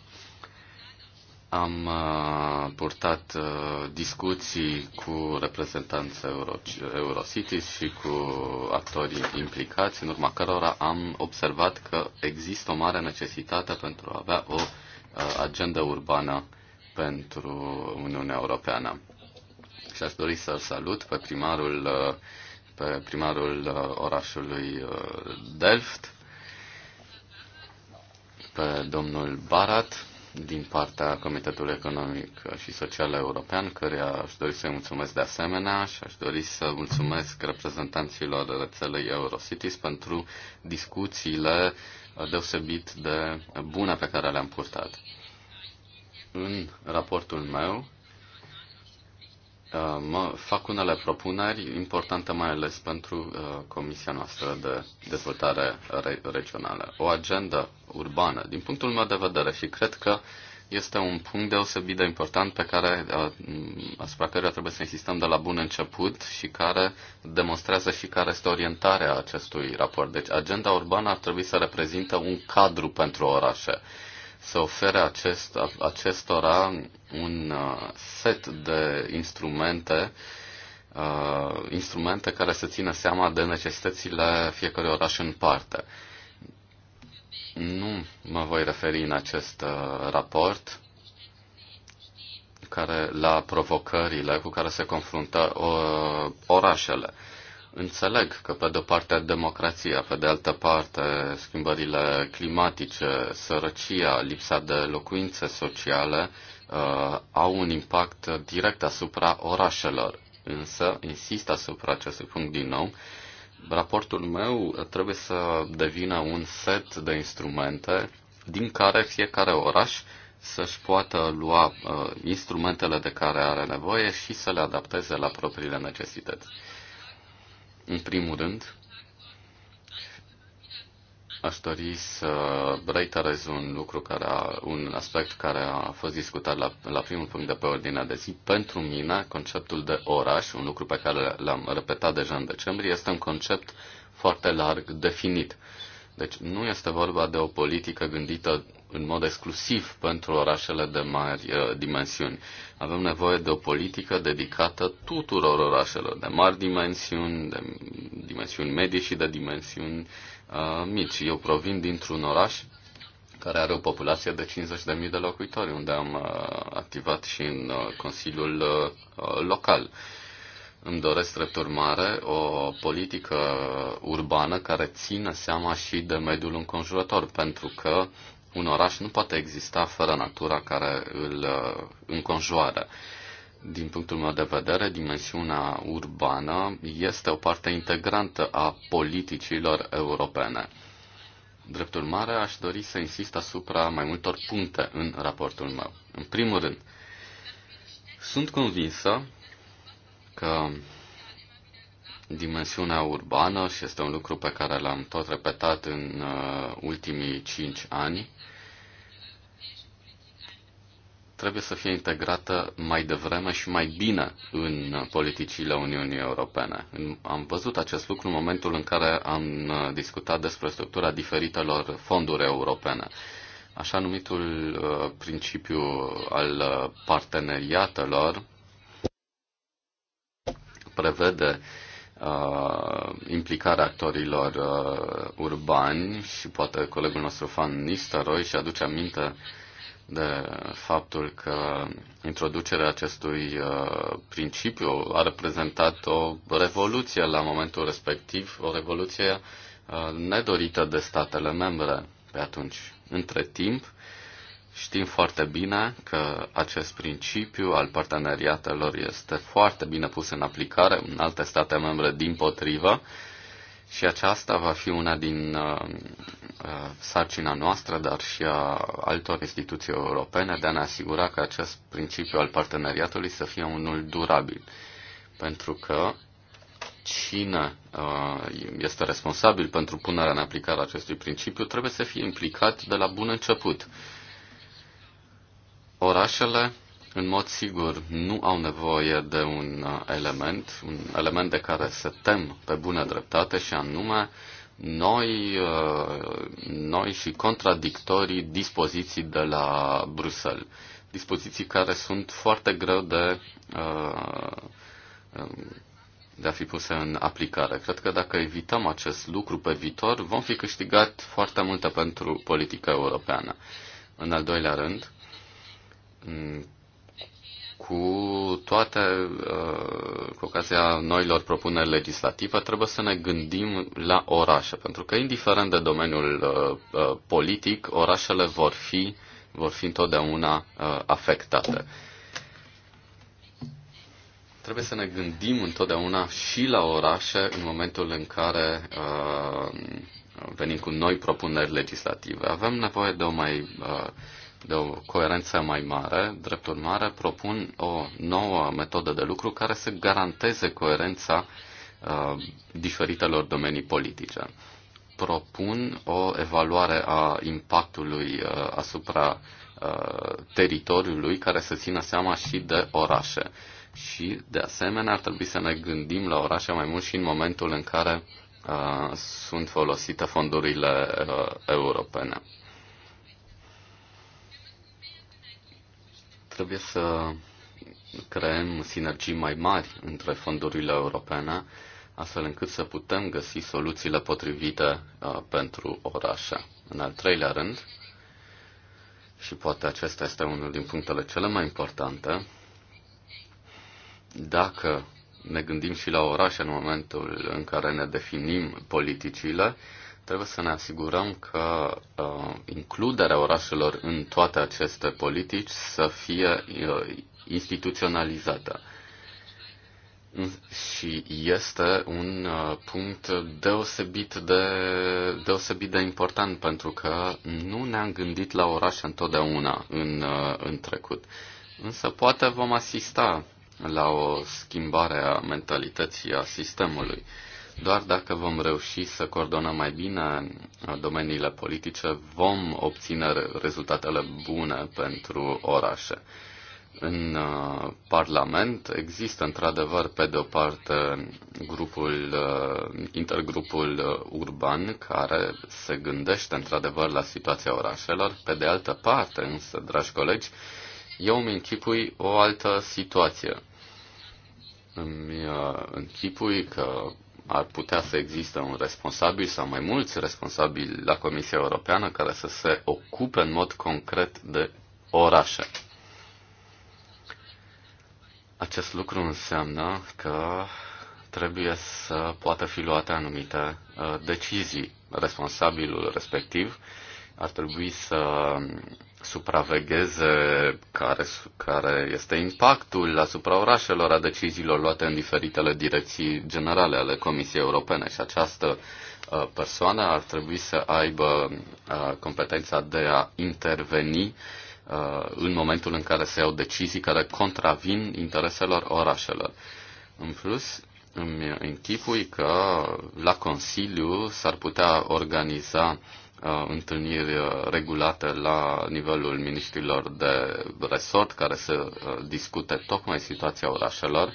Am uh, purtat uh, discuții cu reprezentanți Euro, Eurocities și cu actorii implicați, în urma cărora am observat că există o mare necesitate pentru a avea o uh, agenda urbană pentru Uniunea Europeană. Și aș dori să-l salut pe primarul, pe primarul orașului Delft, pe domnul Barat, din partea Comitetului Economic și Social European, care aș dori să-i mulțumesc de asemenea și aș dori să mulțumesc reprezentanților rețelei Eurocities pentru discuțiile deosebit de bune pe care le-am purtat. În raportul meu uh, mă fac unele propuneri importante mai ales pentru uh, Comisia noastră de dezvoltare regională. O agendă urbană. Din punctul meu de vedere și cred că este un punct deosebit de important pe care, uh, asupra căruia trebuie să insistăm de la bun început și care demonstrează și care este orientarea acestui raport. Deci agenda urbană ar trebui să reprezintă un cadru pentru orașe, să ofere acest, acestora un uh, set de instrumente uh, instrumente care să țină seama de necesitățile fiecărui oraș în parte. Nu mă voi referi în acest uh, raport care, la provocările cu care se confruntă orașele. Înțeleg că, pe de-o parte, democrația, pe de altă parte, schimbările climatice, sărăcia, lipsa de locuințe sociale uh, au un impact direct asupra orașelor. Însă, insist asupra acestui punct din nou, uh, raportul meu trebuie să devină un set de instrumente din care fiecare oraș să-și poată lua uh, instrumentele de care are nevoie și să le adapteze la propriile necesități. În primul rând, Aș dori să reiterez un lucru care a, un aspect care a fost discutat la, la primul punct de pe ordinea de zi. Pentru mine, conceptul de oraș, un lucru pe care l-am repetat deja în decembrie, este un concept foarte larg definit. Deci nu este vorba de o politică gândită în mod exclusiv pentru orașele de mari uh, dimensiuni. Avem nevoie de o politică dedicată tuturor orașelor de mari dimensiuni, de dimensiuni medii și de dimensiuni Uh, mici. Eu provin dintr-un oraș care are o populație de 50.000 de locuitori, unde am uh, activat și în uh, Consiliul local. Îmi doresc, drept urmare, o politică urbană care țină seama și de mediul înconjurător, pentru că un oraș nu poate exista fără natura care îl înconjoară. Din punctul meu de vedere, dimensiunea urbană este o parte integrantă a politicilor europene. Drept urmare, aș dori să insist asupra mai multor puncte în raportul meu. În primul rând, sunt convinsă că dimensiunea urbană, și este un lucru pe care l-am tot repetat în uh, ultimii cinci ani, trebuie să fie integrată mai devreme și mai bine în politicile Uniunii Europene. Am văzut acest lucru în momentul în care am uh, discutat despre structura diferitelor fonduri europene. Așa numitul uh, principiu al uh, parteneriatelor prevede uh, implicarea actorilor uh, urbani și poate colegul nostru fan Nistaroi și aduce aminte uh, de faptul că introducerea acestui uh, principiu a reprezentat o revoluție la momentul respectiv, o revoluție uh, nedorită de statele membre pe atunci. Între timp, știm foarte bine că acest principiu al parteneriatelor este foarte bine pus în aplicare în alte state membre din potrivă, și aceasta va fi una din uh, uh, sarcina noastră, dar și a altor instituții europene, de a ne asigura că acest principiu al parteneriatului să fie unul durabil. Pentru că cine uh, este responsabil pentru punerea în aplicare acestui principiu trebuie să fie implicat de la bun început. Orașele în mod sigur nu au nevoie de un uh, element, un element de care se tem pe bună dreptate și anume noi, uh, noi și contradictorii dispoziții de la Bruxelles. Dispoziții care sunt foarte greu de, uh, um, de a fi puse în aplicare. Cred că dacă evităm acest lucru pe viitor, vom fi câștigat foarte multe pentru politica europeană. În al doilea rând, cu toate, uh, cu ocazia noilor propuneri legislative, trebuie să ne gândim la orașe, pentru că indiferent de domeniul uh, uh, politic, orașele vor fi, vor fi întotdeauna afectate. Trebuie să ne gândim întotdeauna și la orașe în momentul în care venim cu noi propuneri legislative. Avem nevoie de o mai de o coerență mai mare, drept urmare, propun o nouă metodă de lucru care să garanteze coerența uh, diferitelor domenii politice. Propun o evaluare a impactului uh, asupra uh, teritoriului care să țină seama și de orașe. Și, de asemenea, ar trebui să ne gândim la orașe mai mult și în momentul în care uh, sunt folosite fondurile uh, europene. Trebuie să creăm sinergii mai mari între fondurile europene, astfel încât să putem găsi soluțiile potrivite uh, pentru orașe. În al treilea rând, și poate acesta este unul din punctele cele mai importante, dacă ne gândim și la orașe în momentul în care ne definim politicile, uh, Trebuie să ne asigurăm că uh, includerea orașelor în toate aceste politici să fie uh, instituționalizată. Și este un uh, punct deosebit de, deosebit de important pentru că nu ne-am gândit la oraș întotdeauna în, uh, în trecut. Însă poate vom asista la o schimbare a mentalității a sistemului. Uh, doar dacă vom reuși să coordonăm mai bine domeniile politice, vom obține rezultatele bune pentru orașe. În uh, Parlament există într-adevăr, pe de o parte, grupul, uh, intergrupul uh, urban care se gândește într-adevăr la situația orașelor, pe de altă parte, însă, dragi colegi, eu îmi închipui o altă situație îmi închipui că ar putea să existe un responsabil sau mai mulți responsabili la Comisia Europeană care să se ocupe în mod concret de orașe. Acest lucru înseamnă că trebuie să poată fi luate anumite uh, decizii. Responsabilul respectiv ar trebui să supravegheze care, care este impactul asupra orașelor a deciziilor luate în diferitele direcții generale ale Comisiei Europene și această uh, persoană ar trebui să aibă uh, competența de a interveni uh, în momentul în care se iau decizii care contravin intereselor orașelor. În plus, îmi închipui că la Consiliu s-ar putea organiza uh, Uh, întâlniri uh, regulate la nivelul ministrilor de resort care să uh, discute tocmai situația orașelor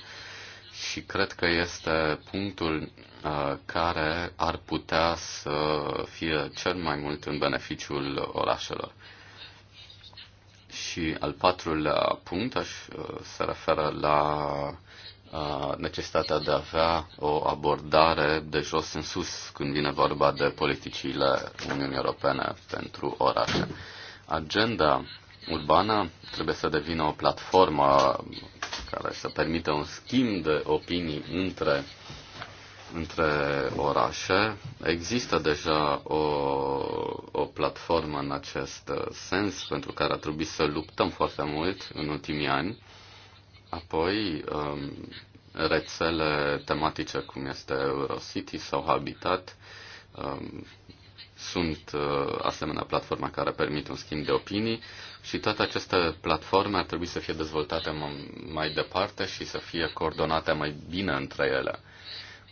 și cred că este punctul care ar putea să fie cel mai mult în beneficiul orașelor. Și al patrulea punct aș, se referă la necesitatea de a avea o abordare de jos în sus când vine vorba de politicile Uniunii Europene pentru orașe. Agenda urbană trebuie să devină o platformă care să permită un schimb de opinii între, între orașe. Există deja o, o platformă în acest sens pentru care a trebuit să luptăm foarte mult în ultimii ani Apoi, um, rețele tematice cum este Eurocity sau Habitat um, sunt uh, asemenea platforme care permit un schimb de opinii și toate aceste platforme ar trebui să fie dezvoltate mai departe și să fie coordonate mai bine între ele.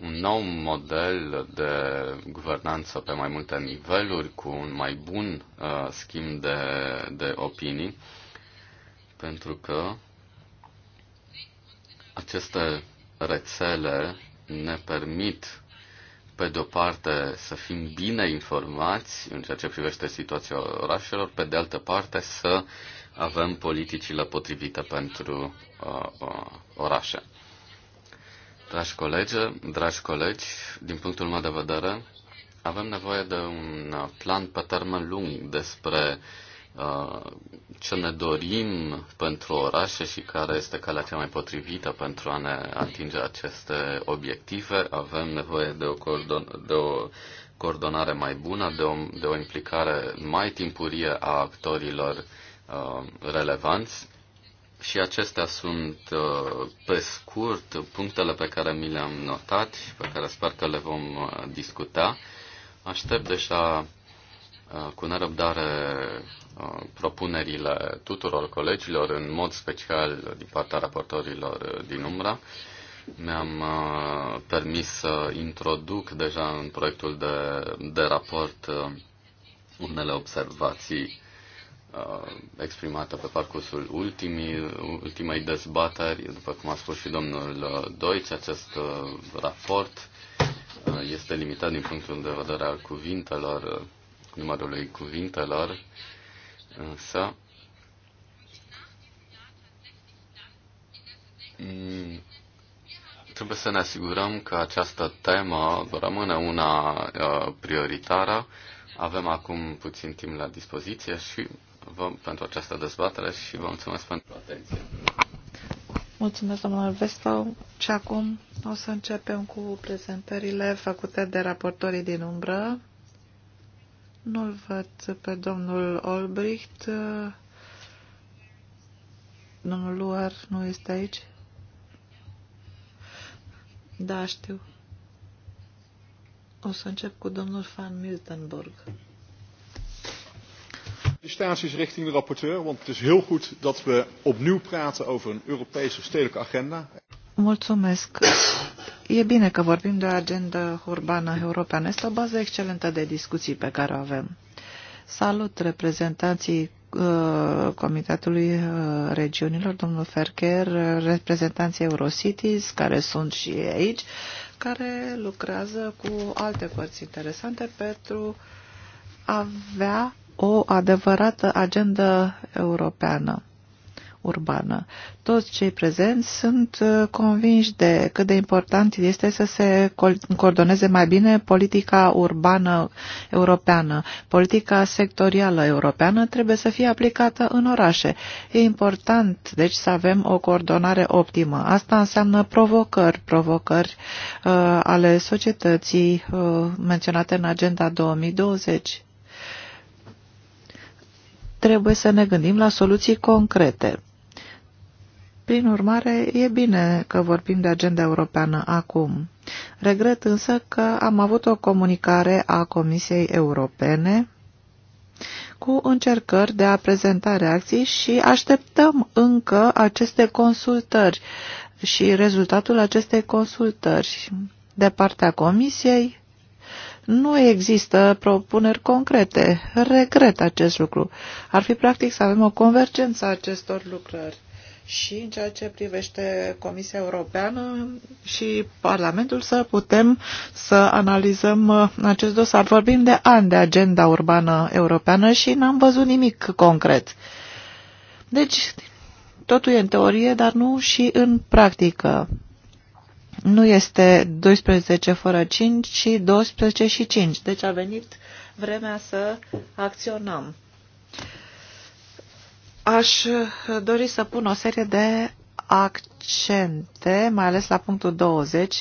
Un nou model de guvernanță pe mai multe niveluri, cu un mai bun uh, schimb de, de opinii, pentru că aceste rețele ne permit, pe de-o parte, să fim bine informați în ceea ce privește situația orașelor, pe de altă parte, să avem politicile potrivite pentru uh, uh, orașe. Dragi colegi, dragi colegi, din punctul meu de vedere, avem nevoie de un plan pe termen lung despre uh, Uh, ce ne dorim pentru orașe și care este calea cea mai potrivită pentru a ne atinge aceste obiective. Avem nevoie de o, coordon- de o coordonare mai bună, de o, de o implicare mai timpurie a actorilor uh, relevanți. Și acestea sunt, uh, pe scurt, punctele pe care mi le-am notat și pe care sper că le vom uh, discuta. Aștept deja Uh, cu nerăbdare uh, propunerile tuturor colegilor, în mod special din partea raportorilor uh, din Umbra. Mi-am permis să introduc deja în proiectul de, de raport unele observații exprimată pe parcursul ultimii, ultimei dezbateri. După cum a spus și domnul Doici, acest raport este limitat din punctul de vedere al cuvintelor numărului cuvintelor, însă mm, trebuie să ne asigurăm că această temă rămâne una uh, prioritară. Avem acum puțin timp la dispoziție și vă, pentru această dezbatere și vă mulțumesc pentru atenție. Mulțumesc, domnule Vestau. Și acum o să începem cu prezentările făcute de raportorii din umbră. Nu-l văd pe domnul Olbricht. Domnul Luar nu este aici? Da, știu. O să încep cu domnul Van Miltenburg. Felicitaties richting de rapporteur, want het is heel goed dat we opnieuw praten over een Europese stedelijke agenda. Mulțumesc. E bine că vorbim de o agendă urbană europeană. Este o bază excelentă de discuții pe care o avem. Salut reprezentanții uh, Comitetului uh, Regiunilor, domnul Ferker, reprezentanții Eurocities, care sunt și aici, care lucrează cu alte părți interesante pentru a avea o adevărată agendă europeană urbană. Toți cei prezenți sunt uh, convinși de cât de important este să se coordoneze mai bine politica urbană europeană. Politica sectorială europeană trebuie să fie aplicată în orașe. E important, deci, să avem o coordonare optimă. Asta înseamnă provocări, provocări uh, ale societății uh, menționate în Agenda 2020 trebuie să ne gândim la soluții concrete. Prin urmare, e bine că vorbim de agenda europeană acum. Regret însă că am avut o comunicare a Comisiei Europene cu încercări de a prezenta reacții și așteptăm încă aceste consultări și rezultatul acestei consultări de partea Comisiei nu există propuneri concrete. Regret acest lucru. Ar fi practic să avem o convergență a acestor lucrări și în ceea ce privește Comisia Europeană și Parlamentul să putem să analizăm uh, acest dosar. Vorbim de ani de agenda urbană europeană și n-am văzut nimic concret. Deci, totul e în teorie, dar nu și în practică. Nu este 12 fără 5, ci 12 și 5. Deci a venit vremea să acționăm. Aș dori să pun o serie de accente, mai ales la punctul 20.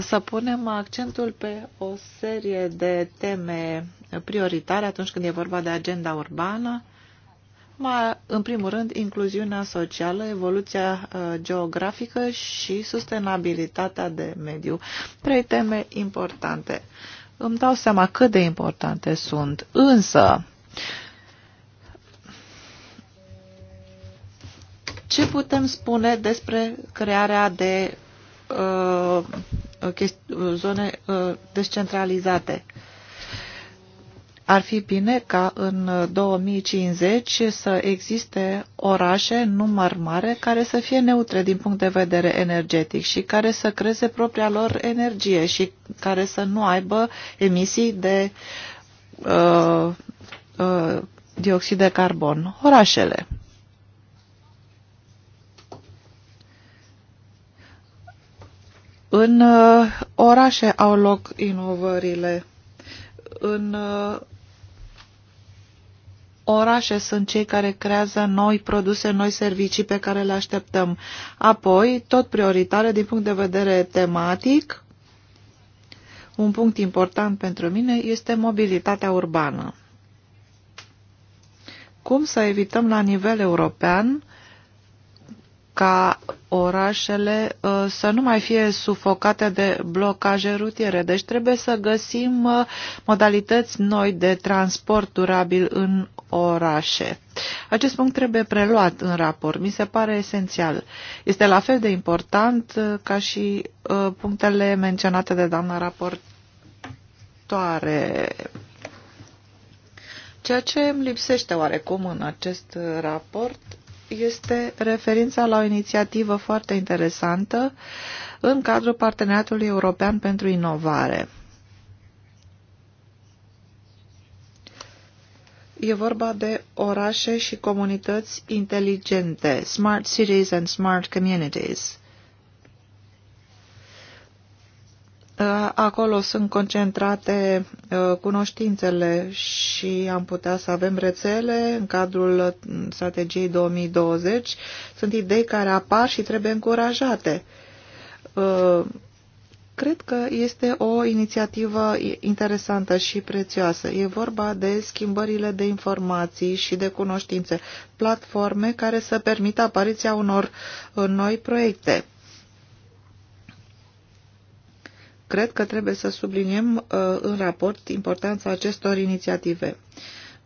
Să punem accentul pe o serie de teme prioritare atunci când e vorba de agenda urbană, mai, în primul rând incluziunea socială, evoluția uh, geografică și sustenabilitatea de mediu. Trei teme importante îmi dau seama cât de importante sunt, însă ce putem spune despre crearea de uh, zone uh, descentralizate? Uh, ar fi bine ca în 2050 să existe orașe număr mare care să fie neutre din punct de vedere energetic și care să creeze propria lor energie și care să nu aibă emisii de uh, uh, dioxid de carbon. Orașele. În uh, orașe au loc inovările. În uh, orașe sunt cei care creează noi produse, noi servicii pe care le așteptăm. Apoi, tot prioritare din punct de vedere tematic, un punct important pentru mine este mobilitatea urbană. Cum să evităm la nivel european ca orașele uh, să nu mai fie sufocate de blocaje rutiere. Deci trebuie să găsim uh, modalități noi de transport durabil în orașe. Acest punct trebuie preluat în raport. Mi se pare esențial. Este la fel de important uh, ca și punctele menționate de doamna raportoare. Ceea ce îmi lipsește oarecum în acest raport este referința la o inițiativă foarte interesantă în cadrul Parteneriatului European pentru Inovare. E vorba de orașe și comunități inteligente, smart cities and smart communities. Eh, acolo sunt concentrate eh, cunoștințele și am putea să avem rețele în cadrul strategiei 2020. Sunt idei care apar și trebuie încurajate. Eh, cred că este o inițiativă interesantă și prețioasă. E vorba de schimbările de informații și de cunoștințe, platforme care să permită apariția unor noi proiecte cred că trebuie să subliniem uh, în raport importanța acestor inițiative.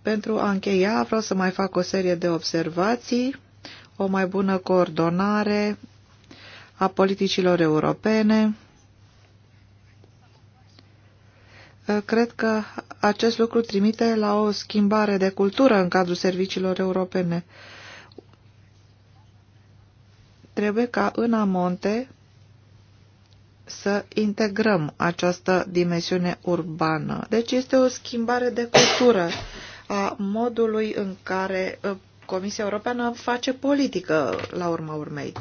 Pentru a încheia, vreau să mai fac o serie de observații, o mai bună coordonare a politicilor europene. Uh, cred că acest lucru trimite la o schimbare de cultură în cadrul serviciilor europene. Trebuie ca în amonte să integrăm această dimensiune urbană. Deci este o schimbare de cultură a modului în care uh, Comisia Europeană face politică la urma urmei.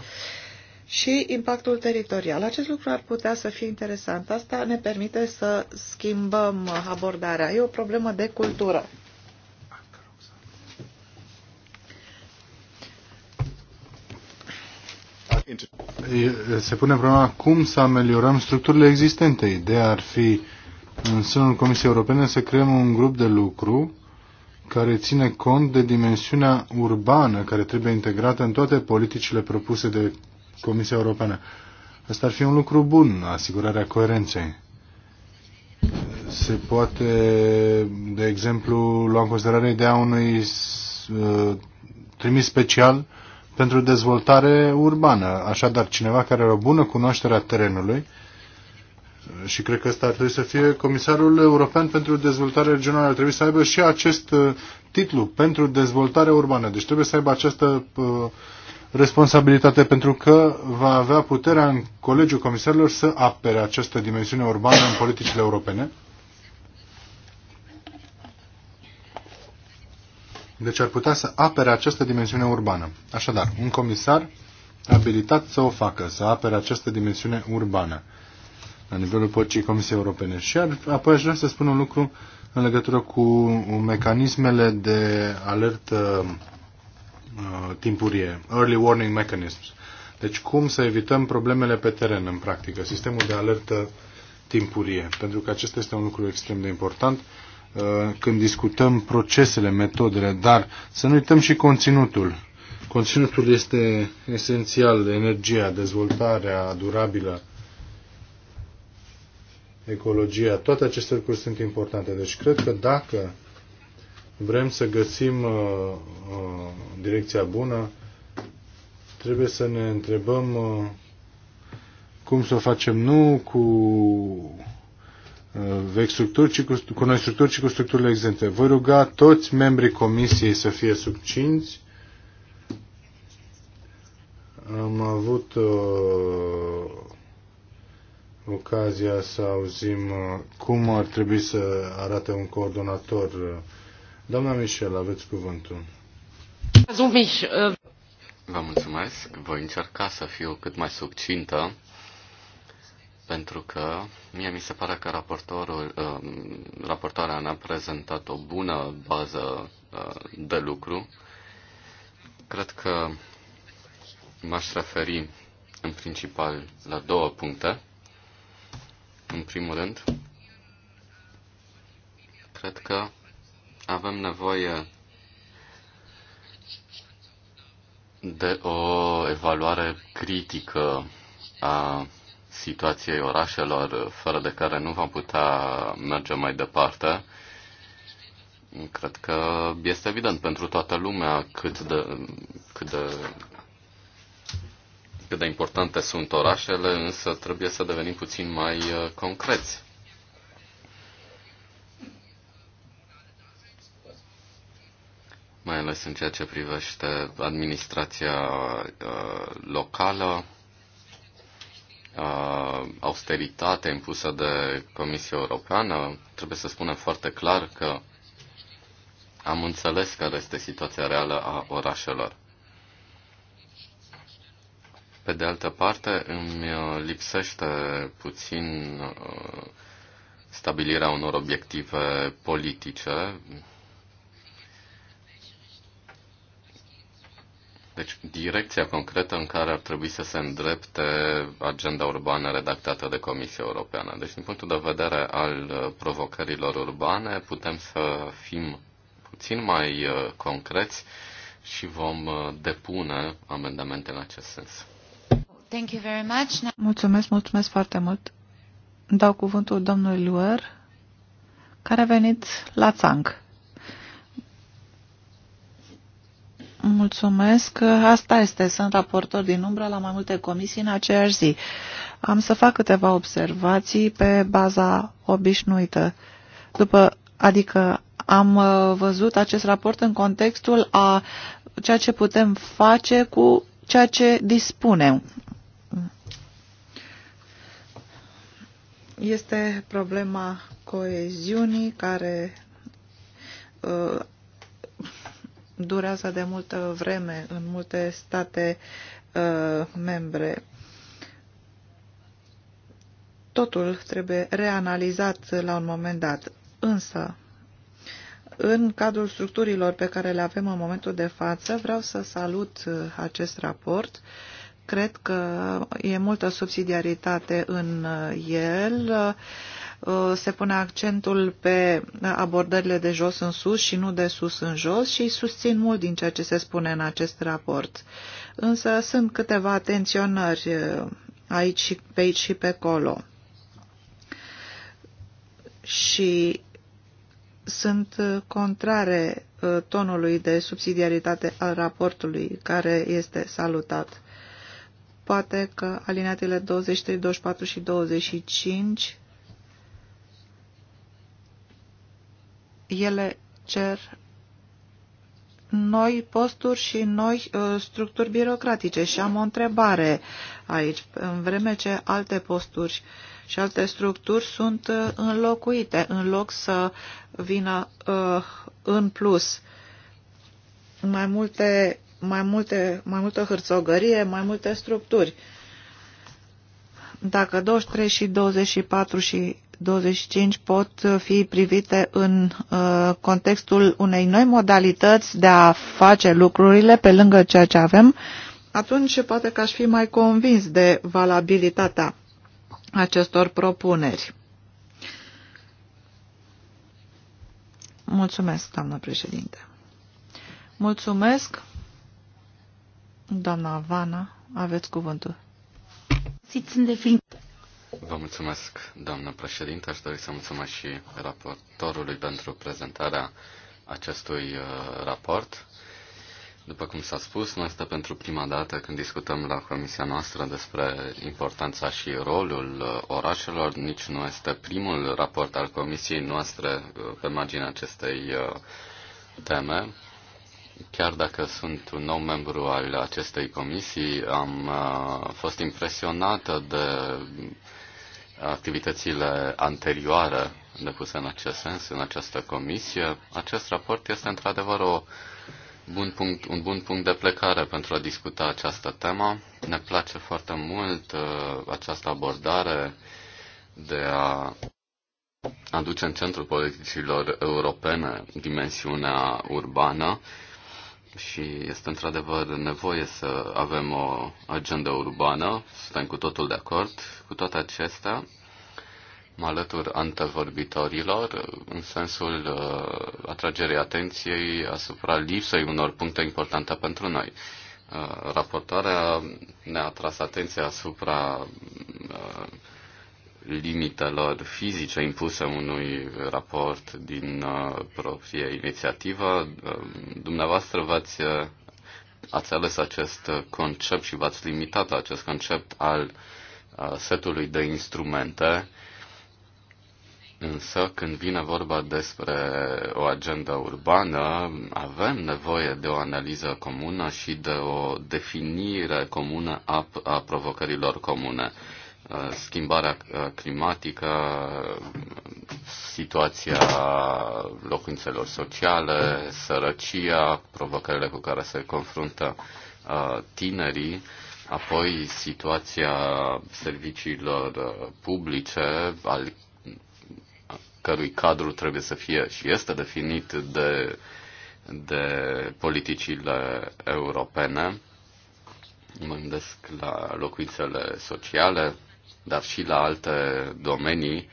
Și impactul teritorial. Acest lucru ar putea să fie interesant. Asta ne permite să schimbăm abordarea. E o problemă de cultură. Se pune problema cum să ameliorăm structurile existente. Ideea ar fi în sânul Comisiei Europene să creăm un grup de lucru care ține cont de dimensiunea urbană care trebuie integrată în toate politicile propuse de Comisia Europeană. Asta ar fi un lucru bun, asigurarea coerenței. Se poate, de exemplu, lua în considerare ideea unui uh, trimis special pentru dezvoltare urbană. Așadar, cineva care are o bună cunoaștere a terenului și cred că ăsta ar trebui să fie comisarul european pentru dezvoltare regională. Ar trebui să aibă și acest uh, titlu pentru dezvoltare urbană. Deci trebuie să aibă această uh, responsabilitate pentru că va avea puterea în Colegiul Comisarilor să apere această dimensiune urbană în politicile europene. Deci ar putea să apere această dimensiune urbană. Așadar, un comisar abilitat să o facă, să apere această dimensiune urbană la nivelul părcii Comisiei Europene. Și ar, apoi aș vrea să spun un lucru în legătură cu mecanismele de alertă uh, timpurie, early warning mechanisms. Deci cum să evităm problemele pe teren în practică, sistemul de alertă timpurie, pentru că acesta este un lucru extrem de important Uh, când discutăm procesele, metodele, dar să nu uităm și conținutul. Conținutul este esențial, energia, dezvoltarea durabilă, ecologia, toate aceste lucruri sunt importante. Deci cred că dacă vrem să găsim uh, uh, direcția bună, trebuie să ne întrebăm uh, cum să o facem nu cu Uh, vechi structuri, ci cu, cu noi structuri, ci cu structurile exente. Voi ruga toți membrii comisiei să fie succinți. Am avut uh, ocazia să auzim uh, cum ar trebui să arate un coordonator. Doamna Michel, aveți cuvântul. Vă mulțumesc. Voi încerca să fiu cât mai succintă pentru că mie mi se pare că raportorul, uh, raportoarea ne-a prezentat o bună bază uh, de lucru. Cred că m-aș referi în principal la două puncte. În primul rând, cred că avem nevoie de o evaluare critică a situației orașelor, fără de care nu vom putea merge mai departe. Cred că este evident pentru toată lumea cât de, cât de, cât de importante sunt orașele, însă trebuie să devenim puțin mai uh, concreți. mai ales în ceea ce privește administrația uh, locală, Uh, austeritate impusă de Comisia Europeană. Trebuie să spunem foarte clar că am înțeles care este situația reală a orașelor. Pe de altă parte, îmi uh, lipsește puțin uh, stabilirea unor obiective politice Deci, direcția concretă în care ar trebui să se îndrepte agenda urbană redactată de Comisia Europeană. Deci, din punctul de vedere al uh, provocărilor urbane, putem să fim puțin mai uh, concreți și vom uh, depune amendamente în acest sens. Thank you very much. Mulțumesc, mulțumesc foarte mult. Dau cuvântul domnului Luer, care a venit la țang. Mulțumesc. Asta este. Sunt raportor din umbră la mai multe comisii în aceeași zi. Am să fac câteva observații pe baza obișnuită. După, adică am uh, văzut acest raport în contextul a ceea ce putem face cu ceea ce dispunem. Este problema coeziunii care uh, durează de multă vreme în multe state uh, membre. Totul trebuie reanalizat la un moment dat. Însă, în cadrul structurilor pe care le avem în momentul de față, vreau să salut uh, acest raport. Cred că e multă subsidiaritate în uh, el. Uh, Uh, se pune accentul pe abordările de jos în sus și nu de sus în jos și susțin mult din ceea ce se spune în acest raport. Însă sunt câteva atenționări uh, aici și pe aici și pe acolo. Și sunt uh, contrare tonului de subsidiaritate al raportului care este salutat. Poate că alineatele 23, 24 și 25 Ele cer noi posturi și noi uh, structuri birocratice și am o întrebare aici. În vreme ce alte posturi și alte structuri sunt uh, înlocuite, în loc să vină uh, în plus mai multe, mai multe, mai multă hârțogărie, mai multe structuri. Dacă 23 și 24 și 25 pot fi privite în uh, contextul unei noi modalități de a face lucrurile pe lângă ceea ce avem, atunci poate că aș fi mai convins de valabilitatea acestor propuneri. Mulțumesc, doamnă președinte. Mulțumesc. Doamna Vana, aveți cuvântul. Vă mulțumesc, doamnă președinte. Aș dori să mulțumesc și raportorului pentru prezentarea acestui uh, raport. După cum s-a spus, nu este pentru prima dată când discutăm la comisia noastră despre importanța și rolul uh, orașelor, nici nu este primul raport al comisiei noastre uh, pe marginea acestei teme. Chiar dacă sunt un nou membru al acestei comisii, am fost impresionată de activitățile anterioare depuse în acest sens, în această comisie. Acest raport este într-adevăr o bun punct, un bun punct de plecare pentru a discuta această temă. Ne place foarte mult uh, această abordare de a aduce în centrul politicilor europene dimensiunea urbană și este într-adevăr nevoie să avem o agendă urbană, suntem cu totul de acord. Cu toate acestea, mă alătur antevorbitorilor în sensul uh, atragerii atenției asupra lipsei unor puncte importante pentru noi. Uh, raportoarea ne-a atras atenția asupra uh, limitelor fizice impuse unui raport din uh, proprie inițiativă. Um, dumneavoastră v-ați uh, ați ales acest concept și v-ați limitat acest concept al uh, setului de instrumente, însă când vine vorba despre o agendă urbană, avem nevoie de o analiză comună și de o definire comună a, a provocărilor comune. Uh, schimbarea uh, climatică, situația locuințelor sociale, sărăcia, provocările cu care se confruntă uh, tinerii, apoi situația serviciilor publice, al cărui cadru trebuie să fie și este definit de, de politicile europene. Mă gândesc la locuințele sociale, dar și la alte domenii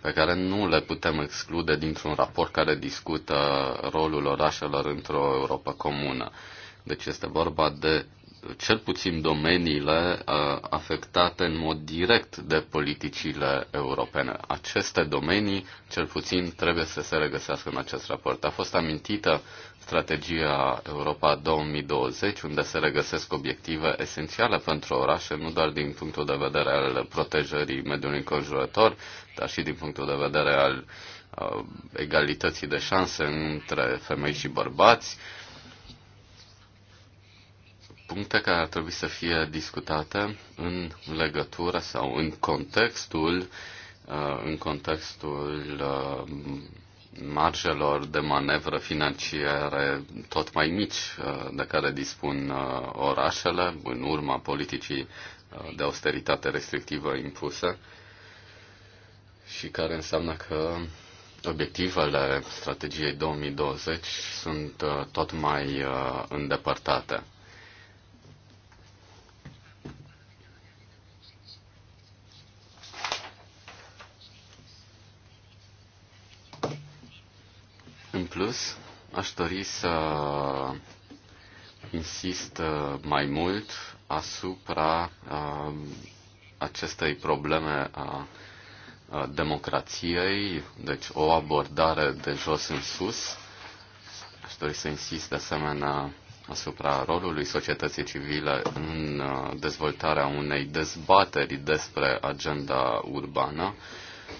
pe care nu le putem exclude dintr-un raport care discută rolul orașelor într-o Europa comună. Deci este vorba de cel puțin domeniile uh, afectate în mod direct de politicile europene. Aceste domenii, cel puțin, trebuie să se regăsească în acest raport. A fost amintită strategia Europa 2020, unde se regăsesc obiective esențiale pentru orașe, nu doar din punctul de vedere al protejării mediului înconjurător, dar și din punctul de vedere al uh, egalității de șanse între femei și bărbați, puncte care ar trebui să fie discutate în legătură sau în contextul, uh, în contextul uh, marjelor de manevră financiare tot mai mici uh, de care dispun orașele în urma politicii de austeritate restrictivă impusă și care înseamnă că obiectivele strategiei 2020 sunt tot mai îndepărtate. În plus, aș dori să insist uh, mai mult asupra uh, acestei probleme a democrației, deci o abordare de jos în sus. Aș dori să insist de asemenea asupra rolului societății civile în uh, dezvoltarea unei dezbateri despre agenda urbană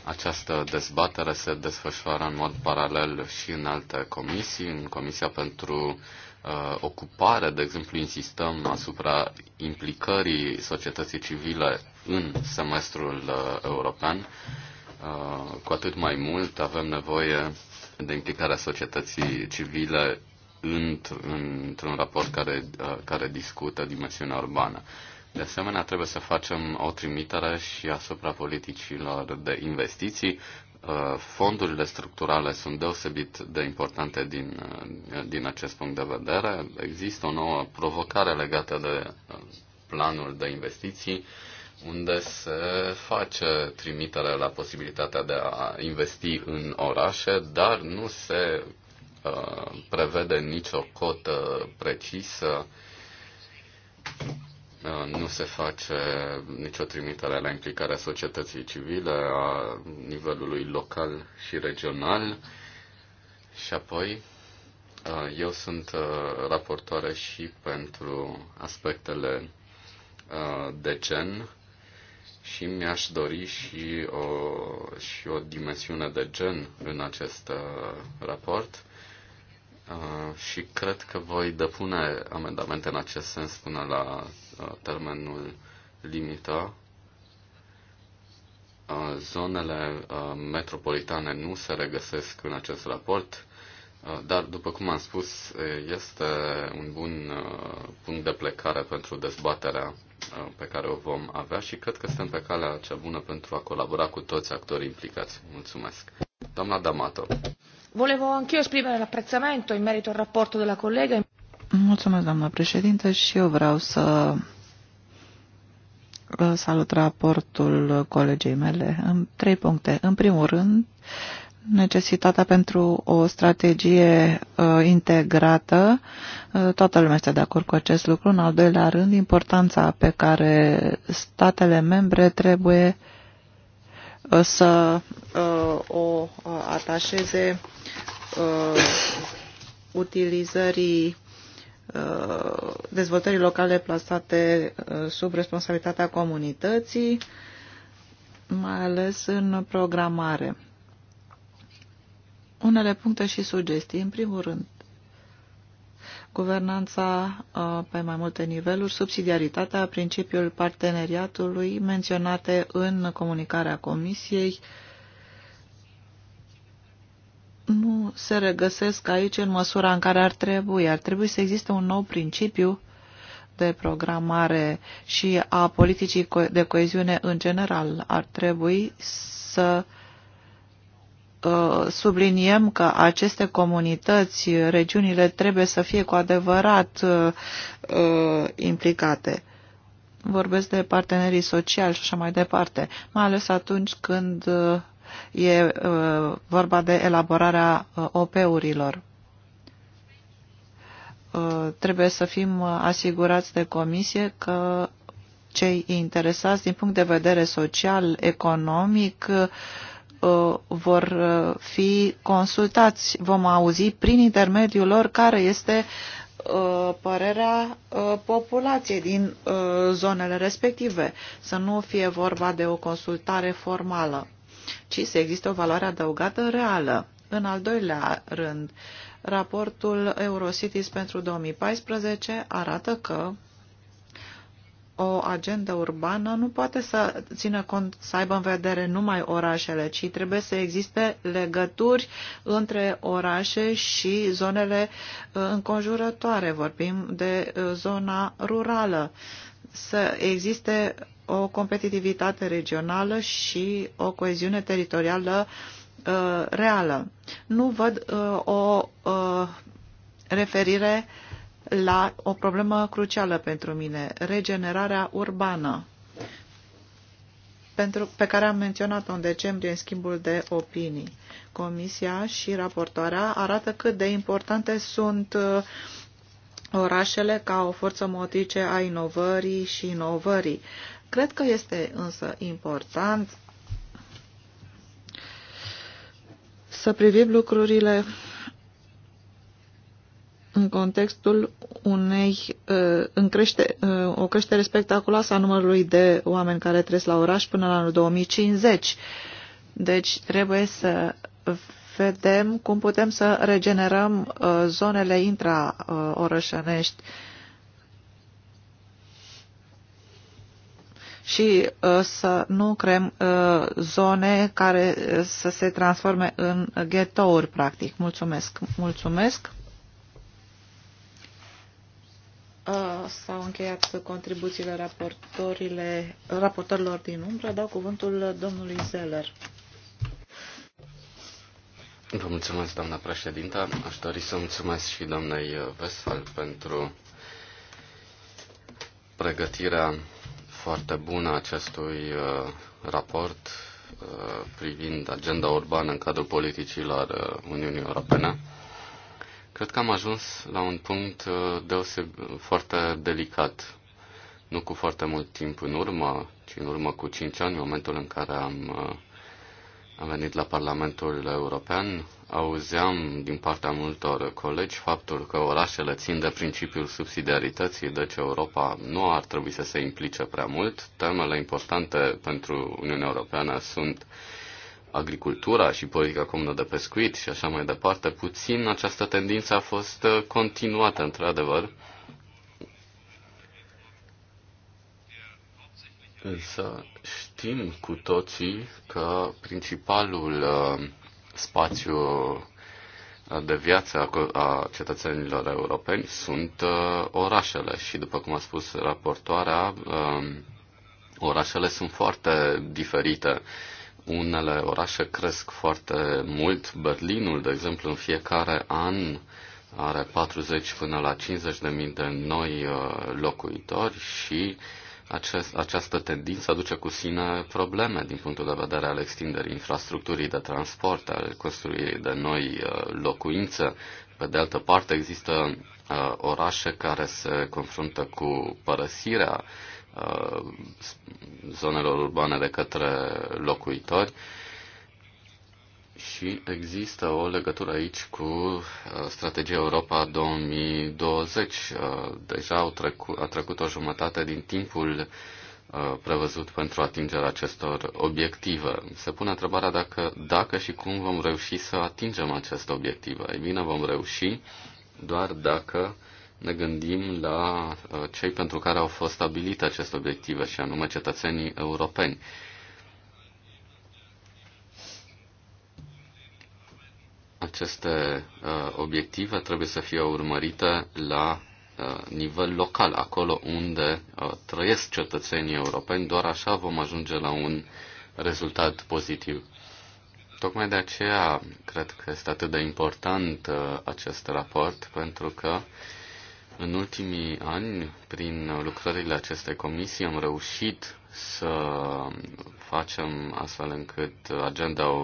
această dezbatere se desfășoară în mod paralel și în alte comisii. În Comisia pentru uh, Ocupare, de exemplu, insistăm asupra implicării societății civile în semestrul uh, european. Uh, cu atât mai mult avem nevoie de implicarea societății civile într-un raport care, uh, care discută dimensiunea urbană. De asemenea, trebuie să facem o trimitere și asupra politicilor de investiții. Uh, fondurile structurale sunt deosebit de importante din, uh, din acest punct de vedere. Există o nouă provocare legată de uh, planul de investiții, unde se face trimitere la posibilitatea de a investi în orașe, dar nu se prevede nicio cotă precisă Uh, nu se face nicio trimitere la implicarea societății civile, a nivelului local și regional. Și apoi, uh, eu sunt uh, raportoare și pentru aspectele de gen și mi-aș dori și o, și o dimensiune de gen în acest raport și cred că voi depune amendamente în acest sens până la Uh, termenul limită. Uh, zonele uh, metropolitane nu se regăsesc în acest raport, dar, după cum am spus, este un bun punct de plecare pentru dezbaterea pe care o vom avea și cred că suntem pe calea cea bună pentru a colabora cu toți actorii implicați. Mulțumesc. Doamna D'Amato. Volevo anch'io esprimere l'apprezzamento in merito al rapporto della collega. Mulțumesc, doamnă președinte, și eu vreau să uh, salut raportul colegei mele în trei puncte. În primul rând, necesitatea pentru o strategie uh, integrată. Uh, toată lumea este de acord cu acest lucru. În al doilea rând, importanța pe care statele membre trebuie uh, să uh, o uh, atașeze uh, utilizării Uh, dezvoltării locale plasate uh, sub responsabilitatea comunității, mai ales în programare. Unele puncte și sugestii. În primul rând, guvernanța uh, pe mai multe niveluri, subsidiaritatea, principiul parteneriatului menționate în comunicarea Comisiei, nu se regăsesc aici în măsura în care ar trebui. Ar trebui să existe un nou principiu de programare și a politicii de coeziune în general. Ar trebui să uh, subliniem că aceste comunități, regiunile trebuie să fie cu adevărat uh, uh, implicate. Vorbesc de partenerii sociali și așa mai departe, mai ales atunci când E uh, vorba de elaborarea uh, OP-urilor. Uh, trebuie să fim asigurați de comisie că cei interesați din punct de vedere social, economic, vor fi consultați. Vom auzi prin intermediul lor care este părerea populației din zonele respective, să nu fie vorba de o consultare formală ci să existe o valoare adăugată reală. În al doilea rând, raportul Eurocities pentru 2014 arată că o agendă urbană nu poate să țină cont, să aibă în vedere numai orașele, ci trebuie să existe legături între orașe și zonele uh, înconjurătoare. Vorbim de uh, zona rurală să existe o competitivitate regională și o coeziune teritorială uh, reală. Nu văd uh, o uh, referire la o problemă crucială pentru mine, regenerarea urbană, pentru, pe care am menționat-o în decembrie în schimbul de opinii. Comisia și raportoarea arată cât de importante sunt uh, orașele ca o forță motrice a inovării și inovării. Cred că este însă important să privim lucrurile în contextul unei uh, în crește, uh, o creștere spectaculoasă a numărului de oameni care trăiesc la oraș până la anul 2050. Deci trebuie să vedem cum putem să regenerăm uh, zonele intraorășănești uh, și uh, să nu creăm zone care să se transforme în ghetouri, practic. Mulțumesc! Mulțumesc! S-au încheiat contribuțiile raportorilor din umbră. Dau cuvântul domnului Zeller. Vă mulțumesc, doamna președintă. Aș dori să mulțumesc și doamnei Vesfal pentru pregătirea foarte bună a acestui uh, raport uh, privind agenda urbană în cadrul politicilor uh, Uniunii Europene. Cred că am ajuns la un punct deoseb- foarte delicat. Nu cu foarte mult timp în urmă, ci în urmă cu 5 ani, momentul în care am am venit la Parlamentul European, auzeam din partea multor colegi faptul că orașele țin de principiul subsidiarității, deci Europa nu ar trebui să se implice prea mult. Temele importante pentru Uniunea Europeană sunt agricultura și politica comună de pescuit și așa mai departe. Puțin această tendință a fost continuată, într-adevăr, Însă știm cu toții că principalul uh, spațiu uh, de viață a cetățenilor europeni sunt uh, orașele și, după cum a spus raportoarea, um, orașele sunt foarte diferite. Unele orașe cresc foarte mult. Berlinul, de exemplu, în fiecare an are 40 până la 50 de mii de noi locuitori și uh, acest, această tendință aduce cu sine probleme din punctul de vedere al extinderii infrastructurii de transport, al construirii de noi uh, locuințe. Pe de altă parte, există uh, orașe care se confruntă cu părăsirea uh, zonelor urbane de către locuitori. Uh, și există o legătură aici cu uh, strategia Europa 2020. Uh, deja au trecut, a trecut o jumătate din timpul uh, prevăzut pentru atingerea acestor obiective. Se pune întrebarea dacă, dacă și cum vom reuși să atingem aceste obiective. Ei bine, vom reuși doar dacă ne gândim la cei pentru care au fost stabilite aceste obiective, și anume cetățenii europeni. aceste uh, obiective trebuie să fie urmărite la uh, nivel local, acolo unde uh, trăiesc cetățenii europeni, doar așa vom ajunge la un rezultat pozitiv. Tocmai de aceea cred că este atât de important uh, acest raport, pentru că în ultimii ani, prin lucrările acestei comisii, am reușit să facem astfel încât agenda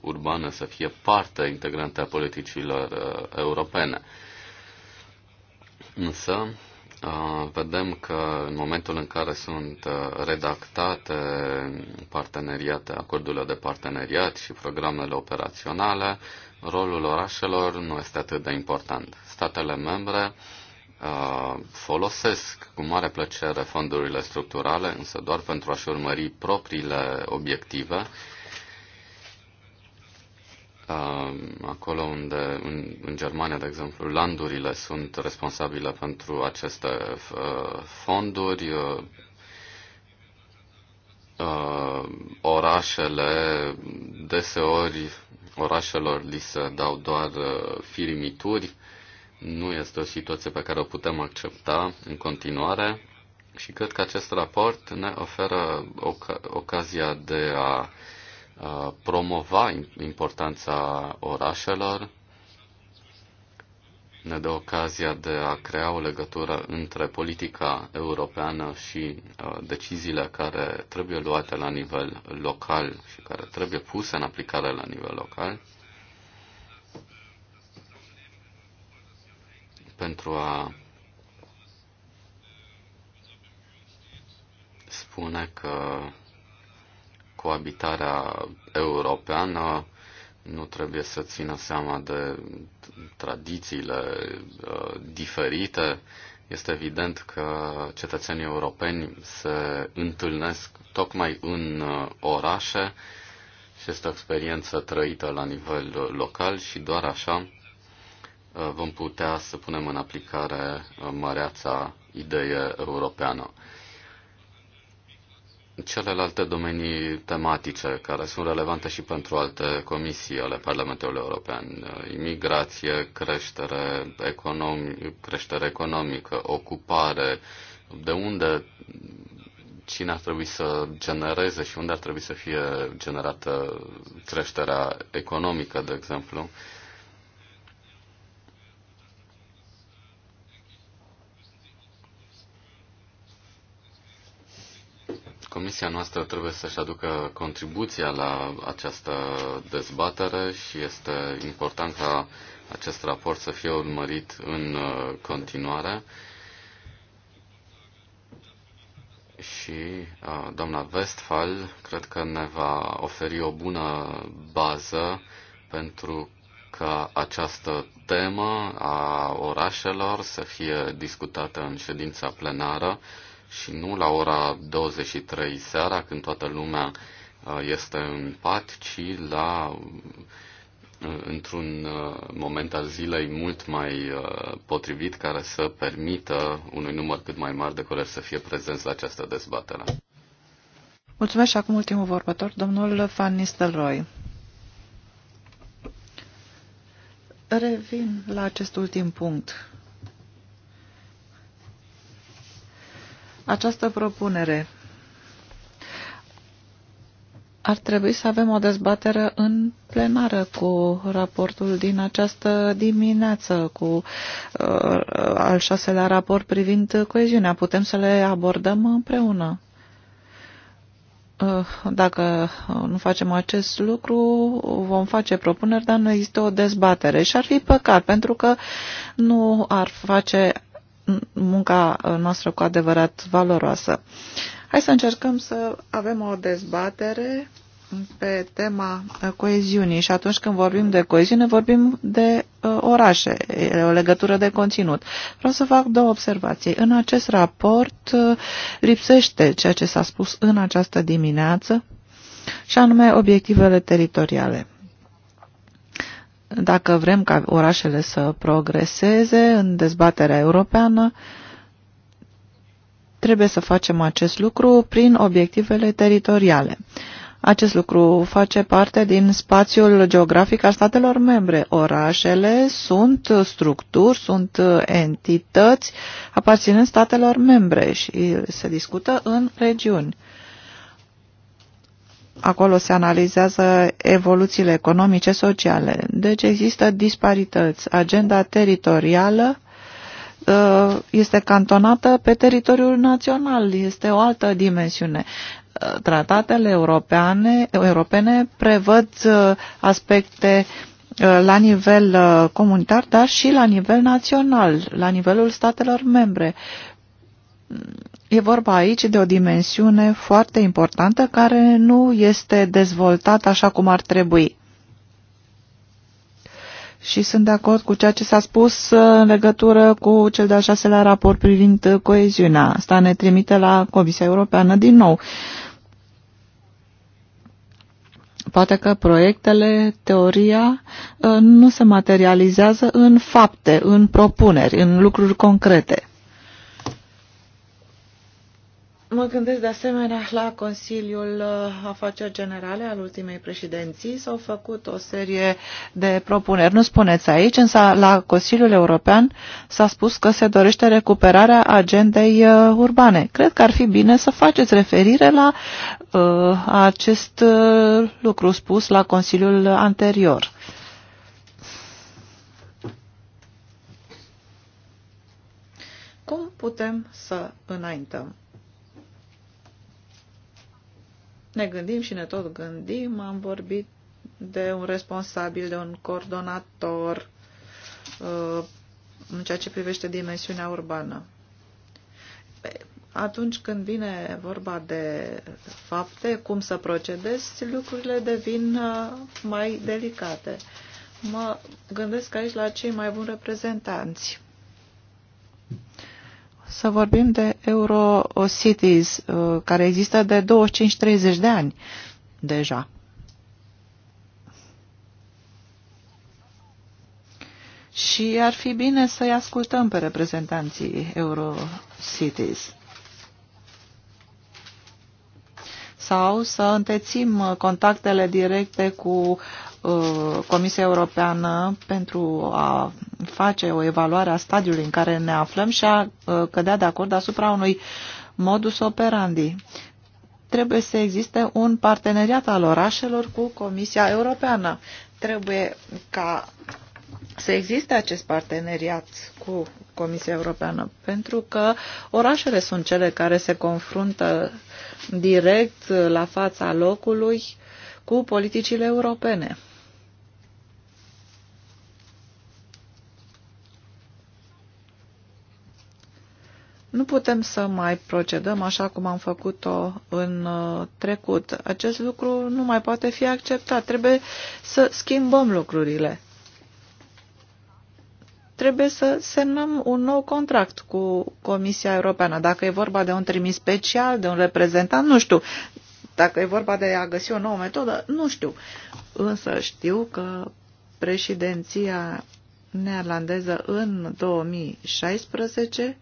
urbană să fie parte integrantă a politicilor uh, europene. Însă, uh, vedem că în momentul în care sunt uh, redactate parteneriate, acordurile de parteneriat și programele operaționale, rolul orașelor nu este atât de important. Statele membre folosesc cu mare plăcere fondurile structurale, însă doar pentru a-și urmări propriile obiective, acolo unde, în, în Germania, de exemplu, landurile sunt responsabile pentru aceste fonduri, orașele, deseori orașelor li se dau doar firimituri, nu este o situație pe care o putem accepta în continuare și cred că acest raport ne oferă oca- ocazia de a, a promova importanța orașelor, ne dă ocazia de a crea o legătură între politica europeană și a, deciziile care trebuie luate la nivel local și care trebuie puse în aplicare la nivel local. pentru a spune că coabitarea europeană nu trebuie să țină seama de tradițiile uh, diferite. Este evident că cetățenii europeni se întâlnesc tocmai în uh, orașe și este o experiență trăită la nivel local și doar așa Uh, vom putea să punem în aplicare uh, măreața idee europeană. Celelalte domenii tematice care sunt relevante și pentru alte comisii ale Parlamentului European, uh, imigrație, creștere, economi, creștere economică, ocupare, de unde cine ar trebui să genereze și unde ar trebui să fie generată creșterea economică, de exemplu, Comisia noastră trebuie să-și aducă contribuția la această dezbatere și este important ca acest raport să fie urmărit în uh, continuare. și uh, doamna Westphal cred că ne va oferi o bună bază pentru ca această temă a orașelor să fie discutată în ședința plenară și nu la ora 23 seara, când toată lumea uh, este în pat, ci la uh, într-un uh, moment al zilei mult mai potrivit care să permită unui număr cât mai mare de colegi să fie prezenți la această dezbatere. Mulțumesc și acum ultimul vorbător, domnul Van Nistelrooy. Revin la acest ultim punct. această propunere. Ar trebui să avem o dezbatere în plenară cu raportul din această dimineață, cu uh, al șaselea raport privind coeziunea. Putem să le abordăm împreună. Uh, dacă nu facem acest lucru, vom face propuneri, dar nu există o dezbatere și ar fi păcat, pentru că nu ar face munca uh, noastră cu adevărat valoroasă. Hai să încercăm să avem o dezbatere pe tema uh, coeziunii și atunci când vorbim de coeziune vorbim de uh, orașe, e o legătură de conținut. Vreau să fac două observații. În acest raport uh, lipsește ceea ce s-a spus în această dimineață și anume obiectivele teritoriale. Dacă vrem ca orașele să progreseze în dezbaterea europeană, trebuie să facem acest lucru prin obiectivele teritoriale. Acest lucru face parte din spațiul geografic al statelor membre. Orașele sunt structuri, sunt entități aparținând statelor membre și se discută în regiuni. Acolo se analizează evoluțiile economice, sociale. Deci există disparități. Agenda teritorială uh, este cantonată pe teritoriul național. Este o altă dimensiune. Uh, tratatele europeane, europene prevăd uh, aspecte la nivel comunitar, dar și la nivel național, la nivelul statelor membre E vorba aici de o dimensiune foarte importantă care nu este dezvoltată așa cum ar trebui. Și sunt de acord cu ceea ce s-a spus în legătură cu cel de-al șaselea raport privind coeziunea. Asta ne trimite la Comisia Europeană din nou. Poate că proiectele, teoria, uh, nu se materializează în fapte, în propuneri, în lucruri concrete. Mă gândesc de asemenea la Consiliul uh, Afaceri Generale al ultimei președinții. S-au făcut o serie de propuneri. Nu spuneți aici, însă la Consiliul European s-a spus că se dorește recuperarea agendei uh, urbane. Cred că ar fi bine să faceți referire la uh, acest uh, lucru spus la Consiliul anterior. Cum putem să înaintăm? ne gândim și ne tot gândim, am vorbit de un responsabil, de un coordonator uh, în ceea ce privește dimensiunea urbană. Atunci când vine vorba de fapte, cum să procedezi, lucrurile devin uh, mai delicate. Mă gândesc aici la cei mai buni reprezentanți să vorbim de Eurocities, uh, care există de 25-30 de ani deja. Și ar fi bine să-i ascultăm pe reprezentanții Eurocities. Sau să întețim contactele directe cu Uh, Comisia Europeană pentru a face o evaluare a stadiului în care ne aflăm și a uh, cădea de acord asupra unui modus operandi. Trebuie să existe un parteneriat al orașelor cu Comisia Europeană. Trebuie ca să existe acest parteneriat cu Comisia Europeană, pentru că orașele sunt cele care se confruntă direct la fața locului cu politicile europene. Nu putem să mai procedăm așa cum am făcut-o în uh, trecut. Acest lucru nu mai poate fi acceptat. Trebuie să schimbăm lucrurile. Trebuie să semnăm un nou contract cu Comisia Europeană. Dacă e vorba de un trimis special, de un reprezentant, nu știu. Dacă e vorba de a găsi o nouă metodă, nu știu. Însă știu că președinția neerlandeză în 2016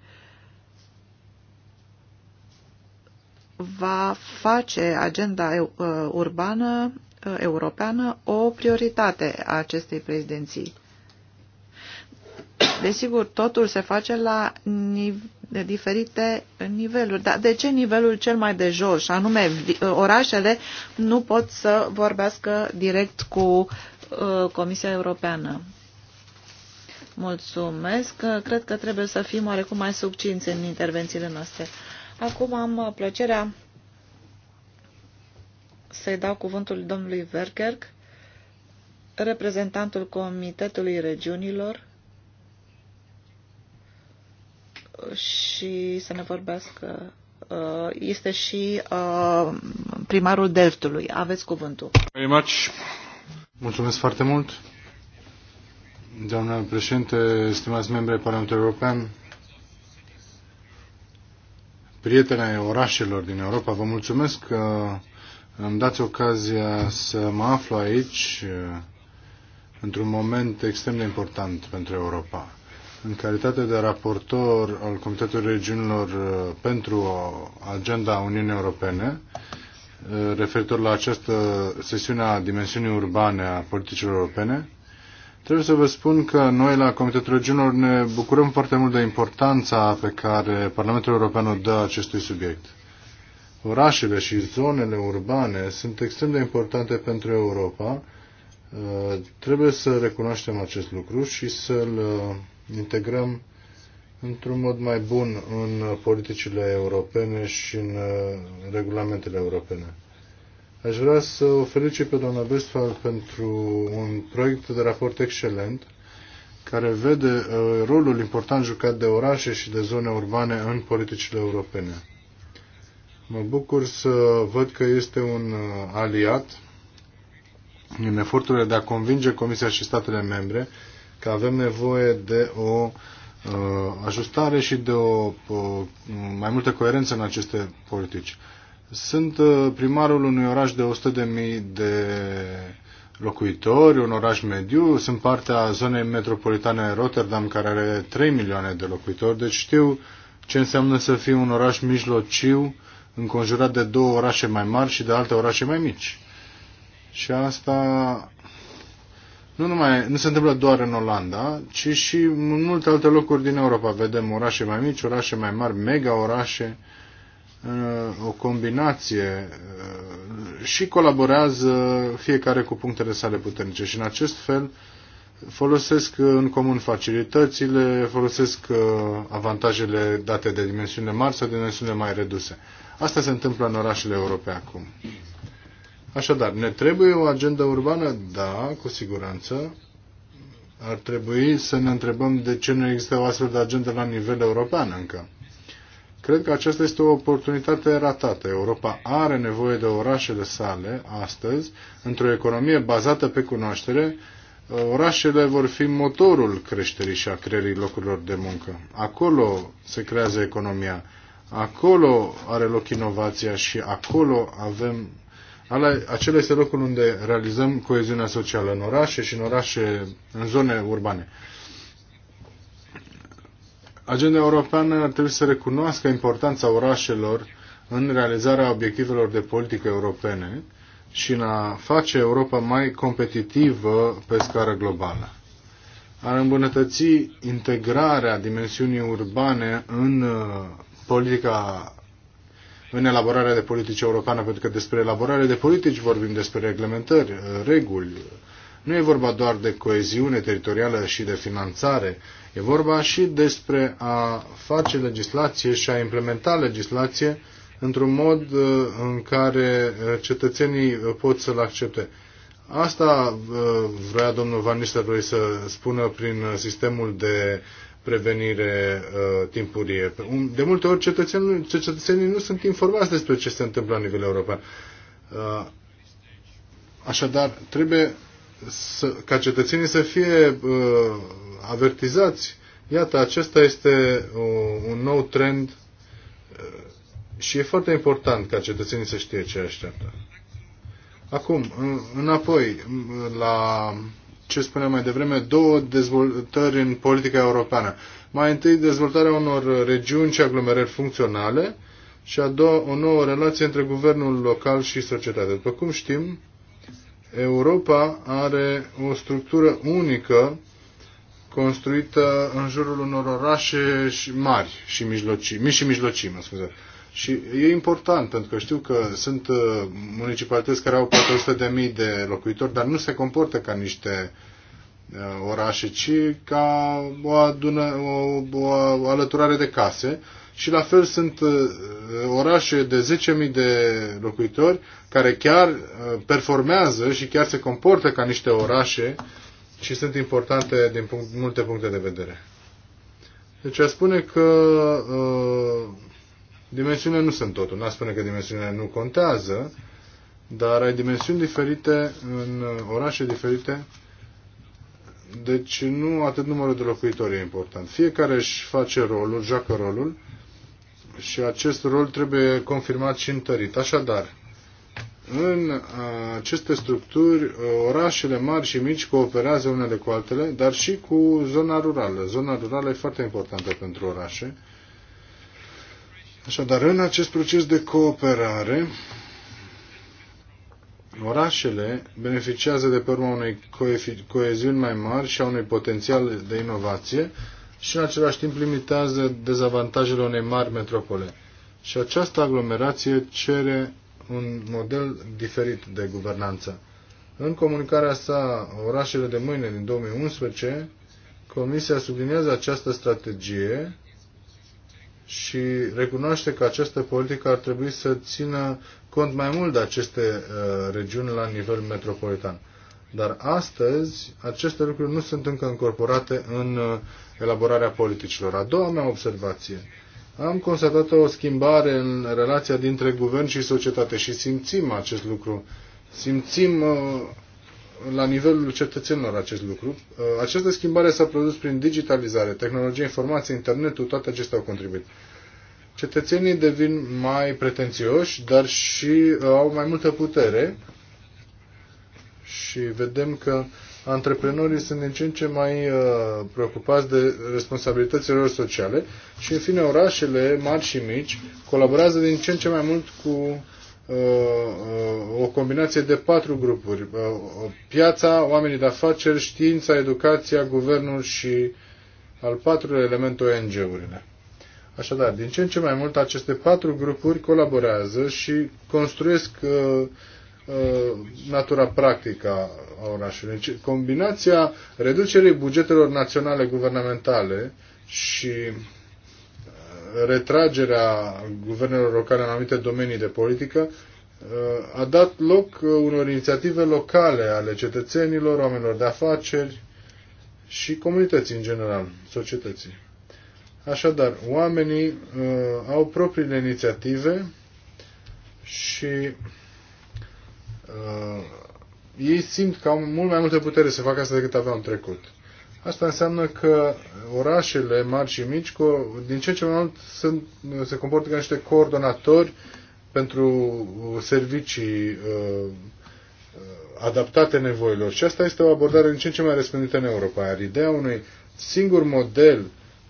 va face agenda uh, urbană uh, europeană o prioritate a acestei prezidenții. Desigur, totul se face la nive diferite niveluri. Dar de ce nivelul cel mai de jos, anume uh, orașele, nu pot să vorbească direct cu Comisia Europeană? Mulțumesc. Cred că trebuie să fim oarecum mai subcinți în intervențiile noastre. Acum am uh, plăcerea să-i dau cuvântul domnului Verkerk, reprezentantul Comitetului Regiunilor, și să ne vorbească. Uh, este și uh, primarul Delftului. Aveți cuvântul. Mulțumesc foarte mult. Doamna președinte, stimați membri Parlamentului European, Prieteni ai orașelor din Europa. Vă mulțumesc că îmi dați ocazia să mă aflu aici uh, într-un moment extrem de important pentru Europa. În calitate de raportor al Comitetului Regiunilor uh, pentru Agenda Uniunii Europene, uh, referitor la această sesiune a dimensiunii urbane a politicilor europene, Trebuie să vă spun că noi la Comitetul Regiunilor ne bucurăm foarte mult de importanța pe care Parlamentul European o dă acestui subiect. Orașele și zonele urbane sunt extrem de importante pentru Europa. Uh, trebuie să recunoaștem acest lucru și să-l uh, integrăm într-un mod mai bun în politicile europene și în uh, regulamentele europene. Aș vrea să o felicit pe doamna Westphal pentru un proiect de raport excelent care vede uh, rolul important jucat de orașe și de zone urbane în politicile europene. Mă bucur să văd că este un uh, aliat în eforturile de a convinge Comisia și statele membre că avem nevoie de o uh, ajustare și de o uh, mai multă coerență în aceste politici. Sunt uh, primarul unui oraș de 100.000 de locuitori, un oraș mediu, sunt partea zonei metropolitane Rotterdam care are 3 milioane de locuitori, deci știu ce înseamnă să fii un oraș mijlociu înconjurat de două orașe mai mari și de alte orașe mai mici. Și asta nu, numai, nu se întâmplă doar în Olanda, ci și în multe alte locuri din Europa. Vedem orașe mai mici, orașe mai mari, mega orașe, uh, Uh, o combinație uh, și colaborează fiecare cu punctele sale puternice și în acest fel folosesc în comun facilitățile, folosesc uh, avantajele date de dimensiune mari sau de dimensiune mai reduse. Asta se întâmplă în orașele europene acum. Așadar, ne trebuie o agendă urbană? Da, cu siguranță. Ar trebui să ne întrebăm de ce nu există o astfel de agendă la nivel european încă. Cred că aceasta este o oportunitate ratată. Europa are nevoie de orașele sale astăzi, într-o economie bazată pe cunoaștere, orașele vor fi motorul creșterii și a creării locurilor de muncă. Acolo se creează economia, acolo are loc inovația și acolo avem acela este locul unde realizăm coeziunea socială, în orașe și în orașe, în zone urbane. Agenda europeană ar trebui să recunoască importanța orașelor în realizarea obiectivelor de politică europene și în a face Europa mai competitivă pe scară globală. Ar îmbunătăți integrarea dimensiunii urbane în uh, politica în elaborarea de politici europeană, pentru că despre elaborare de politici vorbim despre reglementări, uh, reguli. Nu e vorba doar de coeziune teritorială și de finanțare, E vorba și despre a face legislație și a implementa legislație într-un mod uh, în care uh, cetățenii uh, pot să-l accepte. Asta vrea domnul Van Nistelrooy să spună prin sistemul de prevenire timpurie. Um, de multe ori cetățenii, cetățenii nu sunt informați despre ce se întâmplă la nivel european. așadar, trebuie să, ca cetățenii să fie uh, avertizați. Iată, acesta este uh, un nou trend uh, și e foarte important ca cetățenii să știe ce așteaptă. Acum, înapoi la ce spuneam mai devreme, două dezvoltări în politica europeană. Mai întâi dezvoltarea unor regiuni și aglomerări funcționale și a doua o nouă relație între guvernul local și societate. După cum știm, Europa are o structură unică construită în jurul unor orașe și mari și mijlocii, mici și mijlocii, mă scuze. Și e important, pentru că știu că sunt uh, municipalități care au 400.000 de, de locuitori, dar nu se comportă ca niște uh, orașe, ci ca o, adună, o, o alăturare de case. Și la fel sunt uh, orașe de 10.000 de locuitori care chiar performează și chiar se comportă ca niște orașe și sunt importante din punct, multe puncte de vedere. Deci a spune că uh, dimensiunile nu sunt totul. N-a spune că dimensiunile nu contează, dar ai dimensiuni diferite în orașe diferite. Deci nu atât numărul de locuitori e important. Fiecare își face rolul, joacă rolul și acest rol trebuie confirmat și întărit. Așadar, în uh, aceste structuri, uh, orașele mari și mici cooperează unele cu altele, dar și cu zona rurală. Zona rurală e foarte importantă pentru orașe. Așadar, în acest proces de cooperare, orașele beneficiază de pe urma unei coeziuni mai mari și a unui potențial de inovație și în același timp limitează dezavantajele unei mari metropole. Și această aglomerație cere un model diferit de guvernanță. În comunicarea sa Orașele de mâine din 2011, Comisia subliniază această strategie și recunoaște că această politică ar trebui să țină cont mai mult de aceste uh, regiuni la nivel metropolitan. Dar astăzi aceste lucruri nu sunt încă incorporate în uh, elaborarea politicilor. A doua mea observație am constatat o schimbare în relația dintre guvern și societate și simțim acest lucru. Simțim uh, la nivelul cetățenilor acest lucru. Uh, această schimbare s-a produs prin digitalizare, tehnologie, informație, internetul, toate acestea au contribuit. Cetățenii devin mai pretențioși, dar și uh, au mai multă putere și vedem că antreprenorii sunt din ce în ce mai uh, preocupați de responsabilitățile lor sociale și, în fine, orașele mari și mici colaborează din ce în ce mai mult cu uh, uh, o combinație de patru grupuri. Piața, oamenii de afaceri, știința, educația, guvernul și al patrulea element ONG-urile. Așadar, din ce în ce mai mult aceste patru grupuri colaborează și construiesc uh, Uh, natura practică a orașului. Deci, combinația reducerii bugetelor naționale guvernamentale și uh, retragerea guvernelor locale în anumite domenii de politică uh, a dat loc unor inițiative locale ale cetățenilor, oamenilor de afaceri și comunității în general, societății. Așadar, oamenii uh, au propriile inițiative și uh, ei simt că au mult mai multe putere să facă asta decât aveau în trecut. Asta înseamnă că orașele mari și mici, cu, din ce ce mai mult, sunt, se comportă ca niște coordonatori pentru servicii uh, adaptate nevoilor. Și asta este o abordare din ce în ce mai răspândită în Europa. Iar ideea unui singur model uh,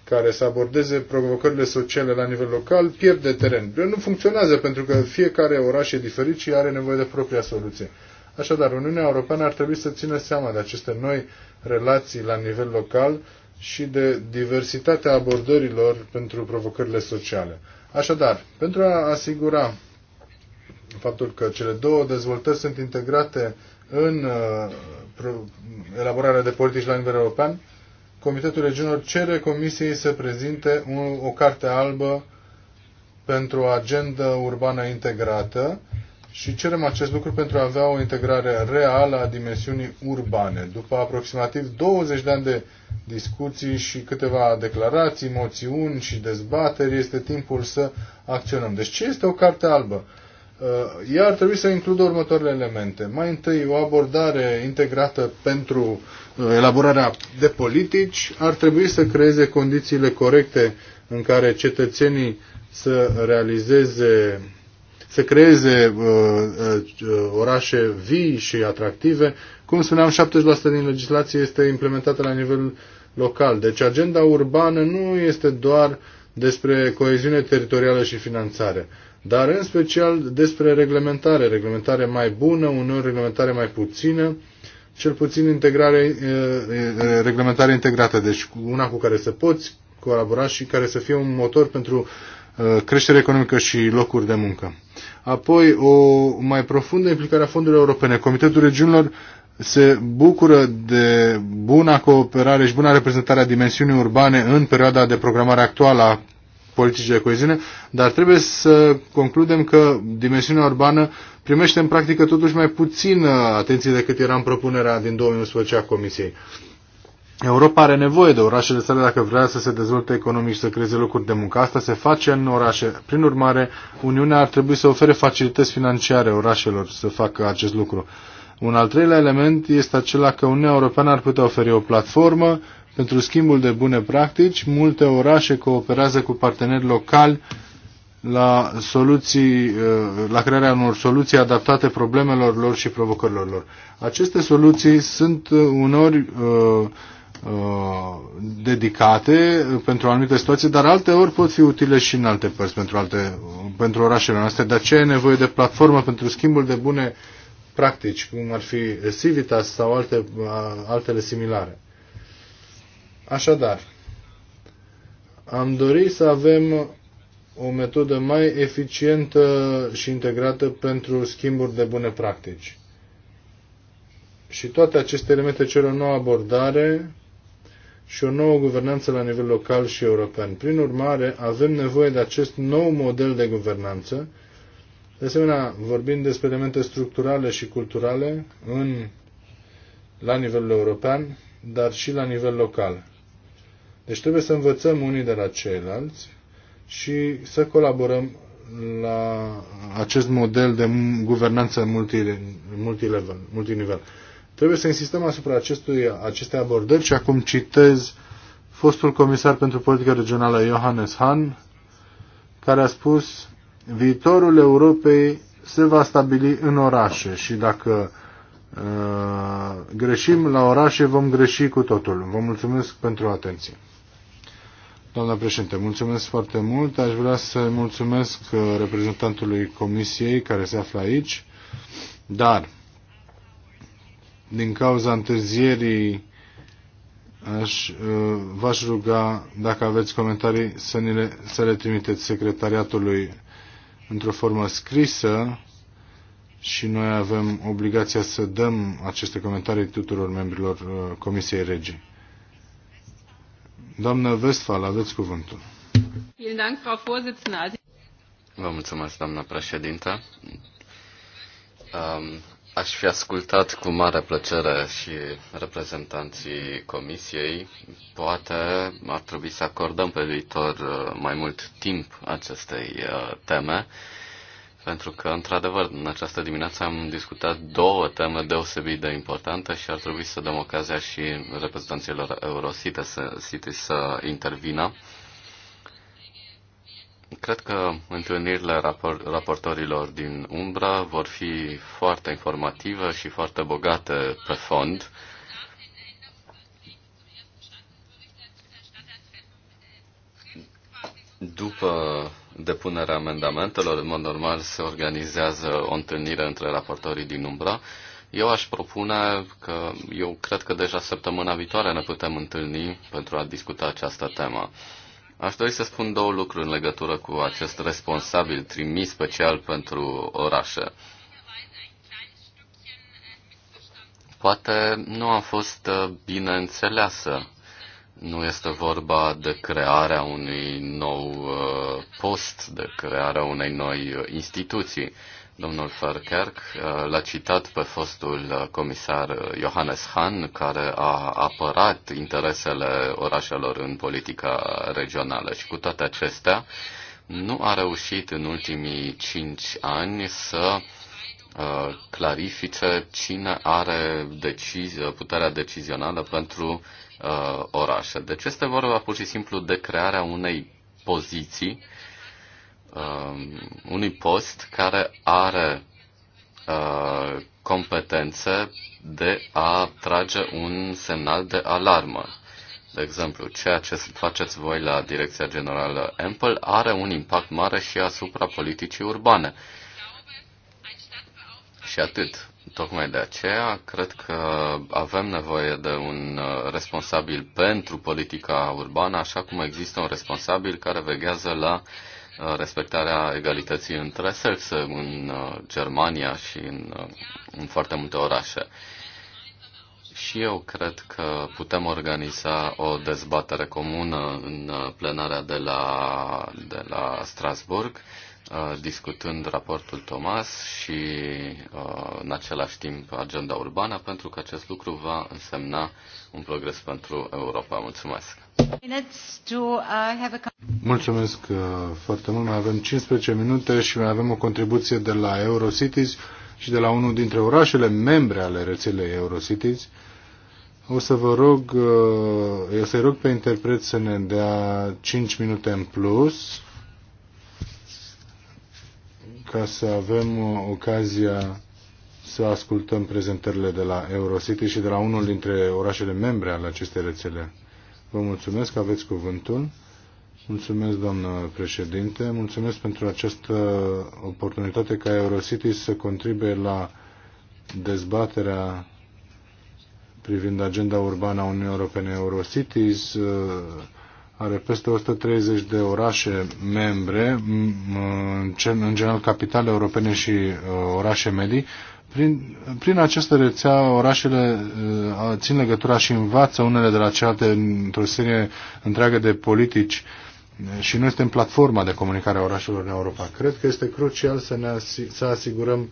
care să abordeze provocările sociale la nivel local pierde teren. Nu funcționează pentru că fiecare oraș e diferit și are nevoie de propria soluție. Așadar, Uniunea Europeană ar trebui să țină seama de aceste noi relații la nivel local și de diversitatea abordărilor pentru provocările sociale. Așadar, pentru a asigura faptul că cele două dezvoltări sunt integrate în uh, elaborarea de politici la nivel european, Comitetul Regiunilor cere Comisiei să prezinte o, o carte albă pentru o agendă urbană integrată și cerem acest lucru pentru a avea o integrare reală a dimensiunii urbane. După aproximativ 20 de ani de discuții și câteva declarații, moțiuni și dezbateri, este timpul să acționăm. Deci ce este o carte albă? Uh, ea ar trebui să includă următoarele elemente. Mai întâi, o abordare integrată pentru uh, elaborarea de politici ar trebui să creeze condițiile corecte în care cetățenii să realizeze să creeze uh, uh, orașe vii și atractive. Cum spuneam, 70% din legislație este implementată la nivel local. Deci agenda urbană nu este doar despre coeziune teritorială și finanțare dar în special despre reglementare, reglementare mai bună, uneori reglementare mai puțină, cel puțin integrare, eh, eh, reglementare integrată, deci una cu care să poți colabora și care să fie un motor pentru eh, creștere economică și locuri de muncă. Apoi, o mai profundă implicare a fondurilor europene. Comitetul Regiunilor se bucură de buna cooperare și buna reprezentare a dimensiunii urbane în perioada de programare actuală a politici de coeziune, dar trebuie să concludem că dimensiunea urbană primește în practică totuși mai puțin uh, atenție decât era în propunerea din 2011 a Comisiei. Europa are nevoie de orașele sale dacă vrea să se dezvolte economic și să creeze locuri de muncă. Asta se face în orașe. Prin urmare, Uniunea ar trebui să ofere facilități financiare orașelor să facă acest lucru. Un al treilea element este acela că Uniunea Europeană ar putea oferi o platformă pentru schimbul de bune practici. Multe orașe cooperează cu parteneri locali la, soluții, uh, la crearea unor soluții adaptate problemelor lor și provocărilor lor. Aceste soluții sunt uneori uh, uh, dedicate pentru anumite situații, dar alte ori pot fi utile și în alte părți pentru, alte, pentru orașele noastre. De aceea e nevoie de platformă pentru schimbul de bune practici, cum ar fi Civitas sau alte, uh, altele similare. Așadar, am dorit să avem o metodă mai eficientă și integrată pentru schimburi de bune practici. Și toate aceste elemente cer o nouă abordare și o nouă guvernanță la nivel local și european. Prin urmare, avem nevoie de acest nou model de guvernanță. De asemenea, vorbim despre elemente structurale și culturale în, la nivel european, dar și la nivel local. Deci trebuie să învățăm unii de la ceilalți și să colaborăm la acest model de guvernanță multilevel, multinivel. Trebuie să insistăm asupra acestui, acestei abordări și acum citez fostul comisar pentru politică regională Johannes Hahn, care a spus viitorul Europei se va stabili în orașe și dacă uh, greșim la orașe vom greși cu totul. Vă mulțumesc pentru atenție. Doamna președinte, mulțumesc foarte mult. Aș vrea să mulțumesc uh, reprezentantului comisiei care se află aici, dar din cauza întârzierii aș, uh, v-aș ruga, dacă aveți comentarii, să, ni le, să le trimiteți secretariatului într-o formă scrisă și noi avem obligația să dăm aceste comentarii tuturor membrilor uh, Comisiei Regii. Doamnă Westphal, aveți cuvântul. Vă mulțumesc, doamnă președintă. Um, aș fi ascultat cu mare plăcere și reprezentanții comisiei. Poate ar trebui să acordăm pe viitor uh, mai mult timp acestei uh, teme pentru că, într-adevăr, în această dimineață am discutat două teme deosebit de importante și ar trebui să dăm ocazia și reprezentanților Eurocity să, City să intervină. Cred că întâlnirile rapor- raportorilor din Umbra vor fi foarte informative și foarte bogate pe fond. După depunerea amendamentelor. În mod normal se organizează o întâlnire între raportorii din umbră. Eu aș propune că eu cred că deja săptămâna viitoare ne putem întâlni pentru a discuta această temă. Aș dori să spun două lucruri în legătură cu acest responsabil trimis special pentru orașe. Poate nu a fost uh, bine înțeleasă nu este vorba de crearea unui nou uh, post, de crearea unei noi uh, instituții. Domnul Ferkerk uh, l-a citat pe fostul comisar Johannes Hahn, care a apărat interesele orașelor în politica regională și cu toate acestea nu a reușit în ultimii cinci ani să clarifice cine are decizie, puterea decizională pentru uh, orașe. Deci este vorba pur și simplu de crearea unei poziții, uh, unui post care are uh, competențe de a trage un semnal de alarmă. De exemplu, ceea ce faceți voi la Direcția Generală Ample are un impact mare și asupra politicii urbane. Și atât. Tocmai de aceea, cred că avem nevoie de un uh, responsabil pentru politica urbană, așa cum există un responsabil care veghează la uh, respectarea egalității între sexe în uh, Germania și în, în foarte multe orașe. Și eu cred că putem organiza o dezbatere comună în plenarea de la, de la Strasburg Uh, discutând raportul Thomas și uh, în același timp agenda urbană, pentru că acest lucru va însemna un progres pentru Europa. Mulțumesc! Mulțumesc uh, foarte mult. Mai avem 15 minute și mai avem o contribuție de la Eurocities și de la unul dintre orașele membre ale rețelei Eurocities. O să vă rog, eu să-i rog pe interpret să ne dea 5 minute în plus ca să avem uh, ocazia să ascultăm prezentările de la Eurocity și de la unul dintre orașele membre ale acestei rețele. Vă mulțumesc, că aveți cuvântul. Mulțumesc, doamnă președinte. Mulțumesc pentru această oportunitate ca Eurocity să contribuie la dezbaterea privind agenda urbană a Uniunii Europene Eurocities, uh, are peste 130 de orașe membre, în general capitale europene și uh, orașe medii. Prin, prin această rețea, orașele uh, țin legătura și învață unele de la cealaltă într-o serie întreagă de politici și noi suntem platforma de comunicare a orașelor în Europa. Cred că este crucial să ne asig să asigurăm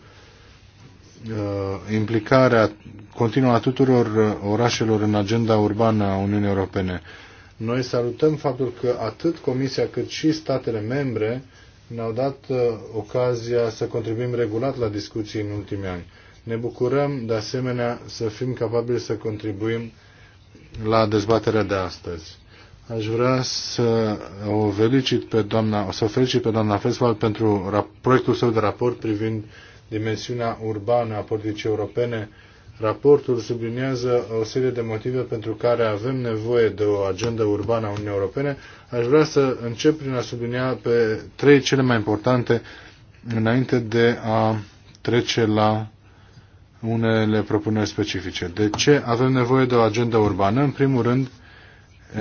uh, implicarea continuă a tuturor uh, orașelor în agenda urbană a Uniunii Europene. Uh, noi salutăm faptul că atât Comisia cât și statele membre ne-au dat uh, ocazia să contribuim regulat la discuții în ultimii ani. Ne bucurăm de asemenea să fim capabili să contribuim la dezbaterea de astăzi. Aș vrea să o felicit pe doamna, să o felicit pe doamna Fesval pentru proiectul său de raport privind dimensiunea urbană a politicii europene Raportul subliniază o serie de motive pentru care avem nevoie de o agendă urbană a Uniunii Europene. Aș vrea să încep prin a sublinia pe trei cele mai importante înainte de a trece la unele propuneri specifice. De ce avem nevoie de o agendă urbană? În primul rând,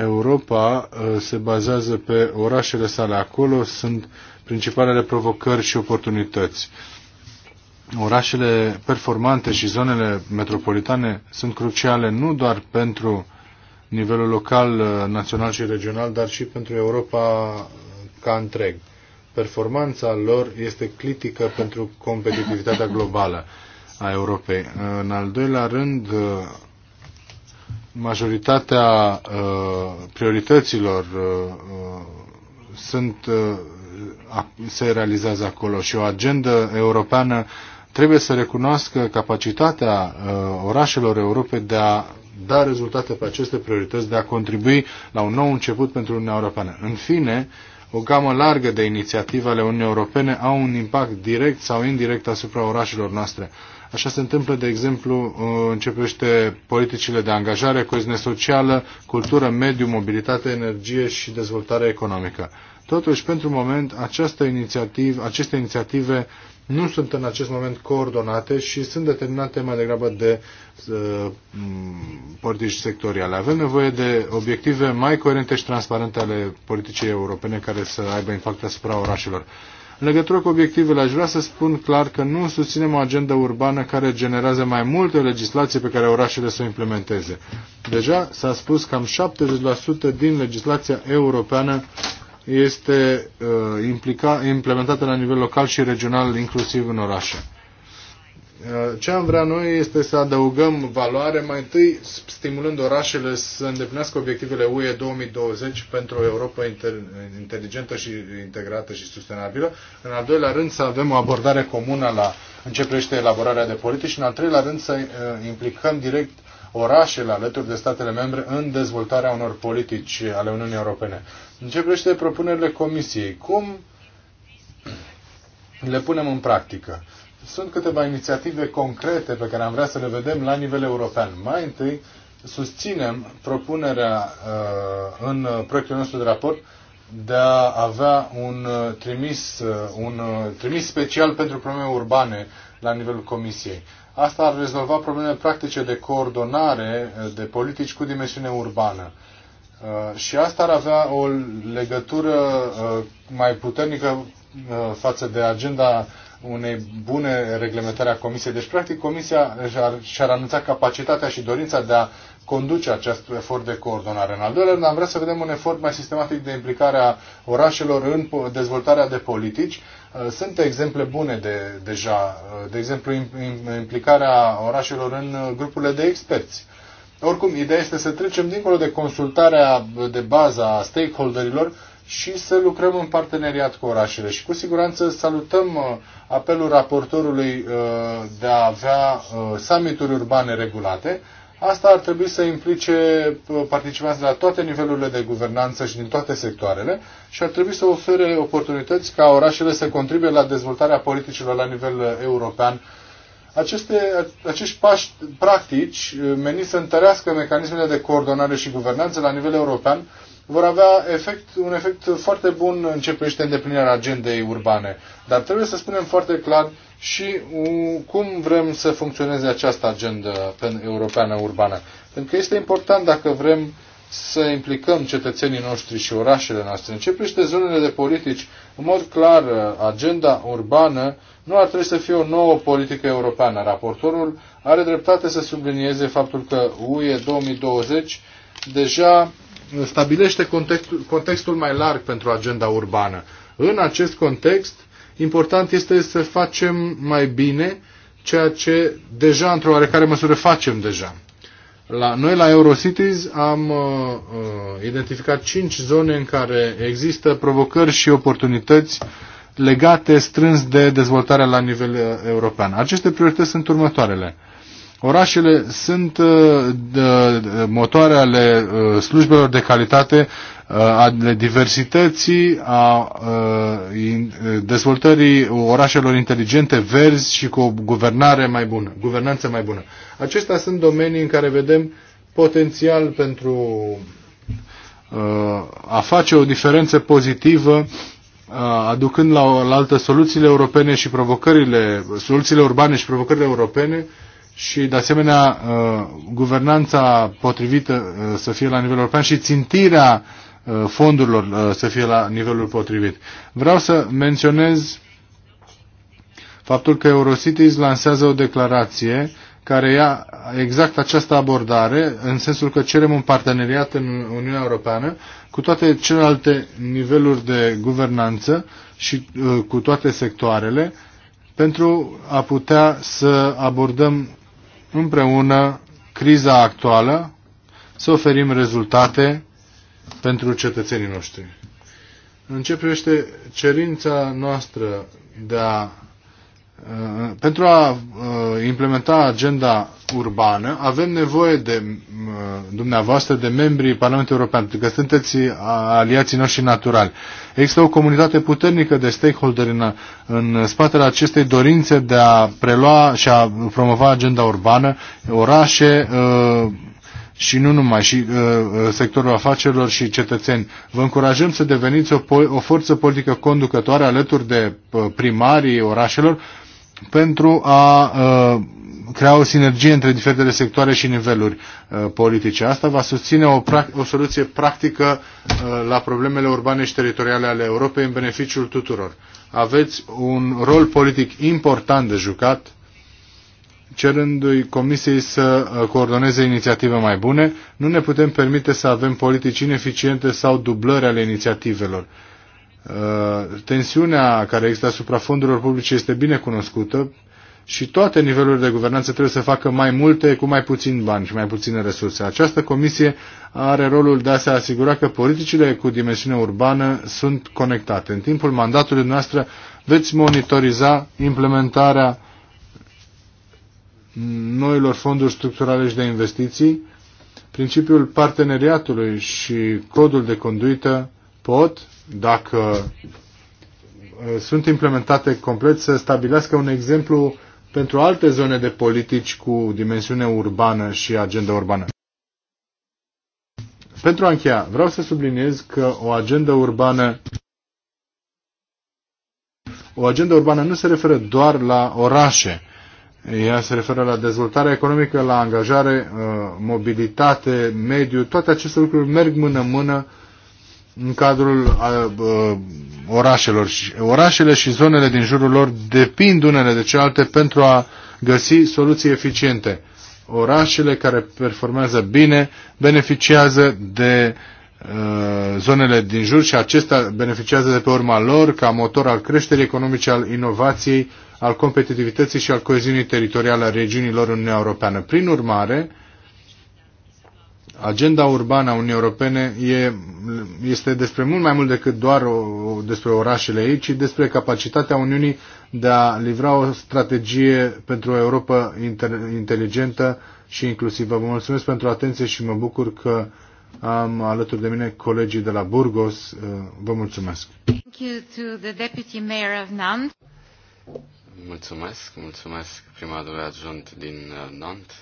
Europa uh, se bazează pe orașele sale. Acolo sunt principalele provocări și oportunități orașele performante și zonele metropolitane sunt cruciale nu doar pentru nivelul local, uh, național și regional, dar și pentru Europa uh, ca întreg. Performanța lor este critică pentru competitivitatea globală a Europei. Uh, în al doilea rând, majoritatea priorităților sunt se realizează acolo și o agendă europeană trebuie să recunoască capacitatea uh, orașelor Europei de a da rezultate pe aceste priorități, de a contribui la un nou început pentru Uniunea Europeană. În fine, o gamă largă de inițiative ale Uniunii Europene au un impact direct sau indirect asupra orașelor noastre. Așa se întâmplă, de exemplu, uh, începește politicile de angajare, coeziune socială, cultură, mediu, mobilitate, energie și dezvoltare economică. Totuși, pentru moment, această inițiativ, aceste inițiative nu sunt în acest moment coordonate și sunt determinate mai degrabă de uh, politici sectoriale. Avem nevoie de obiective mai coerente și transparente ale politicii europene care să aibă impact asupra orașelor. În legătură cu obiectivele, aș vrea să spun clar că nu susținem o agendă urbană care generează mai multe legislații pe care orașele să o implementeze. Deja s-a spus cam 70% din legislația europeană este uh, implica, implementată la nivel local și regional, inclusiv în orașe. Uh, ce am vrea noi este să adăugăm valoare, mai întâi stimulând orașele să îndeplinească obiectivele UE 2020 pentru o Europa inteligentă și integrată și sustenabilă. În al doilea rând să avem o abordare comună la începește elaborarea de politici și în al treilea rând să uh, implicăm direct orașele alături de statele membre în dezvoltarea unor politici ale Uniunii Europene. În ce privește propunerile Comisiei, cum le punem în practică? Sunt câteva inițiative concrete pe care am vrea să le vedem la nivel european. Mai întâi, susținem propunerea uh, în proiectul nostru de raport de a avea un uh, trimis, uh, un trimis special pentru probleme urbane la nivelul Comisiei. Asta ar rezolva problemele practice de coordonare de politici cu dimensiune urbană. Uh, și asta ar avea o legătură uh, mai puternică uh, față de agenda unei bune reglementări a Comisiei. Deci, practic, Comisia și-ar, și capacitatea și dorința de a conduce acest efort de coordonare. În al doilea rând, am vrea să vedem un efort mai sistematic de implicare a orașelor în dezvoltarea de politici. Uh, sunt exemple bune de, deja, uh, de exemplu implicarea orașelor în uh, grupurile de experți. Oricum, ideea este să trecem dincolo de consultarea de bază a stakeholderilor și să lucrăm în parteneriat cu orașele. Și cu siguranță salutăm apelul raportorului de a avea summituri urbane regulate, Asta ar trebui să implice uh, participanți de la toate nivelurile de guvernanță și din toate sectoarele și ar trebui să ofere oportunități ca orașele să contribuie la dezvoltarea politicilor la nivel uh, european. Aceste, acești pași practici uh, meniți să întărească mecanismele de coordonare și guvernanță la nivel european vor avea efect, un efect foarte bun în ce privește îndeplinirea agendei urbane. Dar trebuie să spunem foarte clar și mm, cum vrem să funcționeze această agendă europeană urbană. Pentru că este important dacă vrem să implicăm cetățenii noștri și orașele noastre. În ce privește zonele de politici, în mod clar, agenda urbană nu ar trebui să fie o nouă politică europeană. Raportorul are dreptate să sublinieze faptul că UE 2020 deja stabilește contextul, contextul mai larg pentru agenda urbană. În acest context, Important este să facem mai bine ceea ce deja, într-o oarecare măsură, facem deja. La, noi la Eurocities am uh, uh identificat cinci zone în care există provocări și oportunități legate strâns de dezvoltarea la nivel uh, european. Aceste priorități sunt următoarele. Orașele sunt uh, de, de, motoare ale uh, slujbelor de calitate Uh, ale diversității, a uh, uh, dezvoltării orașelor inteligente, verzi și cu o guvernare mai bună, guvernanță mai bună. Acestea sunt domenii în care vedem potențial pentru a face o diferență pozitivă aducând la, altă soluțiile europene și provocările, soluțiile urbane și provocările europene și, de asemenea, guvernanța potrivită să fie la nivel european și țintirea Uh, fondurilor uh, să fie la nivelul potrivit. Vreau să menționez faptul că Eurocities lansează o declarație care ia exact această abordare, în sensul că cerem un parteneriat în Uniunea Europeană cu toate celelalte niveluri de guvernanță și uh, cu toate sectoarele, pentru a putea să abordăm împreună criza actuală, să oferim rezultate pentru cetățenii noștri. În ce cerința noastră de a, uh, pentru a uh, implementa agenda urbană, avem nevoie de uh, dumneavoastră, de membrii Parlamentului European, pentru că sunteți aliații noștri naturali. Există o comunitate puternică de stakeholder în, în spatele acestei dorințe de a prelua și a promova agenda urbană, orașe, și nu numai, și uh, uh, sectorul afacerilor și cetățeni. Vă încurajăm să deveniți o, o forță politică conducătoare alături de uh, primarii orașelor pentru a uh, crea o sinergie între diferitele sectoare și niveluri uh, politice. Asta va susține o, o soluție practică uh, la problemele urbane și teritoriale ale Europei în beneficiul tuturor. Aveți un rol politic important de jucat cerându-i Comisiei să uh, coordoneze inițiative mai bune, nu ne putem permite să avem politici ineficiente sau dublări ale inițiativelor. Uh, tensiunea care există asupra fondurilor publice este bine cunoscută și toate nivelurile de guvernanță trebuie să facă mai multe cu mai puțin bani și mai puține resurse. Această comisie are rolul de a se asigura că politicile cu dimensiune urbană sunt conectate. În timpul mandatului noastră veți monitoriza implementarea noilor fonduri structurale și de investiții, principiul parteneriatului și codul de conduită pot, dacă uh, sunt implementate complet, să stabilească un exemplu pentru alte zone de politici cu dimensiune urbană și agenda urbană. Pentru a încheia, vreau să subliniez că o agenda urbană o agenda urbană nu se referă doar la orașe, ea se referă la dezvoltarea economică, la angajare, uh, mobilitate, mediu. Toate aceste lucruri merg mână-mână în cadrul uh, uh, orașelor. Orașele și zonele din jurul lor depind unele de cealaltă pentru a găsi soluții eficiente. Orașele care performează bine beneficiază de Uh, zonele din jur și acestea beneficiază de pe urma lor ca motor al creșterii economice, al inovației, al competitivității și al coeziunii teritoriale a regiunilor Uniunea Europeană. Prin urmare, agenda urbană a Uniunii Europene e, este despre mult mai mult decât doar o, despre orașele ei, ci despre capacitatea Uniunii de a livra o strategie pentru o Europa inter, inteligentă și inclusivă. Vă mulțumesc pentru atenție și mă bucur că am alături de mine colegii de la Burgos. Uh, vă mulțumesc! Thank you to the Deputy Mayor of Nantes. Mulțumesc, mulțumesc primarul adjunct din uh, Nantes,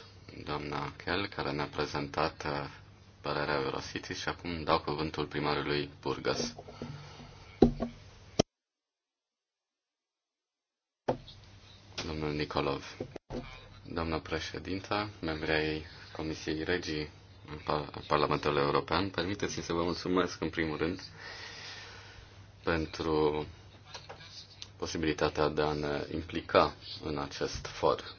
doamna Kel, care ne-a prezentat uh, părerea Eurocity și acum dau cuvântul primarului Burgos. Domnul Nicolov. Doamnă președintă, membrii Comisiei Regii Parlamentului European. Permiteți-mi să vă mulțumesc în primul rând pentru posibilitatea de a ne implica în acest for.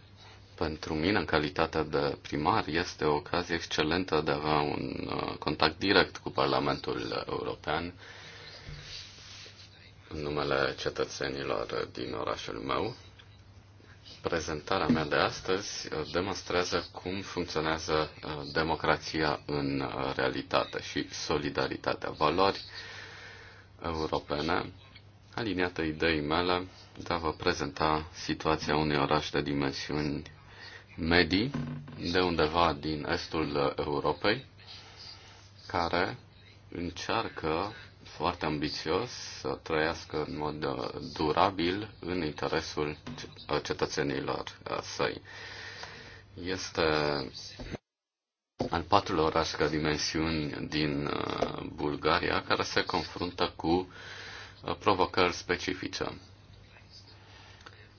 Pentru mine, în calitatea de primar, este o ocazie excelentă de a avea un uh, contact direct cu Parlamentul European în numele cetățenilor din orașul meu prezentarea mea de astăzi uh, demonstrează cum funcționează uh, democrația în uh, realitate și solidaritatea. Valori europene, aliniată ideii mele de a vă prezenta situația unui oraș de dimensiuni medii, de undeva din estul Europei, care încearcă foarte ambițios să trăiască în mod uh, durabil în interesul uh, cetățenilor uh, săi. Este al patrulea oraș ca dimensiuni din Bulgaria care se confruntă cu provocări specifice.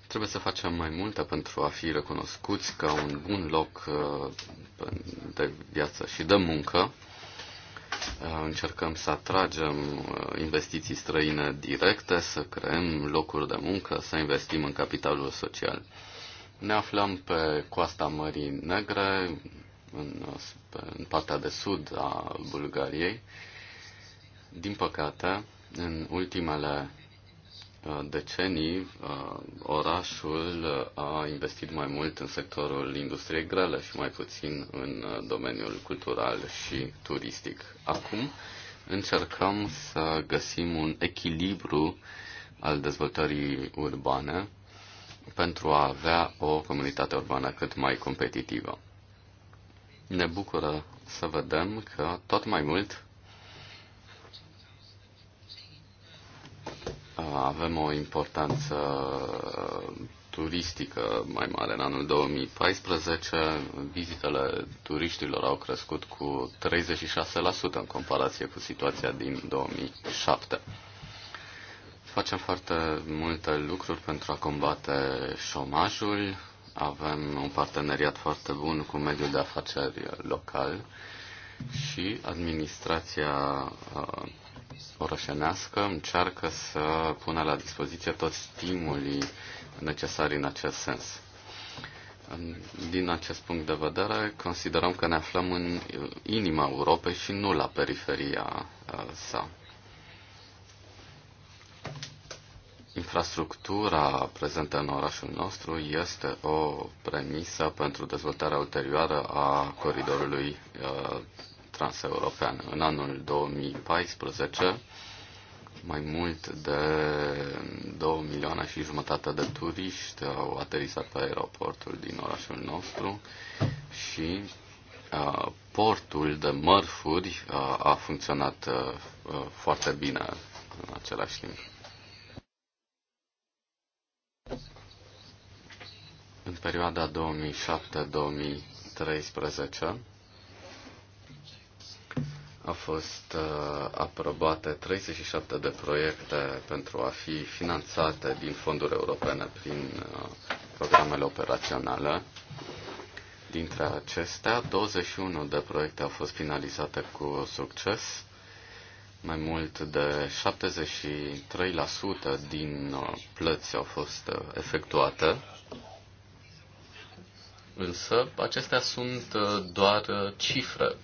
Trebuie să facem mai multe pentru a fi recunoscuți ca un bun loc de viață și de muncă Uh, încercăm să atragem uh, investiții străine directe, să creăm locuri de muncă, să investim în capitalul social. Ne aflăm pe coasta Mării Negre, în, uh, în partea de sud a Bulgariei. Din păcate, în ultimele Uh, decenii, uh, orașul uh, a investit mai mult în sectorul industriei grele și mai puțin în domeniul cultural și turistic. Acum încercăm să găsim un echilibru al dezvoltării urbane pentru a avea o comunitate urbană cât mai competitivă. Ne bucură să vedem că tot mai mult avem o importanță turistică mai mare. În anul 2014, vizitele turiștilor au crescut cu 36% în comparație cu situația din 2007. Facem foarte multe lucruri pentru a combate șomajul. Avem un parteneriat foarte bun cu mediul de afaceri local și administrația uh, orășenească încearcă să pună la dispoziție toți stimulii necesari în acest sens. Din acest punct de vedere, considerăm că ne aflăm în inima Europei și nu la periferia uh, sa. Infrastructura prezentă în orașul nostru este o premisă pentru dezvoltarea ulterioară a coridorului uh, transeuropean. În anul 2014, mai mult de 2 milioane și jumătate de turiști au aterizat pe aeroportul din orașul nostru și portul de mărfuri a funcționat foarte bine în același timp. În perioada 2007-2013, a fost uh, aprobate 37 de proiecte pentru a fi finanțate din fonduri europene prin uh, programele operaționale. Dintre acestea, 21 de proiecte au fost finalizate cu succes. Mai mult de 73% din uh, plăți au fost uh, efectuate. Însă, acestea sunt uh, doar cifre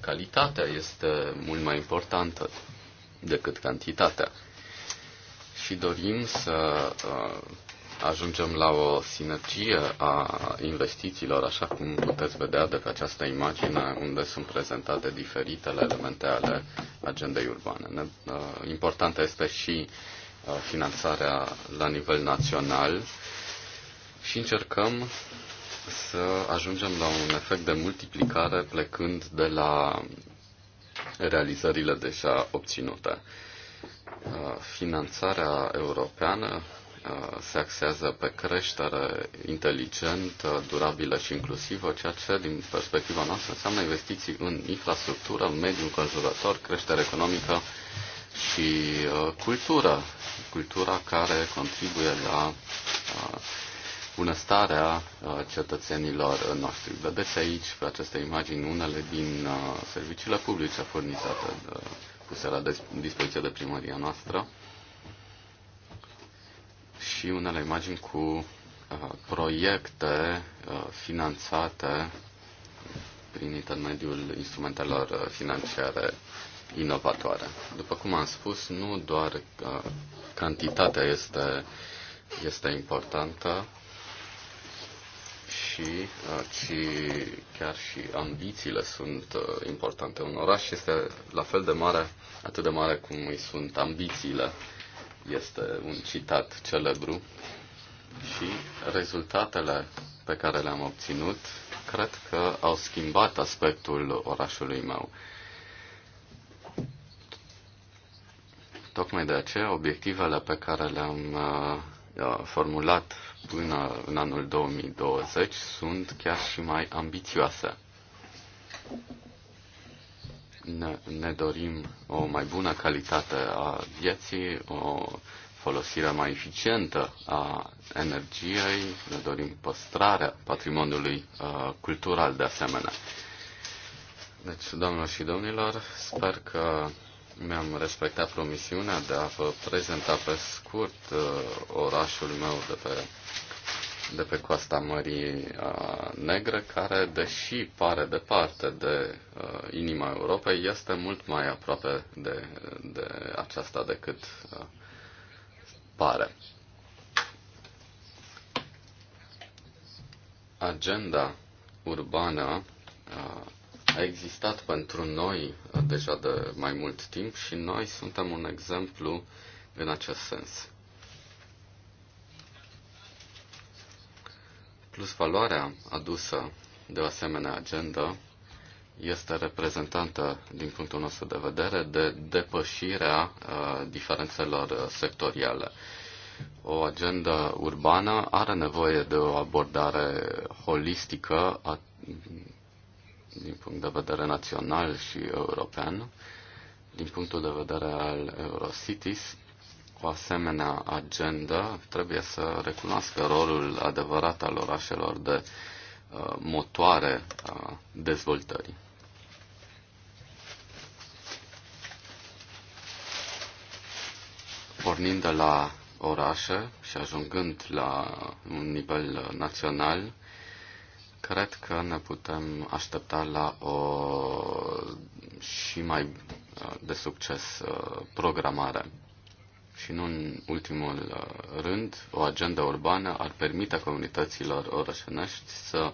calitatea este mult mai importantă decât cantitatea. Și dorim să uh, ajungem la o sinergie a investițiilor, așa cum puteți vedea de pe această imagine, unde sunt prezentate diferitele elemente ale agendei urbane. Uh, importantă este și uh, finanțarea la nivel național și încercăm să ajungem la un efect de multiplicare plecând de la realizările deja obținute. Uh, finanțarea europeană uh, se axează pe creștere inteligentă, durabilă și inclusivă, ceea ce, din perspectiva noastră, înseamnă investiții în infrastructură, mediu înconjurător, creștere economică și uh, cultură. Cultura care contribuie la bunăstarea uh, cetățenilor uh, noștri. Vedeți aici, pe aceste imagini, unele din uh, serviciile publice furnizate, de, puse la dispoziție de primăria noastră și unele imagini cu proiecte finanțate prin intermediul instrumentelor financiare inovatoare. După cum am spus, nu doar cantitatea este, este importantă, și, ci uh, chiar și ambițiile sunt uh, importante. Un oraș este la fel de mare, atât de mare cum îi sunt ambițiile. Este un citat celebru și rezultatele pe care le-am obținut cred că au schimbat aspectul orașului meu. Tocmai de aceea, obiectivele pe care le-am uh, formulat până în anul 2020 sunt chiar și mai ambițioase. Ne, ne dorim o mai bună calitate a vieții, o folosire mai eficientă a energiei, ne dorim păstrarea patrimoniului uh, cultural de asemenea. Deci, doamnelor și domnilor, sper că mi-am respectat promisiunea de a vă prezenta pe scurt uh, orașul meu de pe, de pe coasta Mării uh, Negre, care, deși pare departe de uh, inima Europei, este mult mai aproape de, de aceasta decât pare. Agenda urbană a existat pentru noi uh, deja de mai mult timp și noi suntem un exemplu în acest sens. Plus valoarea adusă de o asemenea agendă este reprezentată, din punctul nostru de vedere, de depășirea uh, diferențelor uh, sectoriale. O agendă urbană are nevoie de o abordare holistică a din punct de vedere național și european, din punctul de vedere al Eurocities, o asemenea agenda trebuie să recunoască rolul adevărat al orașelor de uh, motoare a dezvoltării. Pornind de la orașe și ajungând la un nivel național, Cred că ne putem aștepta la o și mai uh, de succes uh, programare. Și nu în ultimul uh, rând, o agenda urbană ar permite comunităților orășenești să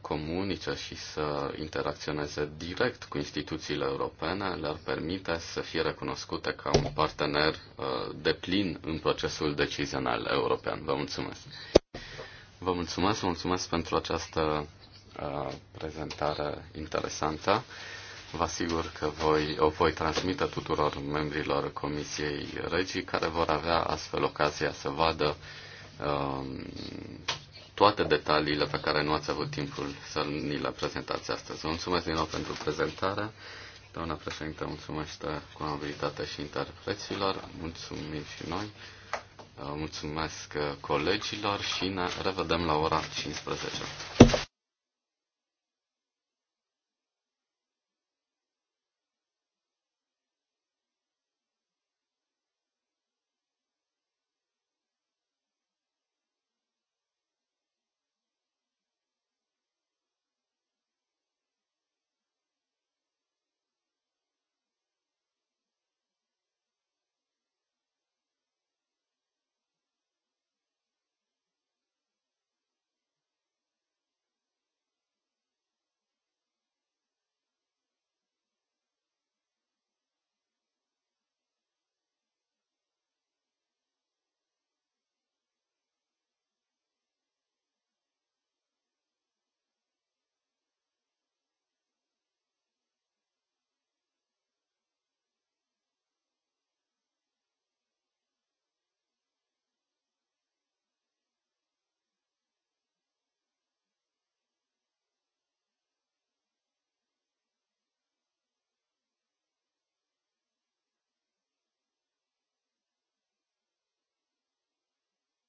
comunice și să interacționeze direct cu instituțiile europene, le-ar permite să fie recunoscute ca un partener de plin în procesul decizional european. Vă mulțumesc! Vă mulțumesc, vă mulțumesc pentru această uh, prezentare interesantă. Vă asigur că voi, o voi transmite tuturor membrilor Comisiei Regii care vor avea astfel ocazia să vadă uh, toate detaliile pe care nu ați avut timpul să ni le prezentați astăzi. Vă mulțumesc din nou pentru prezentare. Doamna președinte, mulțumesc cu amabilitate și interpreților. Mulțumim și noi. Mulțumesc colegilor și ne revedem la ora 15.